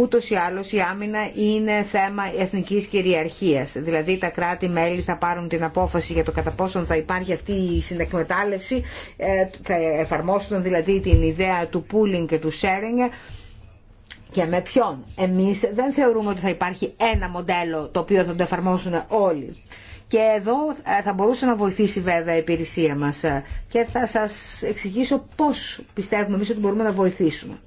Ούτως ή άλλως η άμυνα είναι θέμα εθνικής κυριαρχίας. Δηλαδή τα κράτη-μέλη θα πάρουν την απόφαση για το κατά πόσον θα υπάρχει αυτή η συνεκμετάλλευση, ε, θα εφαρμόσουν δηλαδή την ιδέα του pooling και του sharing και με ποιον. Εμείς δεν θεωρούμε ότι θα υπάρχει ένα μοντέλο το οποίο θα το εφαρμόσουν όλοι. Και εδώ ε, θα μπορούσε να βοηθήσει βέβαια η υπηρεσία μας και θα σας εξηγήσω πώς πιστεύουμε εμείς ότι μπορούμε να βοηθήσουμε.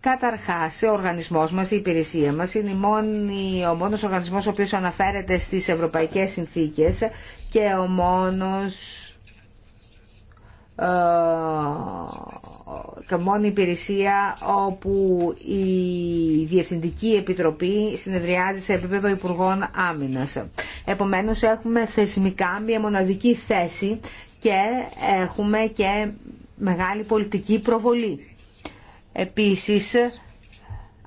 κατάρχα ο οργανισμό μας, η υπηρεσία μας, είναι μόνη, ο μόνος οργανισμός ο οποίο αναφέρεται στι ευρωπαϊκέ συνθήκε και ο μόνος και ε, ε, μόνη υπηρεσία όπου η Διευθυντική Επιτροπή συνεδριάζει σε επίπεδο Υπουργών Άμυνας. Επομένως έχουμε θεσμικά μια μοναδική θέση και έχουμε και μεγάλη πολιτική προβολή. Επίσης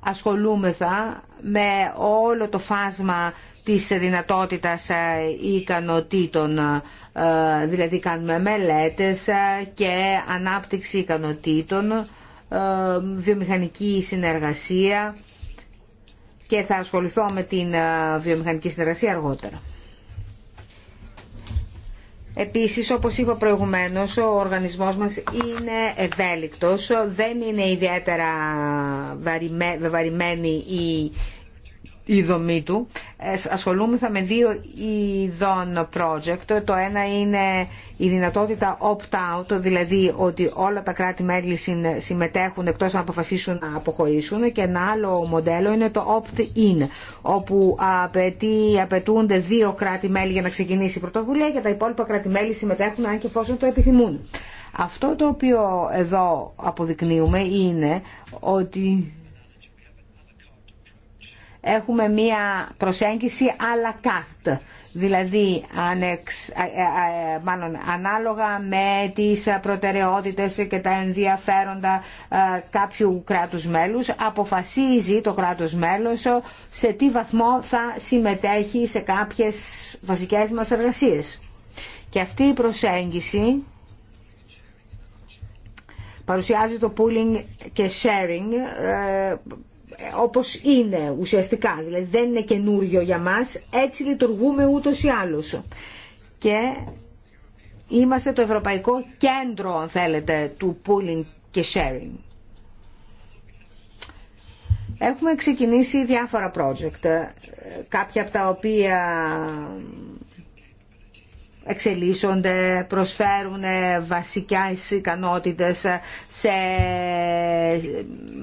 ασχολούμεθα με όλο το φάσμα της δυνατότητας ε, ικανοτήτων, ε, δηλαδή κάνουμε μελέτες ε, και ανάπτυξη ικανοτήτων, βιομηχανική συνεργασία και θα ασχοληθώ με την βιομηχανική συνεργασία αργότερα. Επίσης, όπως είπα προηγουμένως, ο οργανισμός μας είναι ευέλικτος, δεν είναι ιδιαίτερα βαρημένη η η δομή του. Ε, ασχολούμεθα με δύο ειδών project. Το ένα είναι η δυνατότητα opt-out, δηλαδή ότι όλα τα κράτη-μέλη συμμετέχουν εκτός να αποφασίσουν να αποχωρήσουν και ένα άλλο μοντέλο είναι το opt-in, όπου απαιτεί, απαιτούνται δύο κράτη-μέλη για να ξεκινήσει η πρωτοβουλία και τα υπόλοιπα κράτη-μέλη συμμετέχουν αν και εφόσον το επιθυμούν. Αυτό το οποίο εδώ αποδεικνύουμε είναι ότι έχουμε μία προσέγγιση à la carte, δηλαδή ε, ανάλογα με τις προτεραιότητες και τα ενδιαφέροντα ε, κάποιου κράτους μέλους, αποφασίζει το κράτος μέλος σε τι βαθμό θα συμμετέχει σε κάποιες βασικές μας εργασίες. Και αυτή η προσέγγιση παρουσιάζει το pooling και sharing ε, ε, όπως είναι ουσιαστικά, δηλαδή δεν είναι καινούριο για μας, έτσι λειτουργούμε ούτως ή άλλως. Και είμαστε το ευρωπαϊκό κέντρο, αν θέλετε, του pooling και sharing. Έχουμε ξεκινήσει διάφορα project, ε, κάποια από τα οποία εξελίσσονται, προσφέρουν ε, βασικές ικανότητες σε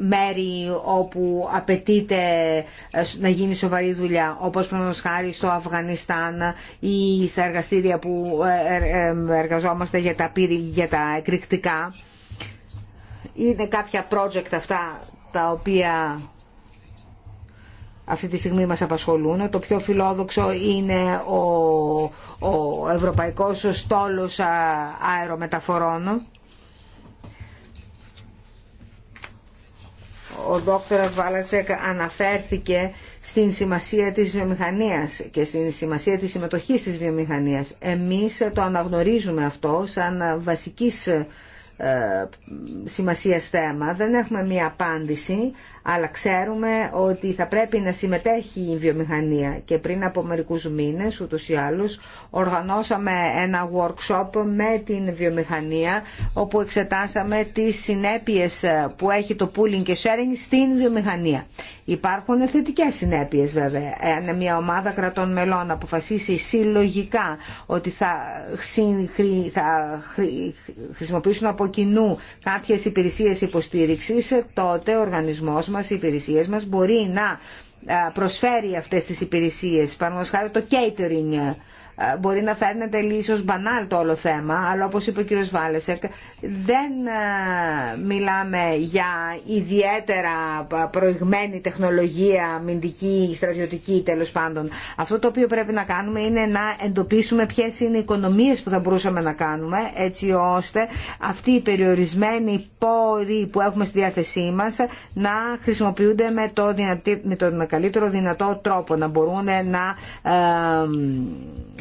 μέρη όπου απαιτείται ε, να γίνει σοβαρή δουλειά, όπως προς χάρη στο Αφγανιστάν ή στα εργαστήρια που ε, εργαζόμαστε για τα, για τα εκρηκτικά. Είναι κάποια project αυτά τα οποία αυτή τη στιγμή μας απασχολούν. Το πιο φιλόδοξο είναι ο, ο Ευρωπαϊκός Στόλος Αερομεταφορών. Ο δόκτωρας Βάλατσεκ αναφέρθηκε στην σημασία της βιομηχανίας και στην σημασία της συμμετοχής της βιομηχανίας. Εμείς το αναγνωρίζουμε αυτό σαν βασικής ε, σημασίας θέμα. Δεν έχουμε μία απάντηση, αλλά ξέρουμε ότι θα πρέπει να συμμετέχει η βιομηχανία και πριν από μερικούς μήνες ούτως ή άλλως οργανώσαμε ένα workshop με την βιομηχανία όπου εξετάσαμε τις συνέπειες που έχει το pooling και sharing στην βιομηχανία. Υπάρχουν θετικές συνέπειες βέβαια. Αν μια ομάδα κρατών μελών αποφασίσει συλλογικά ότι θα, χρησιμοποιήσουν από κοινού κάποιες υπηρεσίες υποστήριξης, τότε ο οργανισμός μας, οι υπηρεσίες μας μπορεί να προσφέρει αυτές τις υπηρεσίες, παραδείγματος χάρη το catering, ε, μπορεί να φαίνεται ίσω μπανάλ το όλο θέμα, αλλά όπως είπε ο κύριος Βάλεσεκ, δεν ε, μιλάμε για ιδιαίτερα προηγμένη τεχνολογία, αμυντική, στρατιωτική τέλο πάντων. Αυτό το οποίο πρέπει να κάνουμε είναι να εντοπίσουμε ποιε είναι οι οικονομίες που θα μπορούσαμε να κάνουμε, έτσι ώστε αυτοί οι περιορισμένοι πόροι που έχουμε στη διάθεσή μα να χρησιμοποιούνται με, με τον καλύτερο δυνατό τρόπο, να μπορούν να ε,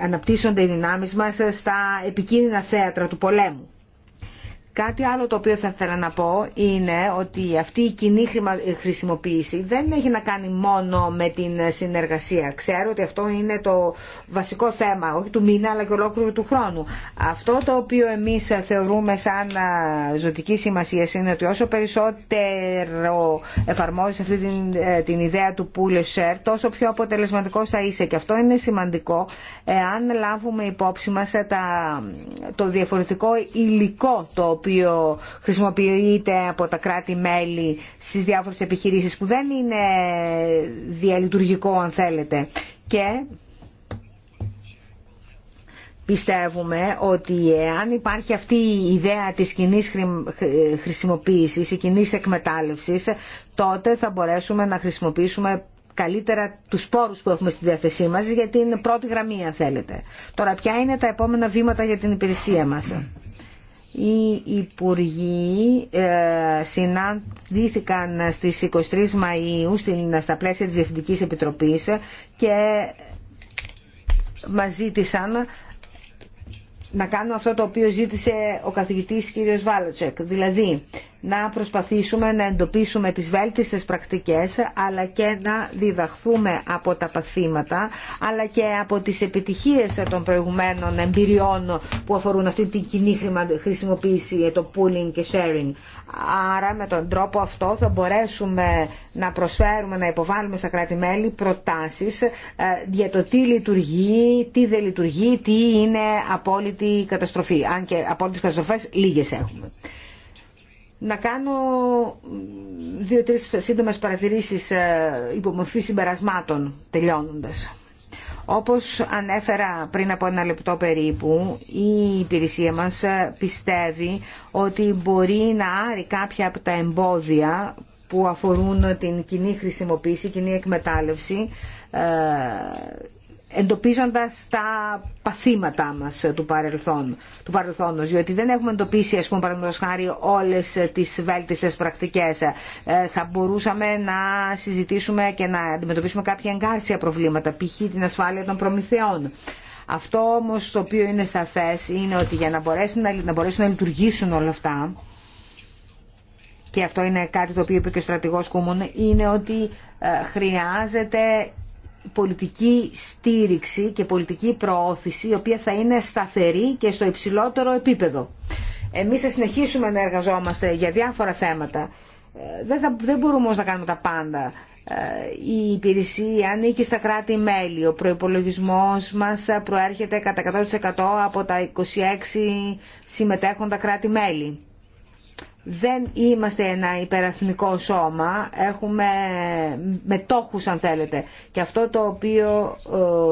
αναπτύσσονται οι δυνάμεις μας στα επικίνδυνα θέατρα του πολέμου. Κάτι άλλο το οποίο θα ήθελα να πω είναι ότι αυτή η κοινή χρησιμοποίηση δεν έχει να κάνει μόνο με την συνεργασία. Ξέρω ότι αυτό είναι το βασικό θέμα, όχι του μήνα αλλά και ολόκληρου του χρόνου. Αυτό το οποίο εμείς θεωρούμε σαν ζωτική σημασία είναι ότι όσο περισσότερο εφαρμόζεις αυτή την, ε, την ιδέα του pull share, τόσο πιο αποτελεσματικό θα είσαι. Και αυτό είναι σημαντικό εάν λάβουμε υπόψη μας ε, τα, το διαφορετικό υλικό το οποίο χρησιμοποιείται από τα κράτη-μέλη στις διάφορες επιχειρήσεις που δεν είναι διαλειτουργικό αν θέλετε. Και πιστεύουμε ότι αν υπάρχει αυτή η ιδέα της κοινή χρησιμοποίησης, η κοινή εκμετάλλευσης, τότε θα μπορέσουμε να χρησιμοποιήσουμε καλύτερα τους πόρους που έχουμε στη διάθεσή μας γιατί είναι πρώτη γραμμή αν θέλετε. Τώρα ποια είναι τα επόμενα βήματα για την υπηρεσία μας οι Υπουργοί ε, συναντήθηκαν στις 23 Μαΐου στην, στα πλαίσια της Διευθυντικής Επιτροπής και μας ζήτησαν να κάνουμε αυτό το οποίο ζήτησε ο καθηγητής κ. Βάλοτσεκ. Δηλαδή, να προσπαθήσουμε να εντοπίσουμε τις βέλτιστες πρακτικές αλλά και να διδαχθούμε από τα παθήματα αλλά και από τις επιτυχίες των προηγουμένων εμπειριών που αφορούν αυτή την κοινή χρησιμοποίηση, το pooling και sharing. Άρα με τον τρόπο αυτό θα μπορέσουμε να προσφέρουμε, να υποβάλουμε στα κράτη-μέλη προτάσεις ε, για το τι λειτουργεί, τι δεν λειτουργεί, τι είναι απόλυτη καταστροφή. Αν και απόλυτες καταστροφές λίγες έχουμε να κάνω δύο-τρεις σύντομες παρατηρήσεις ε, υπομορφή συμπερασμάτων τελειώνοντας. Όπως ανέφερα πριν από ένα λεπτό περίπου, η υπηρεσία μας ε, πιστεύει ότι μπορεί να άρει κάποια από τα εμπόδια που αφορούν την κοινή χρησιμοποίηση, κοινή εκμετάλλευση ε, εντοπίζοντας τα παθήματά μας του, παρελθόν, του διότι δεν έχουμε εντοπίσει, ας πούμε, παραδείγματος χάρη, όλες τις βέλτιστες πρακτικές. Ε, θα μπορούσαμε να συζητήσουμε και να αντιμετωπίσουμε κάποια εγκάρσια προβλήματα, π.χ. την ασφάλεια των προμηθεών. Αυτό όμως το οποίο είναι σαφές είναι ότι για να μπορέσουν να, να, μπορέσουν να λειτουργήσουν όλα αυτά, και αυτό είναι κάτι το οποίο είπε και ο στρατηγός Κούμων, είναι ότι ε, χρειάζεται πολιτική στήριξη και πολιτική προώθηση η οποία θα είναι σταθερή και στο υψηλότερο επίπεδο. Εμείς θα συνεχίσουμε να εργαζόμαστε για διάφορα θέματα. Ε, δεν, θα, δεν μπορούμε όμως να κάνουμε τα πάντα. Ε, η υπηρεσία ανήκει στα κράτη-μέλη. Ο προϋπολογισμός μας προέρχεται κατά 100% από τα 26 συμμετέχοντα κράτη-μέλη δεν είμαστε ένα υπεραθνικό σώμα, έχουμε μετόχους αν θέλετε. Και αυτό το οποίο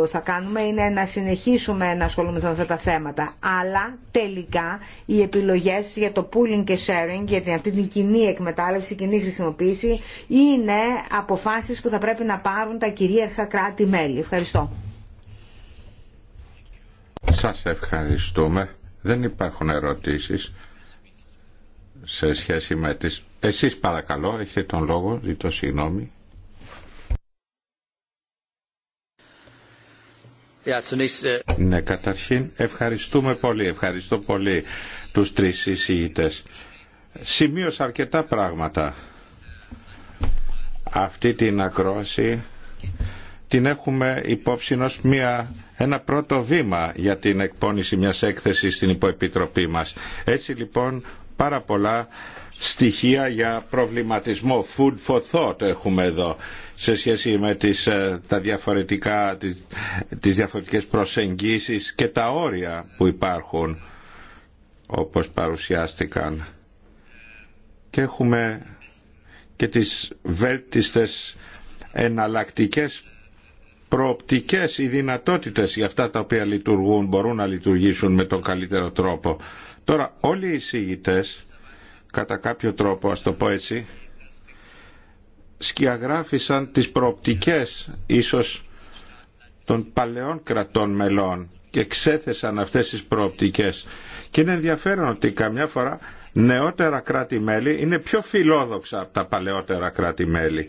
ε, θα κάνουμε είναι να συνεχίσουμε να ασχολούμαστε με αυτά τα θέματα. Αλλά τελικά οι επιλογές για το pooling και sharing, για αυτή την κοινή εκμετάλλευση, κοινή χρησιμοποίηση, είναι αποφάσεις που θα πρέπει να πάρουν τα κυρίαρχα κράτη-μέλη. Ευχαριστώ. Σας ευχαριστούμε. Δεν υπάρχουν ερωτήσεις σε σχέση με τις... Εσείς παρακαλώ, έχετε τον λόγο, ζητώ συγγνώμη. Uh, ναι, καταρχήν ευχαριστούμε πολύ, ευχαριστώ πολύ τους τρεις εισηγητές. Σημείωσα αρκετά πράγματα. Αυτή την ακρόαση την έχουμε υπόψη ως μια, ένα πρώτο βήμα για την εκπόνηση μιας έκθεσης στην υποεπιτροπή μας. Έτσι λοιπόν πάρα πολλά στοιχεία για προβληματισμό. Food for thought έχουμε εδώ σε σχέση με τις, ε, τα διαφορετικά, τις, τις διαφορετικές προσεγγίσεις και τα όρια που υπάρχουν όπως παρουσιάστηκαν. Και έχουμε και τις βέλτιστες εναλλακτικές προοπτικές ή δυνατότητες για αυτά τα οποία λειτουργούν, μπορούν να λειτουργήσουν με τον καλύτερο τρόπο. Τώρα όλοι οι εισηγητές κατά κάποιο τρόπο ας το πω έτσι σκιαγράφησαν τις προοπτικές ίσως των παλαιών κρατών μελών και ξέθεσαν αυτές τις προοπτικές. Και είναι ενδιαφέρον ότι καμιά φορά νεότερα κράτη-μέλη είναι πιο φιλόδοξα από τα παλαιότερα κράτη-μέλη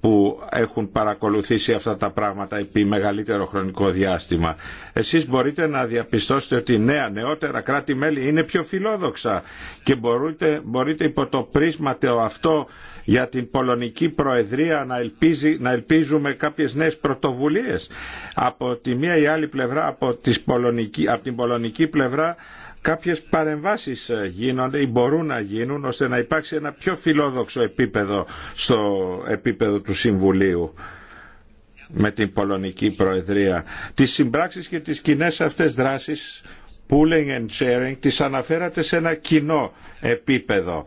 που έχουν παρακολουθήσει αυτά τα πράγματα επί μεγαλύτερο χρονικό διάστημα. Εσείς μπορείτε να διαπιστώσετε ότι νέα, νεότερα κράτη-μέλη είναι πιο φιλόδοξα και μπορείτε, μπορείτε υπό το πρίσμα το αυτό για την Πολωνική Προεδρία να, ελπίζει, να ελπίζουμε κάποιες νέες πρωτοβουλίες. Από τη μία ή άλλη πλευρά, από, τις Πολωνική, από την Πολωνική πλευρά κάποιες παρεμβάσεις ε, γίνονται ή μπορούν να γίνουν ώστε να υπάρξει ένα πιο φιλόδοξο επίπεδο στο επίπεδο του Συμβουλίου με την Πολωνική Προεδρία. Τις συμπράξεις και τις κοινέ αυτές δράσεις pooling and sharing τις αναφέρατε σε ένα κοινό επίπεδο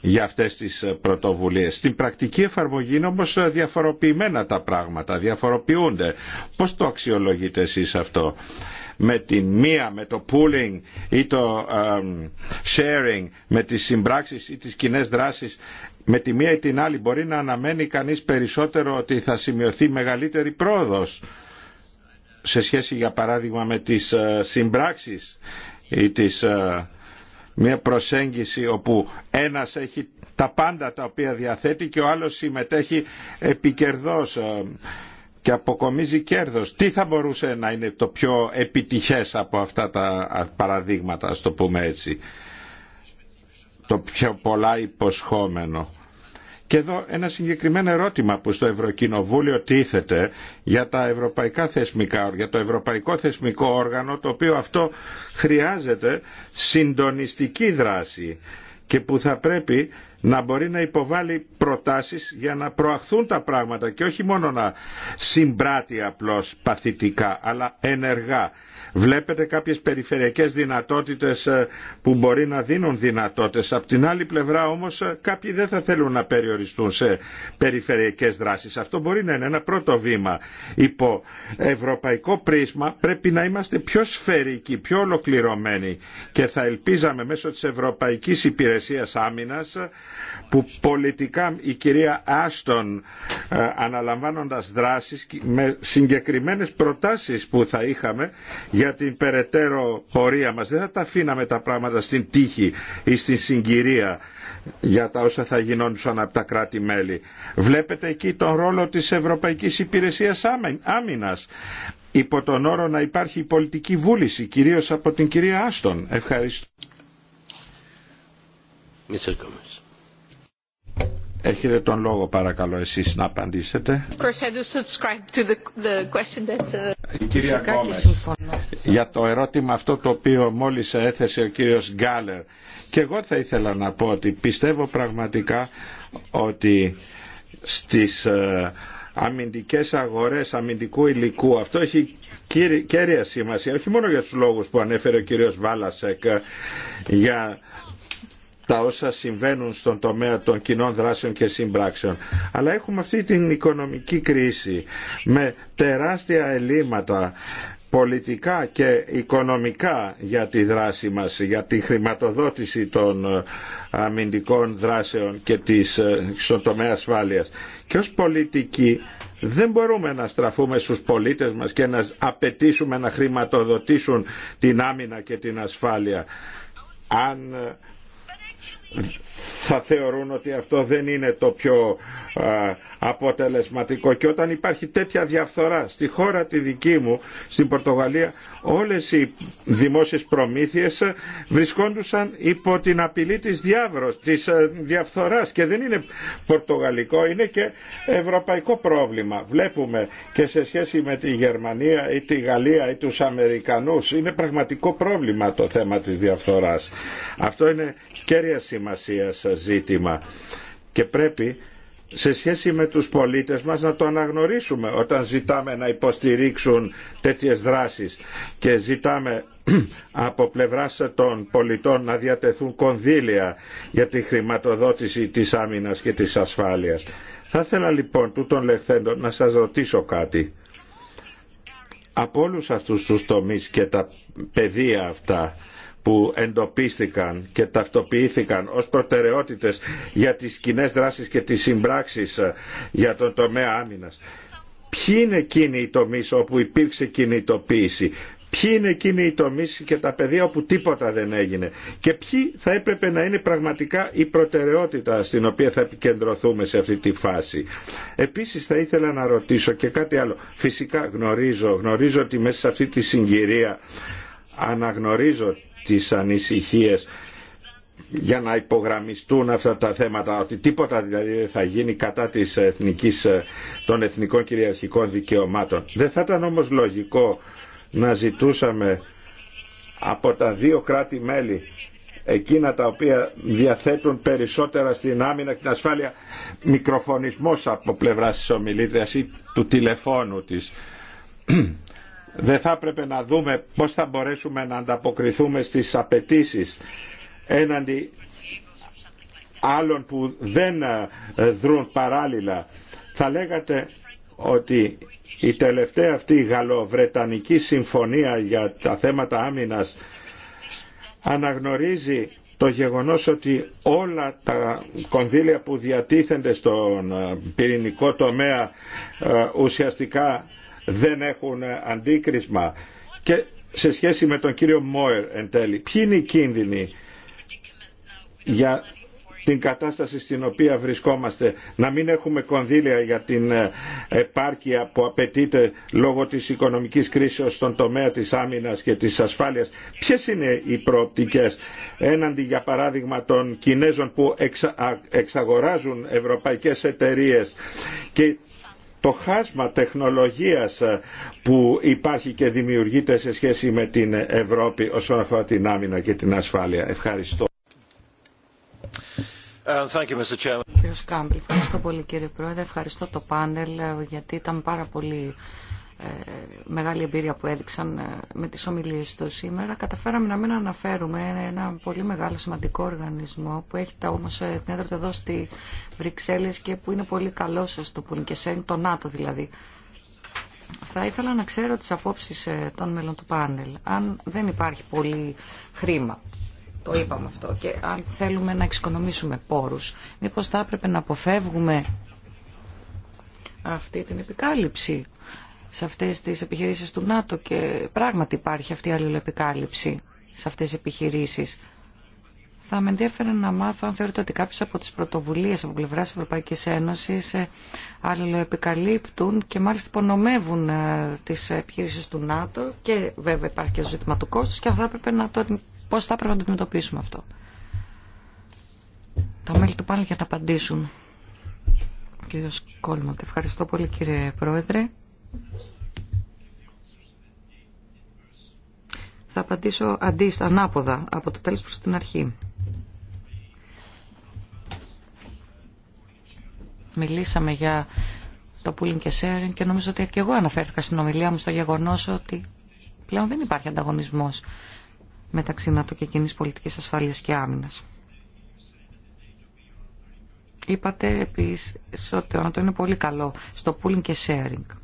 για αυτές τις ε, πρωτοβουλίες. Στην πρακτική εφαρμογή είναι όμως ε, διαφοροποιημένα τα πράγματα, διαφοροποιούνται. Πώς το αξιολογείτε εσείς αυτό με την μία, με το pooling ή το sharing, με τις συμπράξεις ή τις κοινέ δράσεις, με τη μία ή την άλλη μπορεί να αναμένει κανείς περισσότερο ότι θα σημειωθεί μεγαλύτερη πρόοδος σε σχέση για παράδειγμα με τις ε, συμπράξεις ή τις, ε, μια προσέγγιση όπου ένας έχει τα πάντα τα οποία διαθέτει και ο άλλος συμμετέχει επικερδός. Ε, και αποκομίζει κέρδος. Τι θα μπορούσε να είναι το πιο επιτυχές από αυτά τα παραδείγματα, ας το πούμε έτσι. Το πιο πολλά υποσχόμενο. Και εδώ ένα συγκεκριμένο ερώτημα που στο Ευρωκοινοβούλιο τίθεται για τα ευρωπαϊκά θεσμικά, για το ευρωπαϊκό θεσμικό όργανο, το οποίο αυτό χρειάζεται συντονιστική δράση και που θα πρέπει να μπορεί να υποβάλει προτάσεις για να προαχθούν τα πράγματα και όχι μόνο να συμπράττει απλώς παθητικά αλλά ενεργά Βλέπετε κάποιες περιφερειακές δυνατότητες ε, που μπορεί να δίνουν δυνατότητες. Απ' την άλλη πλευρά όμως ε, κάποιοι δεν θα θέλουν να περιοριστούν σε περιφερειακές δράσεις. Αυτό μπορεί να είναι ένα πρώτο βήμα. Υπό ευρωπαϊκό πρίσμα πρέπει να είμαστε πιο σφαιρικοί, πιο ολοκληρωμένοι και θα ελπίζαμε μέσω της Ευρωπαϊκής Υπηρεσίας Άμυνας ε, που πολιτικά η κυρία Άστον αναλαμβάνοντας δράσεις με συγκεκριμένες προτάσεις που θα είχαμε για την περαιτέρω πορεία μας. Δεν θα τα αφήναμε τα πράγματα στην τύχη ή στην συγκυρία για τα όσα θα γινόντουσαν από τα κράτη-μέλη. Βλέπετε εκεί τον ρόλο της Ευρωπαϊκής Υπηρεσίας Άμυνας υπό τον όρο να υπάρχει πολιτική βούληση, κυρίως από την κυρία Άστον. Ευχαριστώ. Έχετε τον λόγο παρακαλώ εσείς να απαντήσετε. Κυρία Κόμες, για το ερώτημα αυτό το οποίο μόλις έθεσε ο κύριος Γκάλερ και εγώ θα ήθελα να πω ότι πιστεύω πραγματικά ότι στις ε, αμυντικές αγορές αμυντικού υλικού αυτό έχει κέρια σημασία όχι μόνο για τους λόγους που ανέφερε ο κύριος Βάλασεκ ε, για τα όσα συμβαίνουν στον τομέα των κοινών δράσεων και συμπράξεων. Αλλά έχουμε αυτή την οικονομική κρίση με τεράστια ελλείμματα πολιτικά και οικονομικά για τη δράση μας, για τη χρηματοδότηση των ε, αμυντικών δράσεων και της, ε, στον τομέα ασφάλειας. Και ως πολιτικοί δεν μπορούμε να στραφούμε στους πολίτες μας και να απαιτήσουμε να χρηματοδοτήσουν την άμυνα και την ασφάλεια αν ε, θα θεωρούν ότι αυτό δεν είναι το πιο αποτελεσματικό. Και όταν υπάρχει τέτοια διαφθορά στη χώρα τη δική μου, στην Πορτογαλία, όλες οι δημόσιες προμήθειες βρισκόντουσαν υπό την απειλή της διάβρος, της ε, διαφθοράς και δεν είναι πορτογαλικό, είναι και ευρωπαϊκό πρόβλημα. Βλέπουμε και σε σχέση με τη Γερμανία ή τη Γαλλία ή τους Αμερικανούς είναι πραγματικό πρόβλημα το θέμα της διαφθοράς. Αυτό είναι κέρια σημασία ζήτημα και πρέπει σε σχέση με τους πολίτες μας να το αναγνωρίσουμε όταν ζητάμε να υποστηρίξουν τέτοιες δράσεις και ζητάμε από πλευράς των πολιτών να διατεθούν κονδύλια για τη χρηματοδότηση της άμυνας και της ασφάλειας. Θα ήθελα λοιπόν τούτων λεχθέντων να σας ρωτήσω κάτι. Από όλους αυτούς τους τομείς και τα πεδία αυτά που εντοπίστηκαν και ταυτοποιήθηκαν ως προτεραιότητες για τις κοινέ δράσεις και τις συμπράξεις ε, για τον τομέα άμυνας. Ποιοι είναι εκείνοι οι τομεί όπου υπήρξε κινητοποίηση, ποιοι είναι εκείνοι οι τομεί και τα πεδία όπου τίποτα δεν έγινε και ποιοι θα έπρεπε να είναι πραγματικά η προτεραιότητα στην οποία θα επικεντρωθούμε σε αυτή τη φάση. Επίσης θα ήθελα να ρωτήσω και κάτι άλλο. Φυσικά γνωρίζω, γνωρίζω ότι μέσα σε αυτή τη συγκυρία αναγνωρίζω τις ανησυχίες για να υπογραμμιστούν αυτά τα θέματα, ότι τίποτα δηλαδή δεν θα γίνει κατά της εθνικής, των εθνικών κυριαρχικών δικαιωμάτων. Δεν θα ήταν όμως λογικό να ζητούσαμε από τα δύο κράτη-μέλη εκείνα τα οποία διαθέτουν περισσότερα στην άμυνα και την ασφάλεια μικροφωνισμός από πλευράς της ομιλήτριας ή του τηλεφώνου της δεν θα έπρεπε να δούμε πώς θα μπορέσουμε να ανταποκριθούμε στις απαιτήσει έναντι άλλων που δεν ε, δρούν παράλληλα. Θα λέγατε ότι η τελευταία αυτή γαλλοβρετανική συμφωνία για τα θέματα άμυνας αναγνωρίζει το γεγονός ότι όλα τα κονδύλια που διατίθενται στον ε, πυρηνικό τομέα ε, ουσιαστικά δεν έχουν αντίκρισμα. Και σε σχέση με τον κύριο Μόερ εν τέλει, ποιοι είναι οι κίνδυνοι για την κατάσταση στην οποία βρισκόμαστε, να μην έχουμε κονδύλια για την ε, επάρκεια που απαιτείται λόγω της οικονομικής κρίσης στον τομέα της άμυνας και της ασφάλειας. Ποιες είναι οι προοπτικές έναντι για παράδειγμα των Κινέζων που εξαγοράζουν ευρωπαϊκές εταιρείες και το χάσμα τεχνολογίας ε, που υπάρχει και δημιουργείται σε σχέση με την Ευρώπη όσον αφορά την άμυνα και την ασφάλεια. Ευχαριστώ. Um, thank you, Mr. Κάμπλ, ευχαριστώ πολύ κύριε Πρόεδρε, ευχαριστώ το πάνελ ε, γιατί ήταν πάρα πολύ ε, μεγάλη εμπειρία που έδειξαν ε, με τις ομιλίες του σήμερα, καταφέραμε να μην αναφέρουμε ένα πολύ μεγάλο σημαντικό οργανισμό που έχει τα όμως ε, την έδρα εδώ στη Βρυξέλλες και που είναι πολύ καλός στο σε το ΝΑΤΟ δηλαδή. Θα ήθελα να ξέρω τις απόψεις των μέλων του πάνελ. Αν δεν υπάρχει πολύ χρήμα, το είπαμε αυτό, και αν θέλουμε να εξοικονομήσουμε πόρους, μήπως θα έπρεπε να αποφεύγουμε αυτή την επικάλυψη σε αυτές τις επιχειρήσεις του ΝΑΤΟ και πράγματι υπάρχει αυτή η αλληλοεπικάλυψη σε αυτές τις επιχειρήσεις. Θα με ενδιαφέρει να μάθω αν θεωρείτε ότι κάποιε από τι πρωτοβουλίε από πλευρά Ευρωπαϊκή Ένωση ε, αλληλοεπικαλύπτουν και μάλιστα υπονομεύουν ε, τι επιχειρήσει του ΝΑΤΟ και βέβαια υπάρχει και το ζήτημα του κόστου και πώ θα έπρεπε να το αντιμετωπίσουμε αυτό. Τα μέλη του πάλι για να απαντήσουν. Κύριος Κόλμαντ, ευχαριστώ πολύ κύριε Πρόεδρε. Θα απαντήσω αντί, ανάποδα, από το τέλος προς την αρχή. Μιλήσαμε για το pooling και sharing και νομίζω ότι και εγώ αναφέρθηκα στην ομιλία μου στο γεγονός ότι πλέον δεν υπάρχει ανταγωνισμός μεταξύ ΝΑΤΟ και κοινή πολιτικής ασφάλειας και άμυνας. Είπατε επίσης ότι ο είναι πολύ καλό στο pooling και sharing.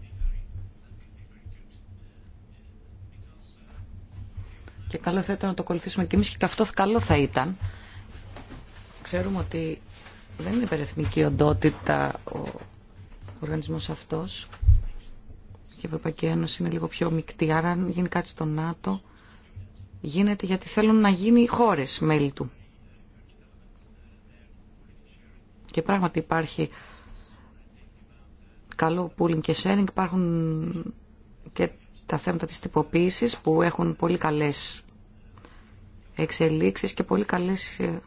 και καλό θα ήταν να το ακολουθήσουμε κι εμείς και αυτό καλό θα ήταν. Ξέρουμε ότι δεν είναι υπερεθνική οντότητα ο οργανισμός αυτός και η Ευρωπαϊκή Ένωση είναι λίγο πιο μεικτή, άρα αν γίνει κάτι στο ΝΑΤΟ γίνεται γιατί θέλουν να γίνει οι χώρες μέλη του. Και πράγματι υπάρχει καλό pooling και sharing, υπάρχουν και τα θέματα της τυποποίησης που έχουν πολύ καλές εξελίξεις και πολύ καλές ε,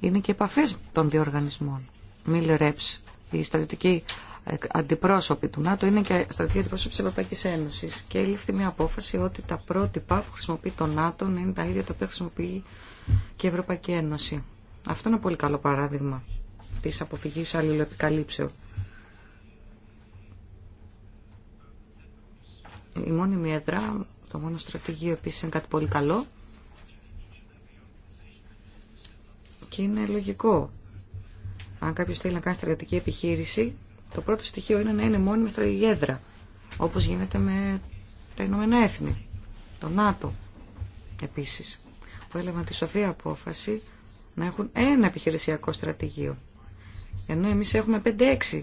είναι και επαφές των δύο οργανισμών. οι Ρέψ, η στρατιωτική ε, αντιπρόσωπη του ΝΑΤΟ είναι και στρατιωτική αντιπρόσωπη της Ευρωπαϊκή Ένωση. Και λήφθη μια απόφαση ότι τα πρότυπα που χρησιμοποιεί το ΝΑΤΟ είναι τα ίδια τα οποία χρησιμοποιεί και η Ευρωπαϊκή Ένωση. Αυτό είναι ένα πολύ καλό παράδειγμα της αποφυγής αλληλοεπικαλύψεων. η μόνιμη έδρα, το μόνο στρατηγείο επίσης είναι κάτι πολύ καλό και είναι λογικό. Αν κάποιο θέλει να κάνει στρατηγική επιχείρηση, το πρώτο στοιχείο είναι να είναι μόνιμη στρατηγική έδρα, όπως γίνεται με τα Ηνωμένα Έθνη, το ΝΑΤΟ επίσης, που έλαβαν τη σοφή απόφαση να έχουν ένα επιχειρησιακό στρατηγείο. Ενώ εμείς έχουμε 5-6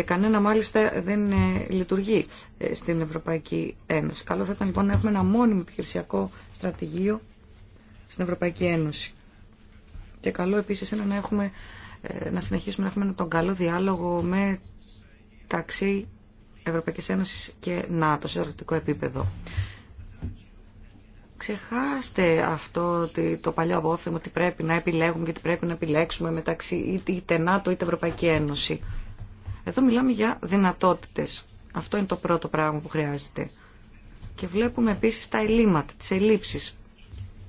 και κανένα μάλιστα δεν ε, λειτουργεί ε, στην Ευρωπαϊκή Ένωση. Καλό θα ήταν λοιπόν να έχουμε ένα μόνιμο επιχειρησιακό στρατηγείο στην Ευρωπαϊκή Ένωση. Και καλό επίσης είναι να, έχουμε, ε, να συνεχίσουμε να έχουμε τον καλό διάλογο με ταξί Ευρωπαϊκής Ένωσης και ΝΑΤΟ σε ερωτικό επίπεδο. Ξεχάστε αυτό ότι το παλιό απόθεμα ότι πρέπει να επιλέγουμε και ότι πρέπει να επιλέξουμε μεταξύ είτε ΝΑΤΟ είτε Ευρωπαϊκή Ένωση. Εδώ μιλάμε για δυνατότητες. Αυτό είναι το πρώτο πράγμα που χρειάζεται. Και βλέπουμε επίσης τα ελλείμματα, τις ελλείψεις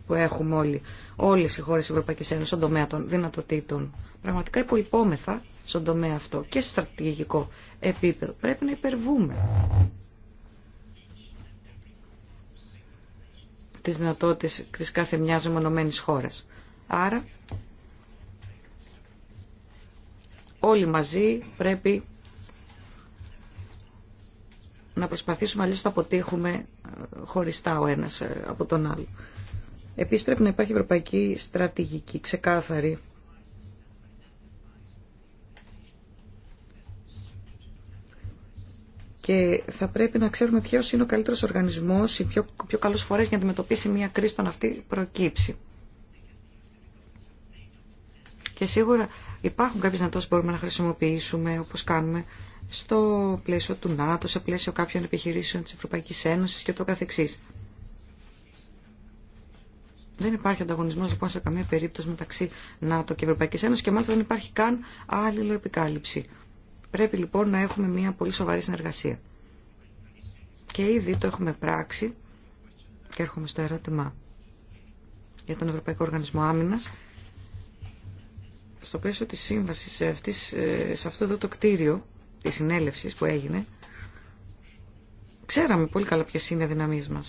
που έχουμε όλοι, όλες οι χώρες της Ευρωπαϊκής Ένωσης στον τομέα των δυνατοτήτων. Πραγματικά υπολοιπόμεθα στον τομέα αυτό και σε στρατηγικό επίπεδο. Πρέπει να υπερβούμε τις δυνατότητες της κάθε μιας μονομένης χώρας. Άρα όλοι μαζί πρέπει να προσπαθήσουμε αλλιώς θα αποτύχουμε ε, χωριστά ο ένας ε, από τον άλλο. Επίσης πρέπει να υπάρχει ευρωπαϊκή στρατηγική ξεκάθαρη και θα πρέπει να ξέρουμε ποιος είναι ο καλύτερος οργανισμός ή πιο, πιο καλός φορές για να αντιμετωπίσει μια κρίση των αυτή προκύψει. Και σίγουρα υπάρχουν κάποιες δυνατότητες που μπορούμε να χρησιμοποιήσουμε όπως κάνουμε στο πλαίσιο του ΝΑΤΟ, σε πλαίσιο κάποιων επιχειρήσεων της Ευρωπαϊκής Ένωσης και το καθεξής. Δεν υπάρχει ανταγωνισμός, λοιπόν σε καμία περίπτωση μεταξύ ΝΑΤΟ και Ευρωπαϊκής Ένωσης και μάλιστα δεν υπάρχει καν άλλη επικάλυψη. Πρέπει λοιπόν να έχουμε μια πολύ σοβαρή συνεργασία. Και ήδη το έχουμε πράξει και έρχομαι στο ερώτημα για τον Ευρωπαϊκό Οργανισμό Άμυνας. Στο πλαίσιο τη σύμβαση σε, σε αυτό εδώ το κτίριο Τη συνέλευση που έγινε, ξέραμε πολύ καλά ποιε είναι οι δυναμίε μα.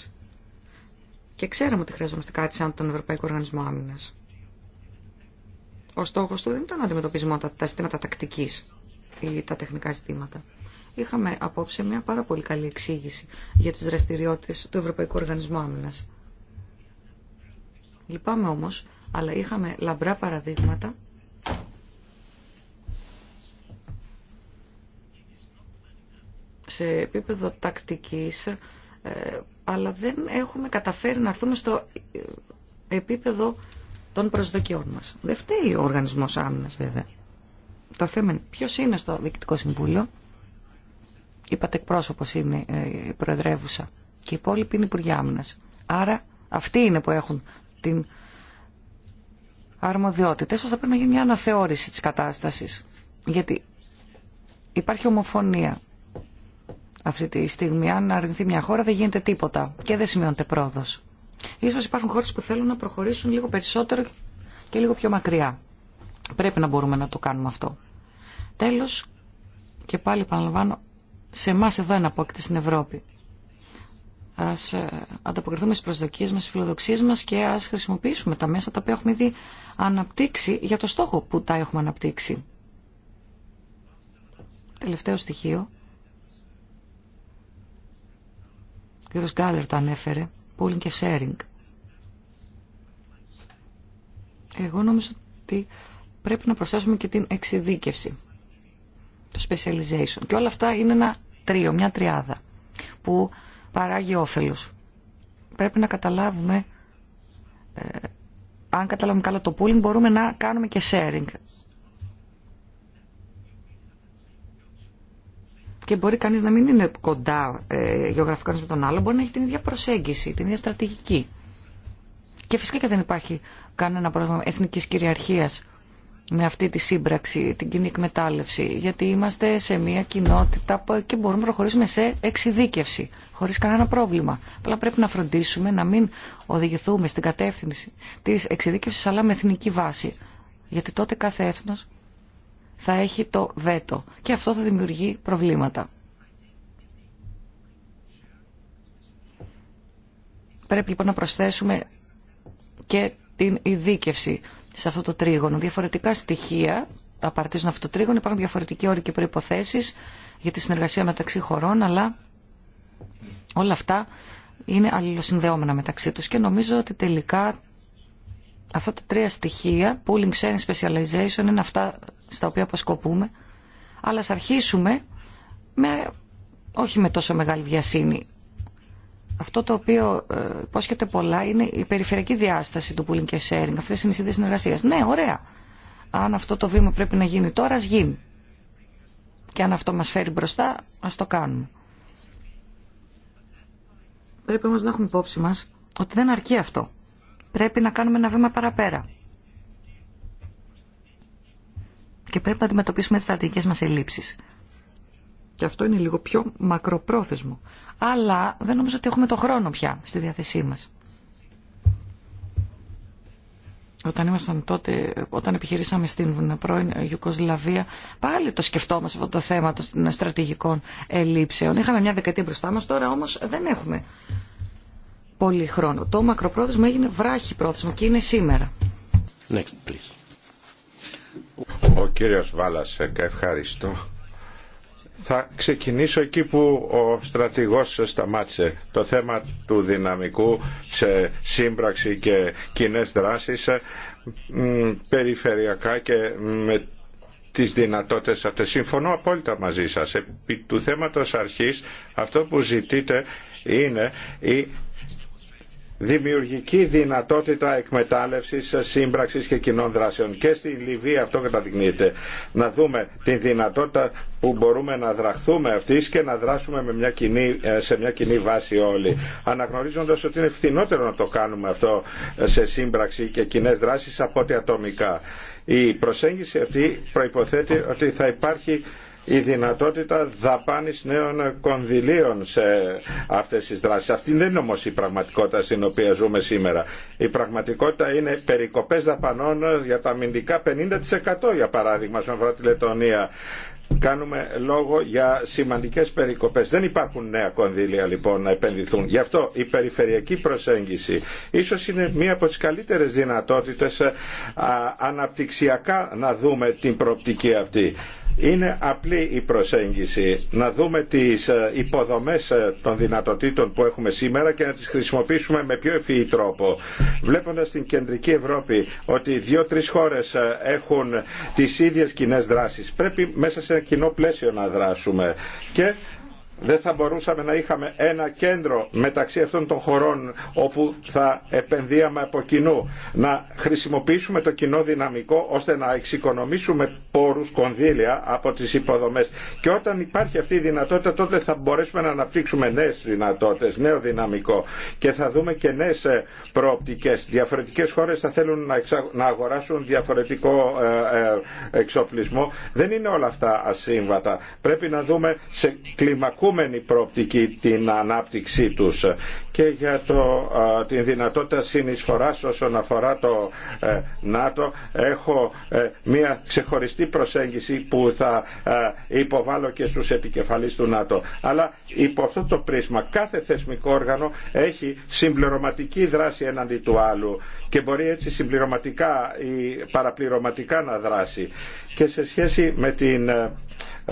Και ξέραμε ότι χρειαζόμαστε κάτι σαν τον Ευρωπαϊκό Οργανισμό Άμυνα. Ο στόχο του δεν ήταν να αντιμετωπίσουμε τα ζητήματα τακτική ή τα τεχνικά ζητήματα. Είχαμε απόψε μια πάρα πολύ καλή εξήγηση για τις δραστηριότητε του Ευρωπαϊκού Οργανισμού Άμυνα. Λυπάμαι όμω, αλλά είχαμε λαμπρά παραδείγματα σε επίπεδο τακτικής, ε, αλλά δεν έχουμε καταφέρει να έρθουμε στο ε, επίπεδο των προσδοκιών μας. Δεν φταίει ο οργανισμός άμυνας βέβαια. Το θέμα είναι ποιος είναι στο Διοικητικό Συμβούλιο. Είπατε εκπρόσωπος είναι ε, η Προεδρεύουσα και οι υπόλοιποι είναι Υπουργοί Άμυνας. Άρα αυτοί είναι που έχουν την αρμοδιότητα. Ίσως θα πρέπει να γίνει μια αναθεώρηση της κατάστασης. Γιατί υπάρχει ομοφωνία αυτή τη στιγμή. Αν αρνηθεί μια χώρα δεν γίνεται τίποτα και δεν σημειώνεται πρόοδο. Ίσως υπάρχουν χώρε που θέλουν να προχωρήσουν λίγο περισσότερο και λίγο πιο μακριά. Πρέπει να μπορούμε να το κάνουμε αυτό. Τέλο, και πάλι επαναλαμβάνω, σε εμά εδώ είναι απόκτηση στην Ευρώπη. Ας ε, ανταποκριθούμε στι προσδοκίε μας, στις φιλοδοξίες μα και α χρησιμοποιήσουμε τα μέσα τα οποία έχουμε ήδη αναπτύξει για το στόχο που τα έχουμε αναπτύξει. Τελευταίο στοιχείο ο Γκάλερ το ανέφερε, πούλινγκ και sharing. Εγώ νομίζω ότι πρέπει να προσθέσουμε και την εξειδίκευση, το specialization. Και όλα αυτά είναι ένα τρίο, μια τριάδα που παράγει όφελος. Πρέπει να καταλάβουμε, ε, αν καταλάβουμε καλά το pooling, μπορούμε να κάνουμε και sharing. και μπορεί κανεί να μην είναι κοντά ε, γεωγραφικά με τον άλλο, μπορεί να έχει την ίδια προσέγγιση, την ίδια στρατηγική. Και φυσικά και δεν υπάρχει κανένα πρόβλημα εθνική κυριαρχία με αυτή τη σύμπραξη, την κοινή εκμετάλλευση, γιατί είμαστε σε μια κοινότητα και μπορούμε να προχωρήσουμε σε εξειδίκευση, χωρί κανένα πρόβλημα. Απλά πρέπει να φροντίσουμε να μην οδηγηθούμε στην κατεύθυνση τη εξειδίκευση αλλά με εθνική βάση. Γιατί τότε κάθε έθνο θα έχει το βέτο και αυτό θα δημιουργεί προβλήματα. Πρέπει λοιπόν να προσθέσουμε και την ειδίκευση σε αυτό το τρίγωνο. Διαφορετικά στοιχεία απαρτίζουν αυτό το τρίγωνο, υπάρχουν διαφορετικοί όροι και προϋποθέσεις για τη συνεργασία μεταξύ χωρών, αλλά όλα αυτά είναι αλληλοσυνδεόμενα μεταξύ τους και νομίζω ότι τελικά αυτά τα τρία στοιχεία, pooling, sharing, specialization, είναι αυτά στα οποία αποσκοπούμε, αλλά ας αρχίσουμε με, όχι με τόσο μεγάλη βιασύνη. Αυτό το οποίο ε, υπόσχεται πολλά είναι η περιφερειακή διάσταση του pooling και sharing, αυτές είναι οι σύνδεσεις συνεργασίας. Ναι, ωραία. Αν αυτό το βήμα πρέπει να γίνει τώρα, ας γίνει. Και αν αυτό μας φέρει μπροστά, ας το κάνουμε. Πρέπει όμως να έχουμε υπόψη μας ότι δεν αρκεί αυτό. Πρέπει να κάνουμε ένα βήμα παραπέρα. και πρέπει να αντιμετωπίσουμε τι στρατηγικές μα ελλείψει. Και αυτό είναι λίγο πιο μακροπρόθεσμο. Αλλά δεν νομίζω ότι έχουμε το χρόνο πια στη διάθεσή μα. Όταν ήμασταν τότε, όταν επιχειρήσαμε στην πρώην Ιουκοσλαβία, πάλι το σκεφτόμαστε αυτό το θέμα των στρατηγικών ελλείψεων. Είχαμε μια δεκαετία μπροστά μα, τώρα όμω δεν έχουμε πολύ χρόνο. Το μακροπρόθεσμο έγινε βράχη πρόθεσμο και είναι σήμερα. Next, please. Ο κύριος Βάλασεκ, ευχαριστώ. Θα ξεκινήσω εκεί που ο στρατηγός σταμάτησε. Το θέμα του δυναμικού σε σύμπραξη και κοινέ δράσεις περιφερειακά και με τις δυνατότητες αυτές. Συμφωνώ απόλυτα μαζί σας. Επί του θέματος αρχής αυτό που ζητείτε είναι η δημιουργική δυνατότητα εκμετάλλευσης, σύμπραξης και κοινών δράσεων. Και στη Λιβύη αυτό καταδεικνύεται. Να δούμε τη δυνατότητα που μπορούμε να δραχθούμε αυτή και να δράσουμε με μια κοινή, ε, σε μια κοινή βάση όλοι. Αναγνωρίζοντας ότι είναι φθηνότερο να το κάνουμε αυτό ε, σε σύμπραξη και κοινέ δράσεις από ότι ατομικά. Η προσέγγιση αυτή προϋποθέτει ότι θα υπάρχει η δυνατότητα δαπάνης νέων κονδυλίων σε αυτές τις δράσεις. Αυτή δεν είναι όμως η πραγματικότητα στην οποία ζούμε σήμερα. Η πραγματικότητα είναι περικοπές δαπανών για τα αμυντικά 50% για παράδειγμα, στον αφορά τη Λετωνία κάνουμε λόγο για σημαντικές περικοπές. Δεν υπάρχουν νέα κονδύλια λοιπόν να επενδυθούν. Γι' αυτό η περιφερειακή προσέγγιση ίσως είναι μία από τις καλύτερες δυνατότητες αναπτυξιακά να δούμε την προοπτική αυτή. Είναι απλή η προσέγγιση. Να δούμε τις ε, υποδομές ε, των δυνατοτήτων που έχουμε σήμερα και να τις χρησιμοποιήσουμε με πιο ευφυή τρόπο. Βλέποντας στην κεντρική Ευρώπη ότι δύο-τρεις χώρες ε, έχουν τις ίδιες κοινέ δράσεις, πρέπει μέσα σε ένα κοινό πλαίσιο να δράσουμε. Και δεν θα μπορούσαμε να είχαμε ένα κέντρο μεταξύ αυτών των χωρών όπου θα επενδύαμε από κοινού. Να χρησιμοποιήσουμε το κοινό δυναμικό ώστε να εξοικονομήσουμε πόρους, κονδύλια από τις υποδομές. Και όταν υπάρχει αυτή η δυνατότητα τότε θα μπορέσουμε να αναπτύξουμε νέες δυνατότητες, νέο δυναμικό και θα δούμε και νέες ε, προοπτικές. Διαφορετικές χώρες θα θέλουν να αγοράσουν διαφορετικό ε, ε, εξοπλισμό. Δεν είναι όλα αυτά ασύμβατα. Πρέπει να δούμε σε κλιμακού προηγούμενη προοπτική την ανάπτυξή τους και για το, την δυνατότητα συνεισφοράς όσον αφορά το ε, ΝΑΤΟ έχω ε, μια ξεχωριστή προσέγγιση που θα ε, υποβάλω και στους επικεφαλείς του ΝΑΤΟ. Αλλά υπό αυτό το πρίσμα κάθε θεσμικό όργανο έχει συμπληρωματική δράση έναντι του άλλου και μπορεί έτσι συμπληρωματικά ή παραπληρωματικά να δράσει. Και σε σχέση με την ε,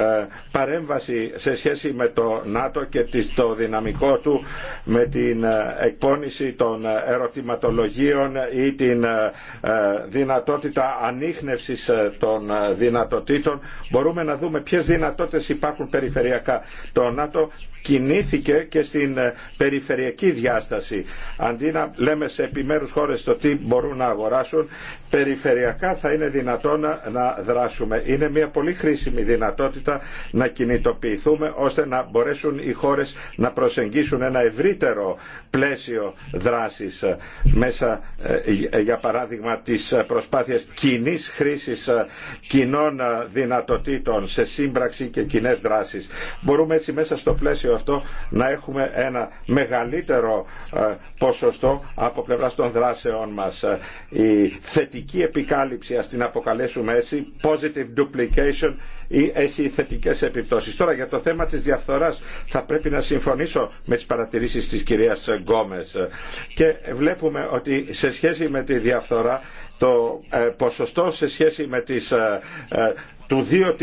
ε, παρέμβαση σε σχέση με το ΝΑΤΟ και το δυναμικό του με την ε, εκπόνηση των ερωτηματολογίων ή την ε, δυνατότητα ανείχνευσης των δυνατοτήτων μπορούμε να δούμε ποιες δυνατότητες υπάρχουν περιφερειακά. Το ΝΑΤΟ κινήθηκε και στην περιφερειακή διάσταση. Αντί να λέμε σε επιμέρους χώρες το τι μπορούν να αγοράσουν, περιφερειακά θα είναι δυνατόν να δράσουμε. Είναι μια πολύ χρήσιμη δυνατότητα να κινητοποιηθούμε ώστε να μπορέσουν οι χώρες να προσεγγίσουν ένα ευρύτερο πλαίσιο δράσης μέσα ε, ε, για παράδειγμα της προσπάθειας κοινή χρήσης ε, κοινών δυνατοτήτων σε σύμπραξη και κοινέ δράσεις. Μπορούμε έτσι μέσα στο πλαίσιο αυτό να έχουμε ένα μεγαλύτερο ποσοστό από πλευρά των δράσεών μας. Η θετική επικάλυψη, ας την αποκαλέσουμε έτσι, positive duplication, η έχει θετικές επιπτώσεις. Τώρα για το θέμα της διαφθοράς θα πρέπει να συμφωνήσω με τις παρατηρήσεις της κυρίας Γκόμε. και βλέπουμε ότι σε σχέση με τη διαφθορά το ε, ποσοστό σε σχέση με τις ε, ε, του 2%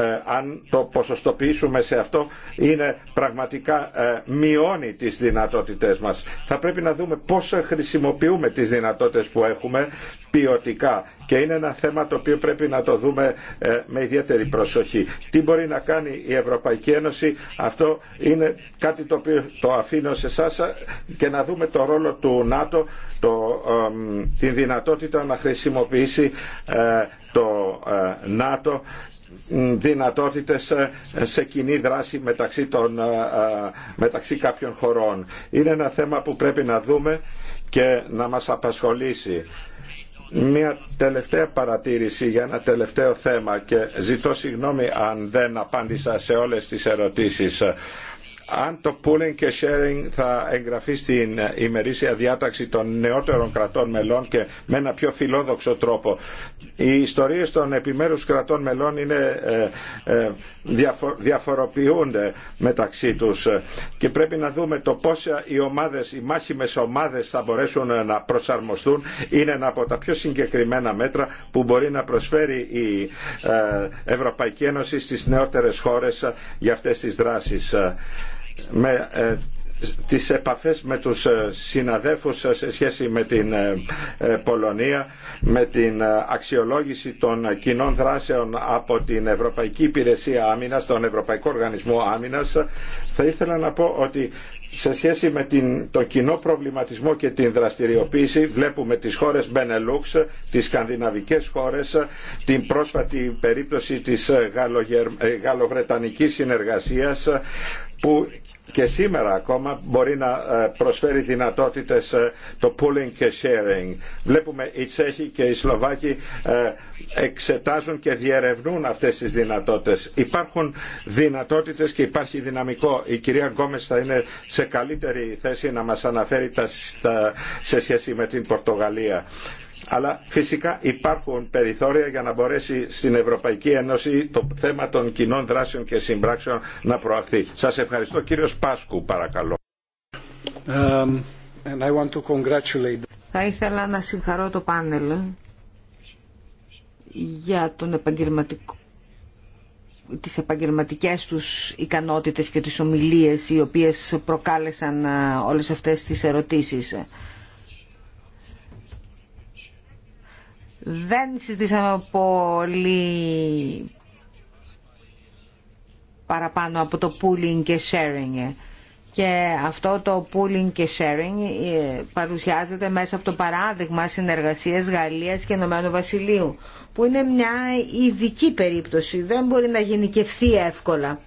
ε, αν το ποσοστοποιήσουμε σε αυτό είναι πραγματικά ε, μειώνει τις δυνατότητές μας. Θα πρέπει να δούμε πώς χρησιμοποιούμε τις δυνατότητες που έχουμε ποιοτικά και είναι ένα θέμα το οποίο πρέπει να το δούμε ε, με ιδιαίτερη προσοχή. Τι μπορεί να κάνει η Ευρωπαϊκή Ένωση, αυτό είναι κάτι το οποίο το αφήνω σε εσά και να δούμε το ρόλο του ΝΑΤΟ, το, την δυνατότητα να χρησιμοποιήσει το ε, ΝΑΤΟ δυνατότητες ε, σε κοινή δράση μεταξύ, των, ε, μεταξύ κάποιων χωρών. Είναι ένα θέμα που πρέπει να δούμε και να μας απασχολήσει. Μια τελευταία παρατήρηση για ένα τελευταίο θέμα και ζητώ συγγνώμη αν δεν απάντησα σε όλες τις ερωτήσεις αν το pooling και sharing θα εγγραφεί στην ημερήσια διάταξη των νεότερων κρατών μελών και με ένα πιο φιλόδοξο τρόπο. Οι ιστορίες των επιμέρους κρατών μελών είναι ε, ε, διαφοροποιούνται μεταξύ τους και πρέπει να δούμε το πώς οι ομάδες, οι μάχημες ομάδες θα μπορέσουν να προσαρμοστούν είναι ένα από τα πιο συγκεκριμένα μέτρα που μπορεί να προσφέρει η ε, Ευρωπαϊκή Ένωση στις νεότερες χώρες για αυτές τις δράσεις με ε, τις επαφές με τους ε, συναδέφους ε, σε σχέση με την ε, Πολωνία, με την αξιολόγηση των κοινών δράσεων από την Ευρωπαϊκή Υπηρεσία Άμυνας, τον Ευρωπαϊκό Οργανισμό Άμυνας, θα ήθελα να πω ότι σε σχέση με την, τον κοινό προβληματισμό και την δραστηριοποίηση βλέπουμε τις χώρες Μπενελούξ, τις σκανδιναβικές χώρες, την πρόσφατη περίπτωση της γαλλοβρετανικής συνεργασίας που και σήμερα ακόμα μπορεί να ε, προσφέρει δυνατότητες ε, το pooling και sharing. Βλέπουμε οι Τσέχοι και οι Σλοβάκοι ε, εξετάζουν και διερευνούν αυτές τις δυνατότητες. Υπάρχουν δυνατότητες και υπάρχει δυναμικό. Η κυρία Γκόμες θα είναι σε καλύτερη θέση να μας αναφέρει τα, σε σχέση με την Πορτογαλία αλλά φυσικά υπάρχουν περιθώρια για να μπορέσει στην Ευρωπαϊκή Ένωση το θέμα των κοινών δράσεων και συμπράξεων να προαχθεί. Σας ευχαριστώ. Κύριος Πάσκου, παρακαλώ. Um, Θα ήθελα να συγχαρώ το πάνελ για τον επαγγελματικό τις επαγγελματικές τους ικανότητες και τις ομιλίες οι οποίες προκάλεσαν ε, όλες αυτές τις ερωτήσεις. Δεν συζητήσαμε πολύ παραπάνω από το pooling και sharing. Και αυτό το pooling και sharing ε, παρουσιάζεται μέσα από το παράδειγμα συνεργασίας Γαλλίας και Ενωμένου Βασιλείου, που είναι μια ειδική περίπτωση, δεν μπορεί να γενικευθεί εύκολα.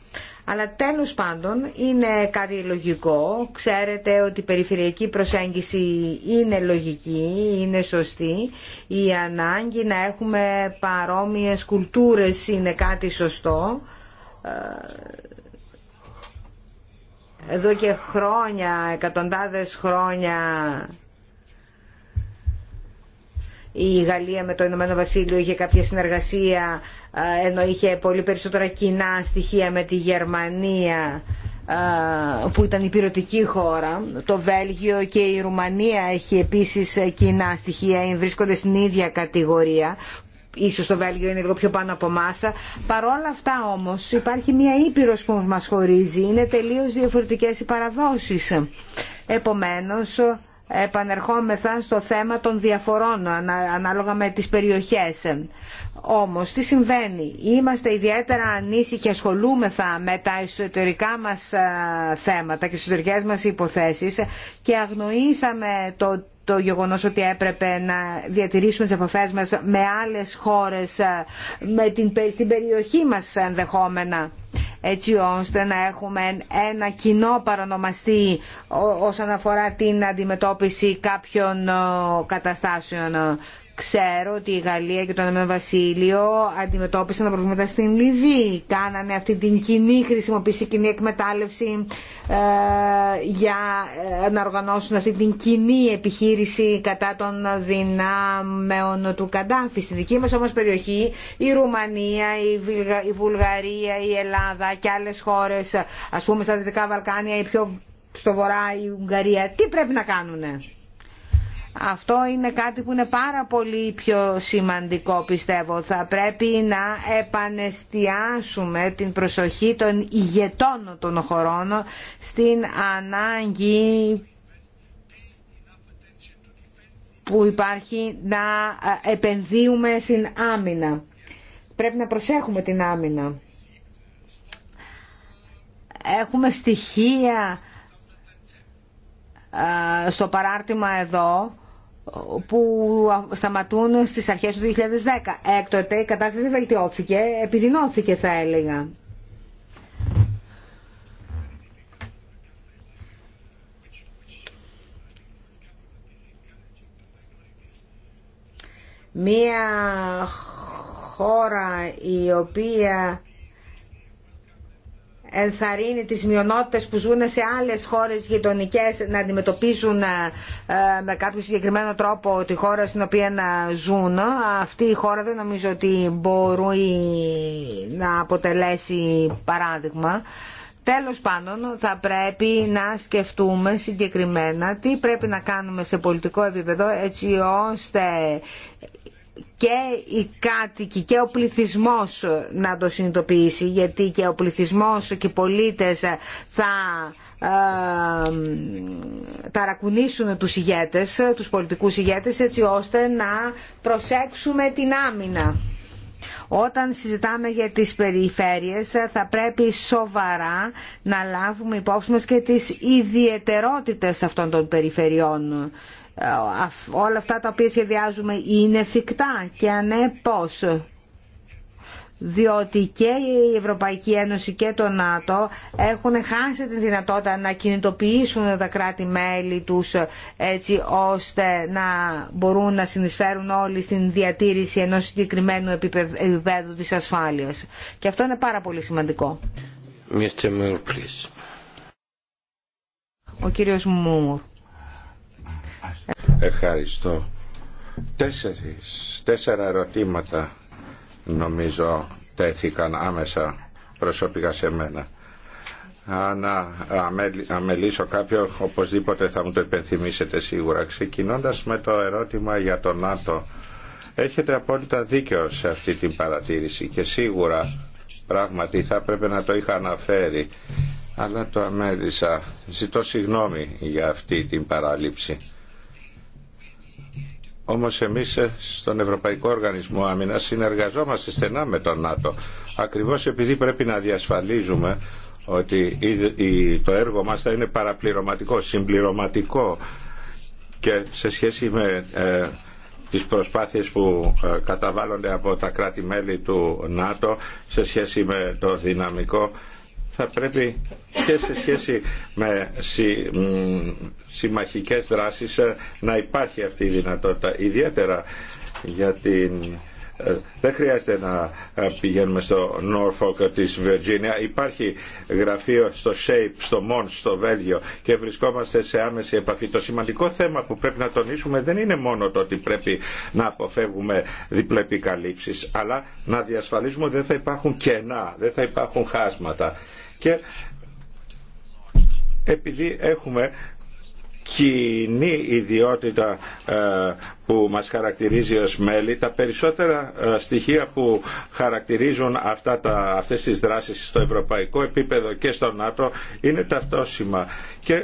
Αλλά τέλος πάντων είναι κάτι λογικό. Ξέρετε ότι η περιφερειακή προσέγγιση είναι λογική, είναι σωστή. Η ανάγκη να έχουμε παρόμοιες κουλτούρες είναι κάτι σωστό. Ε, εδώ και χρόνια, εκατοντάδες χρόνια η Γαλλία με το Ηνωμένο Βασίλειο είχε κάποια συνεργασία ε, ενώ είχε πολύ περισσότερα κοινά στοιχεία με τη Γερμανία ε, που ήταν η πυρωτική χώρα. Το Βέλγιο και η Ρουμανία έχει επίσης κοινά στοιχεία, ε, βρίσκονται στην ίδια κατηγορία. Ίσως το Βέλγιο είναι λίγο πιο πάνω από μάσα. Παρόλα αυτά όμως υπάρχει μια ήπειρος που μας χωρίζει. Είναι τελείως διαφορετικές οι παραδόσεις. Επομένως επανερχόμεθα στο θέμα των διαφορών ανάλογα με τις περιοχές. Όμως, τι συμβαίνει. Είμαστε ιδιαίτερα ανήσυχοι και ασχολούμεθα με τα εσωτερικά μας θέματα και εσωτερικές μας υποθέσεις και αγνοήσαμε το, το γεγονός ότι έπρεπε να διατηρήσουμε τις επαφές μας με άλλες χώρες, με την, στην περιοχή μας ενδεχόμενα έτσι ώστε να έχουμε ένα κοινό παρονομαστή όσον αφορά την αντιμετώπιση κάποιων ε, καταστάσεων. Ξέρω ότι η Γαλλία και το Αναμένο Βασίλειο αντιμετώπισαν τα προβλήματα στην Λιβύη. Κάνανε αυτή την κοινή χρησιμοποίηση, κοινή εκμετάλλευση ε, για ε, να οργανώσουν αυτή την κοινή επιχείρηση κατά των δυνάμεων του Καντάφη. Στη δική μας όμως περιοχή η Ρουμανία, η Βουλγαρία, η Ελλάδα και άλλες χώρες, ας πούμε στα Δυτικά Βαλκάνια, η πιο στο βορρά η Ουγγαρία, τι πρέπει να κάνουνε. Αυτό είναι κάτι που είναι πάρα πολύ πιο σημαντικό πιστεύω. Θα πρέπει να επανεστιάσουμε την προσοχή των ηγετών των χωρών στην ανάγκη που υπάρχει να επενδύουμε στην άμυνα. Πρέπει να προσέχουμε την άμυνα. Έχουμε στοιχεία ε, στο παράρτημα εδώ που σταματούν στις αρχές του 2010. Έκτοτε η κατάσταση βελτιώθηκε, επιδεινώθηκε θα έλεγα. Μία χώρα η οποία ενθαρρύνει τις μειονότητες που ζουν σε άλλες χώρες γειτονικές να αντιμετωπίσουν ε, ε, με κάποιο συγκεκριμένο τρόπο τη χώρα στην οποία να ζουν. Αυτή η χώρα δεν νομίζω ότι μπορεί να αποτελέσει παράδειγμα. Τέλος πάντων θα πρέπει να σκεφτούμε συγκεκριμένα τι πρέπει να κάνουμε σε πολιτικό επίπεδο έτσι ώστε και οι κάτοικοι και ο πληθυσμός να το συνειδητοποιήσει γιατί και ο πληθυσμός και οι πολίτες θα ε, ταρακουνήσουν τους ηγέτες, τους πολιτικούς ηγέτες έτσι ώστε να προσέξουμε την άμυνα. Όταν συζητάμε για τις περιφέρειες θα πρέπει σοβαρά να λάβουμε υπόψη μας και τις ιδιαιτερότητες αυτών των περιφερειών ε, όλα αυτά τα οποία σχεδιάζουμε είναι φυκτά και αν ναι διότι και η Ευρωπαϊκή Ένωση και το ΝΑΤΟ έχουν χάσει τη δυνατότητα να κινητοποιήσουν τα κράτη-μέλη τους έτσι ώστε να μπορούν να συνεισφέρουν όλοι στην διατήρηση ενός συγκεκριμένου επίπεδου της ασφάλειας. Και αυτό είναι πάρα πολύ σημαντικό. Ο κύριος Μούρ Ευχαριστώ. Τέσσερις, τέσσερα ερωτήματα νομίζω τέθηκαν άμεσα προσωπικά σε μένα. Αν αμελήσω κάποιο, οπωσδήποτε θα μου το υπενθυμίσετε σίγουρα. Ξεκινώντας με το ερώτημα για τον ΝΑΤΟ, έχετε απόλυτα δίκιο σε αυτή την παρατήρηση και σίγουρα πράγματι θα πρέπει να το είχα αναφέρει, αλλά το αμέλησα. Ζητώ συγγνώμη για αυτή την παράληψη. Όμως εμείς ε, στον Ευρωπαϊκό Οργανισμό Άμυνα συνεργαζόμαστε στενά με τον ΝΑΤΟ. Ακριβώς επειδή πρέπει να διασφαλίζουμε ότι το έργο μας θα είναι παραπληρωματικό, συμπληρωματικό και σε σχέση με ε, τις προσπάθειες που ε, καταβάλλονται από τα κράτη-μέλη του ΝΑΤΟ σε σχέση με το δυναμικό θα πρέπει και σε σχέση με συ, συμμαχικές δράσεις να υπάρχει αυτή η δυνατότητα, ιδιαίτερα για την ε, δεν χρειάζεται να ε, πηγαίνουμε στο Norfolk της Virginia. Υπάρχει γραφείο στο Shape, στο Mons, στο Βέλγιο και βρισκόμαστε σε άμεση επαφή. Το σημαντικό θέμα που πρέπει να τονίσουμε δεν είναι μόνο το ότι πρέπει να αποφεύγουμε διπλοεπικαλύψεις, αλλά να διασφαλίσουμε ότι δεν θα υπάρχουν κενά, δεν θα υπάρχουν χάσματα. Και επειδή έχουμε κοινή ιδιότητα ε, που μας χαρακτηρίζει ως μέλη, τα περισσότερα ε, στοιχεία που χαρακτηρίζουν αυτά τα, αυτές τις δράσεις στο ευρωπαϊκό επίπεδο και στο ΝΑΤΟ είναι ταυτόσημα. Και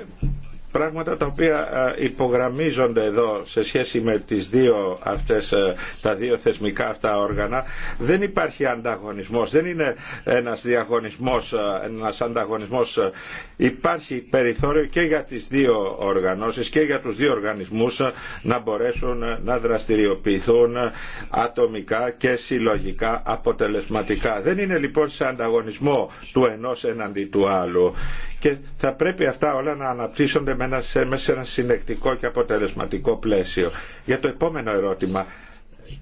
Πράγματα τα οποία ε, υπογραμμίζονται εδώ σε σχέση με τις δύο αυτές, ε, τα δύο θεσμικά αυτά όργανα δεν υπάρχει ανταγωνισμός, δεν είναι ένας διαγωνισμός, ε, ένας ανταγωνισμός. Υπάρχει περιθώριο και για τις δύο οργανώσεις και για τους δύο οργανισμούς να μπορέσουν να δραστηριοποιηθούν ατομικά και συλλογικά αποτελεσματικά. Δεν είναι λοιπόν σε ανταγωνισμό του ενός εναντί του άλλου και θα πρέπει αυτά όλα να αναπτύσσονται με ένα, σε ένα συνεκτικό και αποτελεσματικό πλαίσιο. Για το επόμενο ερώτημα,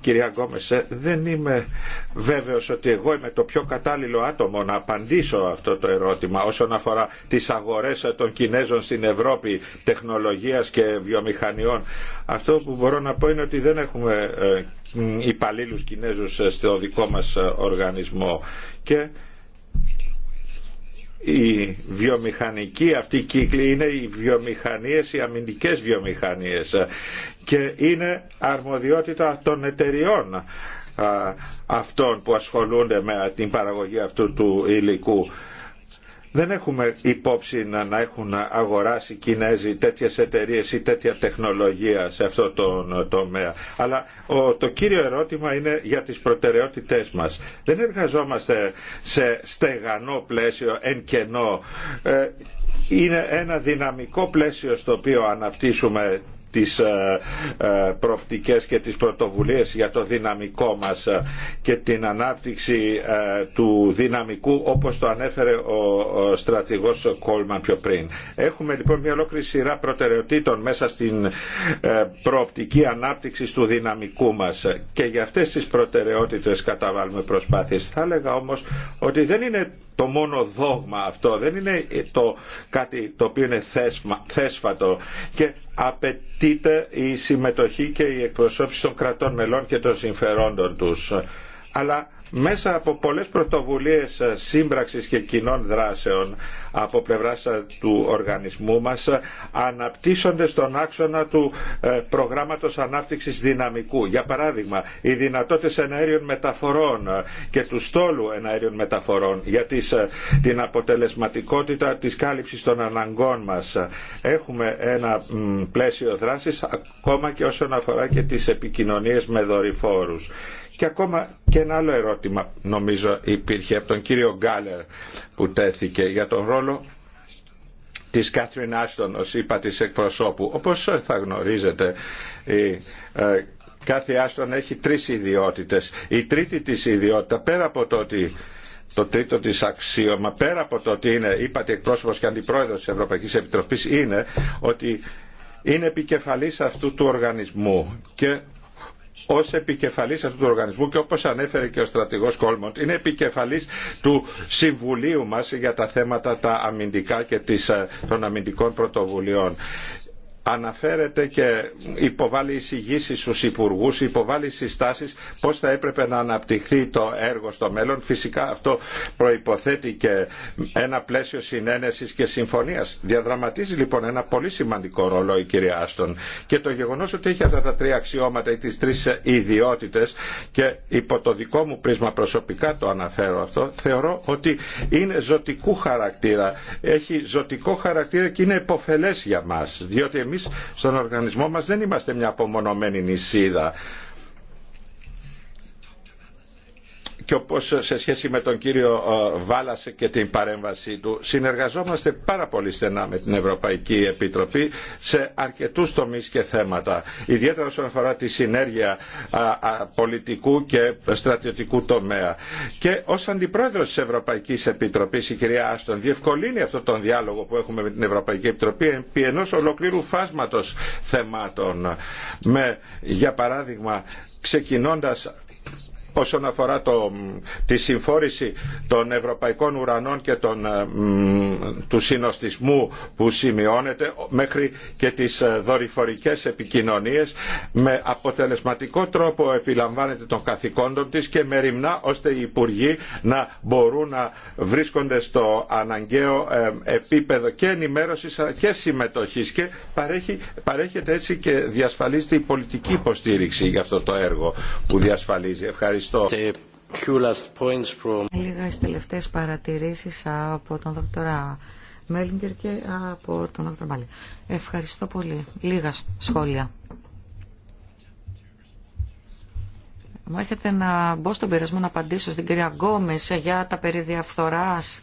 κυρία Γκόμεσε, δεν είμαι βέβαιος ότι εγώ είμαι το πιο κατάλληλο άτομο να απαντήσω αυτό το ερώτημα όσον αφορά τις αγορές των Κινέζων στην Ευρώπη τεχνολογίας και βιομηχανιών. Αυτό που μπορώ να πω είναι ότι δεν έχουμε ε, υπαλλήλους Κινέζους ε, στο δικό μας ε, οργανισμό η βιομηχανική αυτή κύκλη είναι οι βιομηχανίες, οι αμυντικές βιομηχανίες και είναι αρμοδιότητα των εταιριών αυτών που ασχολούνται με την παραγωγή αυτού του υλικού. Δεν έχουμε υπόψη να έχουν αγοράσει οι Κινέζοι τέτοιες εταιρείες ή τέτοια τεχνολογία σε αυτό το ε, τομέα. Αλλά το κύριο ερώτημα είναι για τις προτεραιότητές μας. Δεν εργαζόμαστε σε στεγανό πλαίσιο, εν κενό ε, είναι ένα δυναμικό πλαίσιο στο οποίο αναπτύσσουμε τις ε, ε, προοπτικές και τις πρωτοβουλίες για το δυναμικό μας ε, και την ανάπτυξη του δυναμικού όπως το ανέφερε ο στρατηγός Κόλμαν πιο πριν. Έχουμε λοιπόν μια ολόκληρη σειρά προτεραιοτήτων μέσα στην προοπτική ανάπτυξη του δυναμικού μας και για αυτές τις προτεραιότητες καταβάλουμε προσπάθειες. Θα έλεγα όμως ότι δεν είναι το μόνο δόγμα αυτό, δεν είναι το κάτι το οποίο είναι θέσφατο και απαιτεί Τίτε η συμμετοχή και η εκπροσώπηση των κρατών μελών και των συμφερόντων τους. Αλλά μέσα από πολλές πρωτοβουλίες ε, σύμπραξης και κοινών δράσεων από πλευρά ε, του οργανισμού μας ε, αναπτύσσονται στον άξονα του προγράμματος ανάπτυξης δυναμικού. Για παράδειγμα, οι δυνατότητες εναέριων μεταφορών και του στόλου εναέριων μεταφορών για την αποτελεσματικότητα της κάλυψης των αναγκών μας. Έχουμε ένα πλαίσιο δράσης ακόμα και όσον αφορά και τις επικοινωνίες με δορυφόρους. Και ακόμα και ένα άλλο ερώτημα νομίζω υπήρχε από τον κύριο Γκάλερ που τέθηκε για τον ρόλο της Κάθριν Άστον ως είπα της εκπροσώπου. Όπως θα γνωρίζετε η ε, Κάθριν Άστον έχει τρεις ιδιότητες. Η τρίτη της ιδιότητα πέρα από το ότι το τρίτο της αξίωμα, πέρα από το ότι είναι, είπατε εκπρόσωπος και αντιπρόεδρος της Ευρωπαϊκής Επιτροπής, είναι ότι είναι επικεφαλής αυτού του οργανισμού και Ω επικεφαλής αυτού του οργανισμού και όπως ανέφερε και ο στρατηγός Κόλμοντ είναι επικεφαλής του Συμβουλίου μας για τα θέματα τα αμυντικά και ε, των αμυντικών πρωτοβουλειών αναφέρεται και υποβάλλει εισηγήσει στου υπουργού, υποβάλλει συστάσει πώ θα έπρεπε να αναπτυχθεί το έργο στο μέλλον. Φυσικά αυτό προϋποθέτει και ένα πλαίσιο συνένεση και συμφωνία. Διαδραματίζει λοιπόν ένα πολύ σημαντικό ρόλο η κυρία Άστον και το γεγονό ότι έχει αυτά τα τρία αξιώματα ή τι τρει ιδιότητε και υπό το δικό μου πρίσμα προσωπικά το αναφέρω αυτό, θεωρώ ότι είναι ζωτικού χαρακτήρα, έχει ζωτικό χαρακτήρα και είναι υποφελέ για μα, διότι εμείς στον οργανισμό μας δεν είμαστε μια απομονωμένη νησίδα. και όπως σε σχέση με τον κύριο ε, βάλασε και την παρέμβασή του, συνεργαζόμαστε πάρα πολύ στενά με την Ευρωπαϊκή Επιτροπή σε αρκετούς τομείς και θέματα. Ιδιαίτερα όσον αφορά τη συνέργεια πολιτικού και στρατιωτικού τομέα. Και ως αντιπρόεδρος της Ευρωπαϊκής Επιτροπής η κυρία Άστον διευκολύνει αυτόν τον διάλογο που έχουμε με την Ευρωπαϊκή Επιτροπή επί ενός ολοκλήρου φάσματος θεμάτων. για παράδειγμα, όσον αφορά τη συμφόρηση των ευρωπαϊκών ουρανών και των, ε, του συνοστισμού που σημειώνεται μέχρι και τις ε, δορυφορικές επικοινωνίες με αποτελεσματικό τρόπο επιλαμβάνεται των καθηκόντων της και μεριμνά ώστε οι υπουργοί να μπορούν να βρίσκονται στο αναγκαίο ε, επίπεδο και ενημέρωσης και συμμετοχής και παρέχει, παρέχεται έτσι και διασφαλίζεται η πολιτική υποστήριξη για αυτό το έργο που διασφαλίζει. Ευχαριστώ. Λίγα τελευταίες παρατηρήσεις από τον Δρ Μέλιγκερ και από τον Δρ Μάλι. Ευχαριστώ πολύ. Λίγα σχόλια. Μου έρχεται να μπω στον πειρασμό να απαντήσω στην κυρία Γκόμες για τα περί διαφθοράς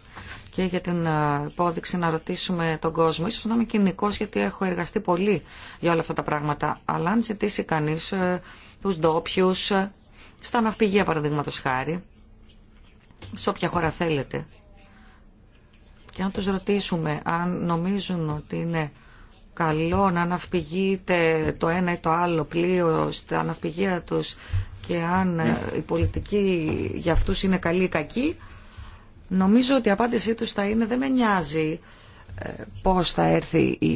και για την ε, υπόδειξη να ρωτήσουμε τον κόσμο. Ίσως να είμαι κοινικός γιατί έχω εργαστεί πολύ για όλα αυτά τα πράγματα. Αλλά αν ζητήσει κανείς ε, τους ντόπιου, ε, στα ναυπηγεία παραδείγματο χάρη, σε όποια χώρα θέλετε, και αν τους ρωτήσουμε αν νομίζουν ότι είναι καλό να ναυπηγείτε το ένα ή το άλλο πλοίο στα ναυπηγεία τους και αν η ε, πολιτική για αυτούς είναι καλή ή κακή, νομίζω ότι η απάντησή τους θα είναι δεν με νοιάζει ε, πώς θα έρθει η...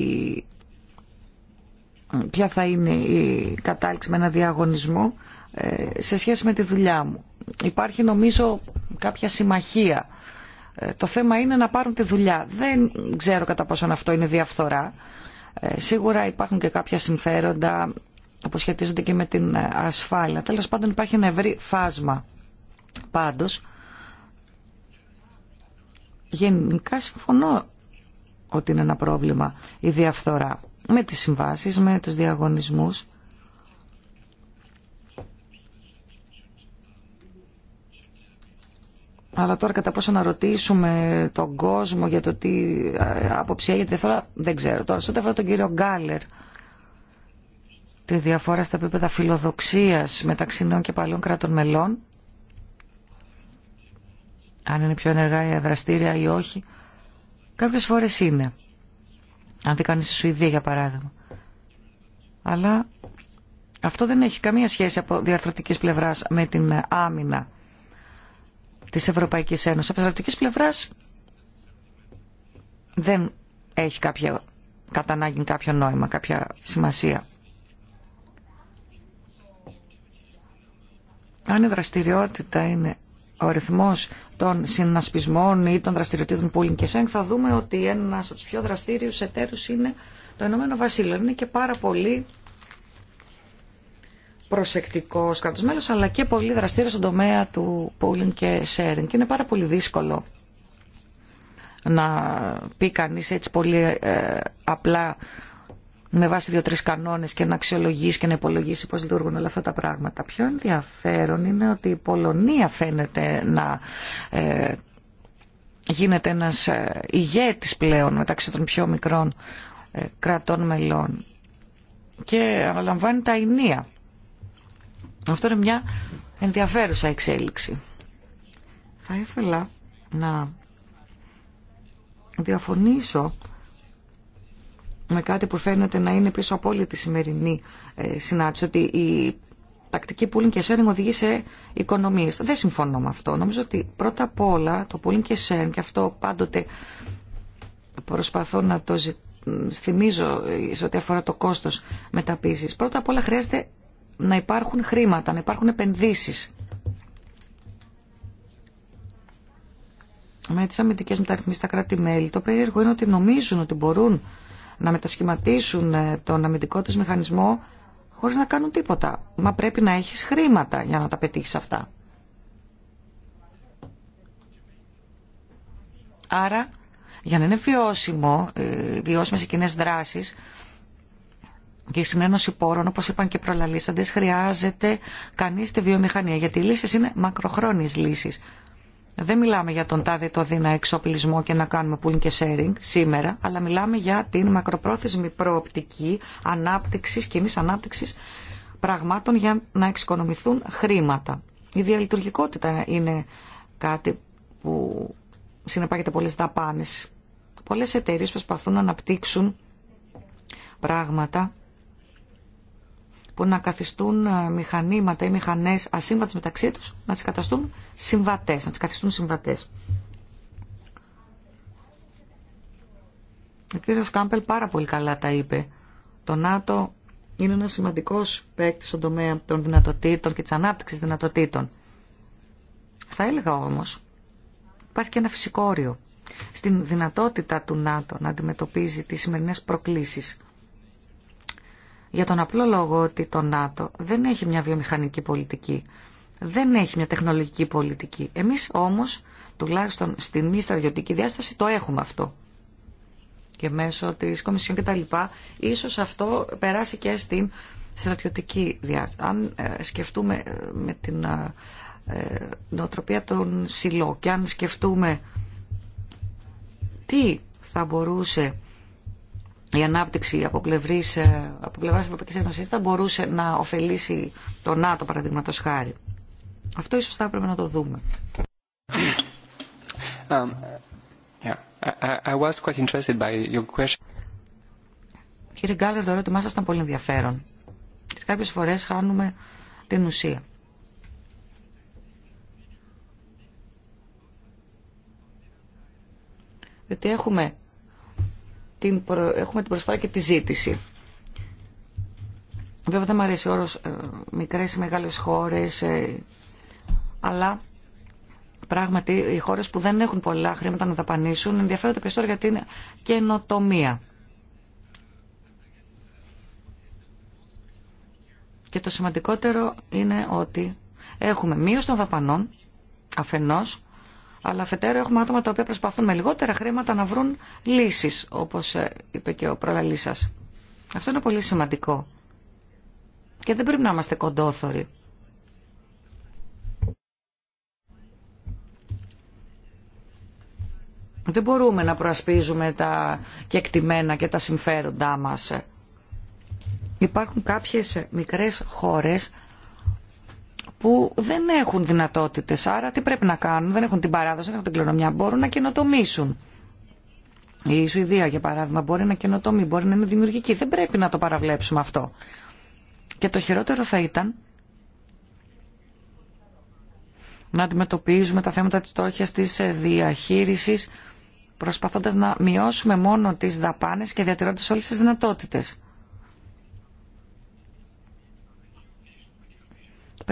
ποια θα είναι η κατάληξη με ένα διαγωνισμό, ε, σε σχέση με τη δουλειά μου. Υπάρχει νομίζω κάποια συμμαχία. Ε, το θέμα είναι να πάρουν τη δουλειά. Δεν ξέρω κατά πόσο αυτό είναι διαφθορά. Ε, σίγουρα υπάρχουν και κάποια συμφέροντα που σχετίζονται και με την ασφάλεια. Τέλος πάντων υπάρχει ένα ευρύ φάσμα. Πάντως, γενικά συμφωνώ ότι είναι ένα πρόβλημα η διαφθορά με τις συμβάσεις, με τους διαγωνισμούς Αλλά τώρα κατά πόσο να ρωτήσουμε τον κόσμο για το τι ε, άποψη έγινε δεν ξέρω. Τώρα, σε ό,τι τον κύριο Γκάλερ, τη διαφορά στα επίπεδα φιλοδοξίας μεταξύ νέων και παλιών κρατών μελών, αν είναι πιο ενεργά η δραστήρια ή όχι, κάποιες φορές είναι. Αν δει κανείς στη Σουηδία, για παράδειγμα. Αλλά αυτό δεν έχει καμία σχέση από διαρθρωτικής πλευράς με την άμυνα της Ευρωπαϊκής Ένωσης. Από στρατιωτικής πλευράς δεν έχει κάποια, κατανάγκη κάποιο νόημα, κάποια σημασία. Αν η δραστηριότητα είναι ο ρυθμός των συνασπισμών ή των δραστηριοτήτων που και θα δούμε ότι ένα από τους πιο δραστηριούς εταίρους είναι το Ηνωμένο Βασίλειο. Είναι και πάρα πολύ προσεκτικό κράτο μέλο, αλλά και πολύ δραστήριο στον τομέα του pooling και sharing. Και είναι πάρα πολύ δύσκολο να πει κανεί έτσι πολύ ε, απλά με βάση δύο-τρει κανόνε και να αξιολογήσει και να υπολογίσει πώ λειτουργούν όλα αυτά τα πράγματα. Πιο ενδιαφέρον είναι ότι η Πολωνία φαίνεται να ε, γίνεται ένα ε, ηγέτη πλέον μεταξύ των πιο μικρών κρατών μελών και αναλαμβάνει τα ενία αυτό είναι μια ενδιαφέρουσα εξέλιξη. Θα ήθελα να διαφωνήσω με κάτι που φαίνεται να είναι πίσω από όλη τη σημερινή ε, συνάντηση, ότι η τακτική pooling και sharing οδηγεί σε οικονομίες. Δεν συμφωνώ με αυτό. Νομίζω ότι πρώτα απ' όλα το pooling και sharing, και αυτό πάντοτε προσπαθώ να το θυμίζω ε, σε ό,τι αφορά το κόστος μεταποίησης. Πρώτα απ' όλα χρειάζεται να υπάρχουν χρήματα, να υπάρχουν επενδύσεις. Με τις αμυντικές μεταρρυθμίσεις στα κράτη-μέλη, το περίεργο είναι ότι νομίζουν ότι μπορούν να μετασχηματίσουν ε, τον αμυντικό τους μηχανισμό χωρίς να κάνουν τίποτα. Μα πρέπει να έχεις χρήματα για να τα πετύχεις αυτά. Άρα, για να είναι βιώσιμο, ε, βιώσιμες οι κοινές δράσεις, και η συνένωση πόρων, όπως είπαν και προλαλήσαντες, χρειάζεται κανείς τη βιομηχανία, γιατί οι λύσεις είναι μακροχρόνιες λύσεις. Δεν μιλάμε για τον τάδε το δίνα εξοπλισμό και να κάνουμε πουλν και sharing σήμερα, αλλά μιλάμε για την μακροπρόθεσμη προοπτική ανάπτυξης, κοινή ανάπτυξης πραγμάτων για να εξοικονομηθούν χρήματα. Η διαλειτουργικότητα είναι κάτι που συνεπάγεται πολλές δαπάνες. Πολλές εταιρείε προσπαθούν να αναπτύξουν πράγματα που να καθιστούν ε, μηχανήματα ή μηχανές ασύμβατες μεταξύ τους, να τι καταστούν συμβατές, να τι καθιστούν συμβατές. Ο κύριος Κάμπελ πάρα πολύ καλά τα είπε. Το ΝΑΤΟ είναι ένα σημαντικός παίκτη στον τομέα των δυνατοτήτων και τη ανάπτυξη δυνατοτήτων. Θα έλεγα όμως, υπάρχει και ένα φυσικό όριο στην δυνατότητα του ΝΑΤΟ να αντιμετωπίζει τι σημερινέ προκλήσεις για τον απλό λόγο ότι το ΝΑΤΟ δεν έχει μια βιομηχανική πολιτική, δεν έχει μια τεχνολογική πολιτική. Εμείς όμως, τουλάχιστον στην μη στρατιωτική διάσταση, το έχουμε αυτό. Και μέσω της Κομισιόν λοιπά Ίσως αυτό περάσει και στην στρατιωτική διάσταση. Αν ε, σκεφτούμε ε, με την ε, νοοτροπία των ΣΥΛΟ και αν σκεφτούμε τι θα μπορούσε η ανάπτυξη από, πλευρής, ε, από πλευράς Ευρωπαϊκής Ένωσης θα μπορούσε να ωφελήσει το ΝΑΤΟ παραδείγματος χάρη. Αυτό ίσως θα έπρεπε να το δούμε. Κύριε Γκάλερ, το ερώτημά σας ήταν πολύ ενδιαφέρον. Και κάποιες φορές χάνουμε την ουσία. Διότι έχουμε την, έχουμε την προσφορά και τη ζήτηση. Βέβαια δεν μου αρέσει ο όρος ε, μικρές ή μεγάλες χώρες, ε, αλλά πράγματι οι χώρες που δεν έχουν πολλά χρήματα να δαπανίσουν ενδιαφέρονται περισσότερο για την καινοτομία. Και το σημαντικότερο είναι ότι έχουμε μείωση των δαπανών αφενός αλλά αφετέρου έχουμε άτομα τα οποία προσπαθούν με λιγότερα χρήματα να βρουν λύσεις, όπως ε, είπε και ο προλαλής σας. Αυτό είναι πολύ σημαντικό. Και δεν πρέπει να είμαστε κοντόθωροι. Δεν μπορούμε να προασπίζουμε τα κεκτημένα και τα συμφέροντά μας. Υπάρχουν κάποιες μικρές χώρες που δεν έχουν δυνατότητες. Άρα τι πρέπει να κάνουν, δεν έχουν την παράδοση, δεν έχουν την κληρονομιά, μπορούν να καινοτομήσουν. Η Σουηδία, για παράδειγμα, μπορεί να καινοτομεί, μπορεί να είναι δημιουργική. Δεν πρέπει να το παραβλέψουμε αυτό. Και το χειρότερο θα ήταν να αντιμετωπίζουμε τα θέματα της τόχιας της ε, διαχείρισης προσπαθώντας να μειώσουμε μόνο τις δαπάνες και διατηρώντας όλες τις δυνατότητες.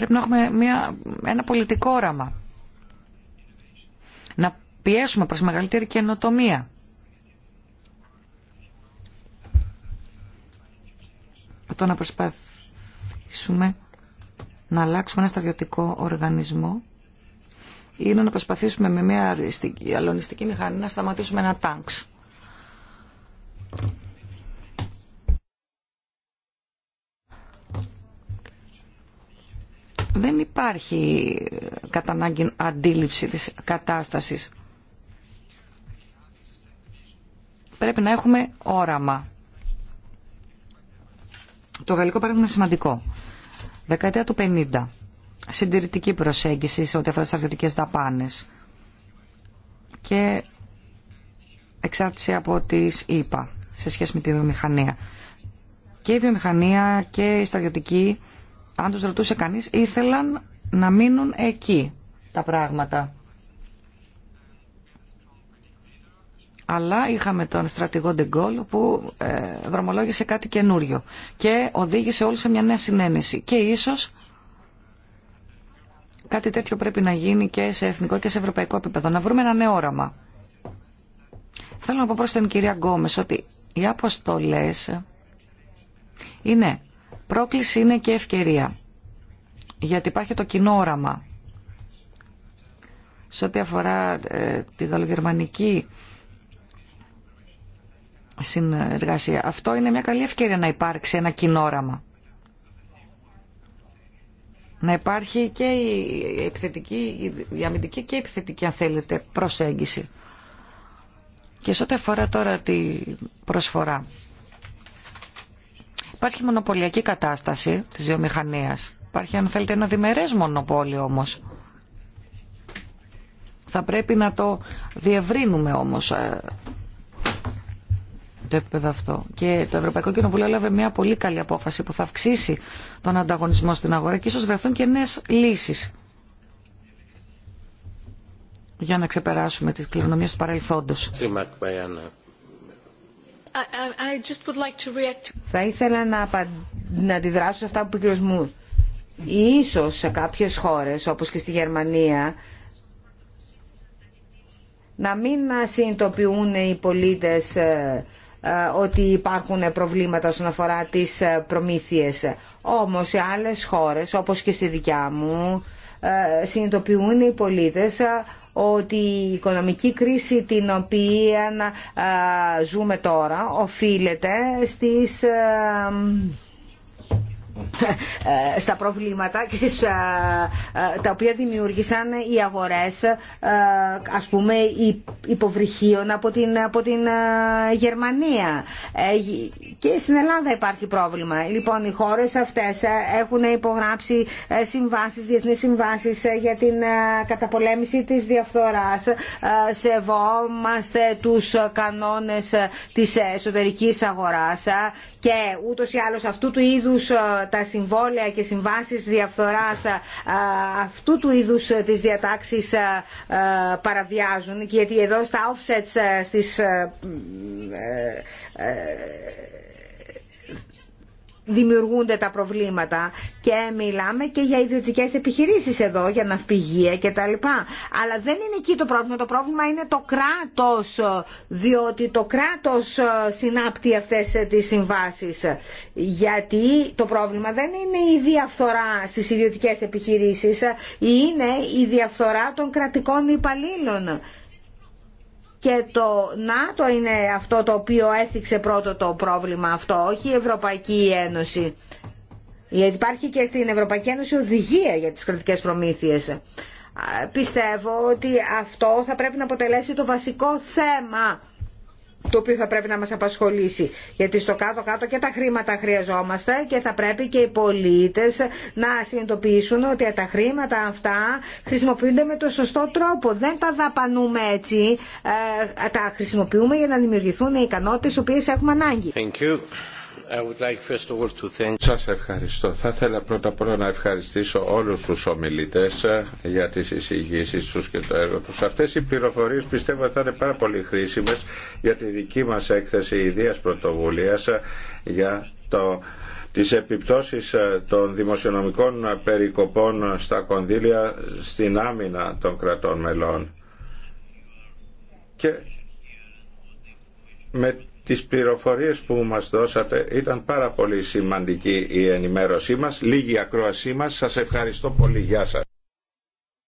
Πρέπει να έχουμε μια, ένα πολιτικό όραμα. Να πιέσουμε προς μεγαλύτερη καινοτομία. Αυτό να προσπαθήσουμε να αλλάξουμε ένα στρατιωτικό οργανισμό ή να προσπαθήσουμε με μια αλωνιστική μηχανή να σταματήσουμε ένα τάγκ. δεν υπάρχει κατά ανάγκη αντίληψη της κατάστασης. Πρέπει να έχουμε όραμα. Το γαλλικό παράδειγμα είναι σημαντικό. Δεκαετία του 50. Συντηρητική προσέγγιση σε ό,τι αφορά τι αρχιωτικέ δαπάνε. Και εξάρτηση από τις ΗΠΑ σε σχέση με τη βιομηχανία. Και η βιομηχανία και η στρατιωτική αν τους ρωτούσε κανείς, ήθελαν να μείνουν εκεί τα πράγματα. αλλά είχαμε τον στρατηγό Ντεγκόλ που ε, δρομολόγησε κάτι καινούριο και οδήγησε όλους σε μια νέα συνένεση. Και ίσως κάτι τέτοιο πρέπει να γίνει και σε εθνικό και σε ευρωπαϊκό επίπεδο, να βρούμε ένα νέο όραμα. Θέλω να πω προς την κυρία Γκόμες ότι οι αποστολές είναι Πρόκληση είναι και ευκαιρία. Γιατί υπάρχει το κοινό όραμα. Σε ό,τι αφορά ε, τη γαλλογερμανική συνεργασία, αυτό είναι μια καλή ευκαιρία να υπάρξει ένα κοινό όραμα. Να υπάρχει και η, επιθετική, η αμυντική και η επιθετική, αν θέλετε, προσέγγιση. Και σε ό,τι αφορά τώρα τη προσφορά Υπάρχει μονοπωλιακή κατάσταση της βιομηχανίας. Υπάρχει, αν θέλετε, ένα διμερές μονοπόλιο όμως. Θα πρέπει να το διευρύνουμε όμως ε, το επίπεδο αυτό. Και το Ευρωπαϊκό Κοινοβούλιο έλαβε μια πολύ καλή απόφαση που θα αυξήσει τον ανταγωνισμό στην αγορά και ίσως βρεθούν και νέες λύσεις για να ξεπεράσουμε τις κληρονομίες του παρελθόντος. Θα ήθελα να, απα... να αντιδράσω σε αυτά που είπε ο κ. Μουρ. Ίσως σε κάποιες χώρες, όπως και στη Γερμανία, να μην συνειδητοποιούν οι πολίτες ε, ε, ότι υπάρχουν προβλήματα όσον αφορά τις ε, προμήθειες. Όμως σε άλλες χώρες, όπως και στη δικιά μου, συνειδητοποιούν οι πολίτες ότι η οικονομική κρίση την οποία ε, ζούμε τώρα οφείλεται στις ε, ε, στα προβλήματα και στις, ε, ε, τα οποία δημιούργησαν οι αγορές ας πούμε υποβρυχίων από την, από την Γερμανία και στην Ελλάδα υπάρχει πρόβλημα λοιπόν οι χώρες αυτές έχουν υπογράψει συμβάσεις, διεθνείς συμβάσεις για την καταπολέμηση της διαφθοράς σεβόμαστε τους κανόνες της εσωτερικής αγοράς και ούτως ή άλλως αυτού του είδους τα συμβόλαια και συμβάσεις διαφθοράς αυτού του είδους ε, τις διατάξεις ε, ε, παραβιάζουν γιατί εδώ στα offsets στις δημιουργούνται τα προβλήματα και μιλάμε και για ιδιωτικές επιχειρήσεις εδώ, για ναυπηγεία και Αλλά δεν είναι εκεί το πρόβλημα, το πρόβλημα είναι το κράτος, διότι το κράτος ε, συνάπτει αυτές ε, τις συμβάσεις. Γιατί το πρόβλημα δεν είναι η διαφθορά στις ιδιωτικές επιχειρήσεις, ε, είναι η διαφθορά των κρατικών υπαλλήλων και το ΝΑΤΟ είναι αυτό το οποίο έθιξε πρώτο το πρόβλημα αυτό, όχι η Ευρωπαϊκή Ένωση. Γιατί υπάρχει και στην Ευρωπαϊκή Ένωση οδηγία για τις κρατικές προμήθειες. Πιστεύω ότι αυτό θα πρέπει να αποτελέσει το βασικό θέμα το οποίο θα πρέπει να μας απασχολήσει. Γιατί στο κάτω-κάτω και τα χρήματα χρειαζόμαστε και θα πρέπει και οι πολίτες να συνειδητοποιήσουν ότι τα χρήματα αυτά χρησιμοποιούνται με το σωστό τρόπο. Δεν τα δαπανούμε έτσι, ε, τα χρησιμοποιούμε για να δημιουργηθούν οι ικανότητες οι οποίες έχουμε ανάγκη. Σα ευχαριστώ. Θα ήθελα πρώτα απ' όλα να ευχαριστήσω όλου του ομιλητέ ε, για τι εισηγήσει του και το έργο τους. Αυτές οι πληροφορίε πιστεύω θα είναι πάρα πολύ χρήσιμε για τη δική μα έκθεση ιδία πρωτοβουλία ε, για το τις επιπτώσεις ε, των δημοσιονομικών περικοπών στα κονδύλια στην άμυνα των κρατών μελών. Και τις πληροφορίες που μας δώσατε ήταν πάρα πολύ σημαντική η ενημέρωσή μας, λίγη ακρόασή μας. Σας ευχαριστώ πολύ. Γεια σας.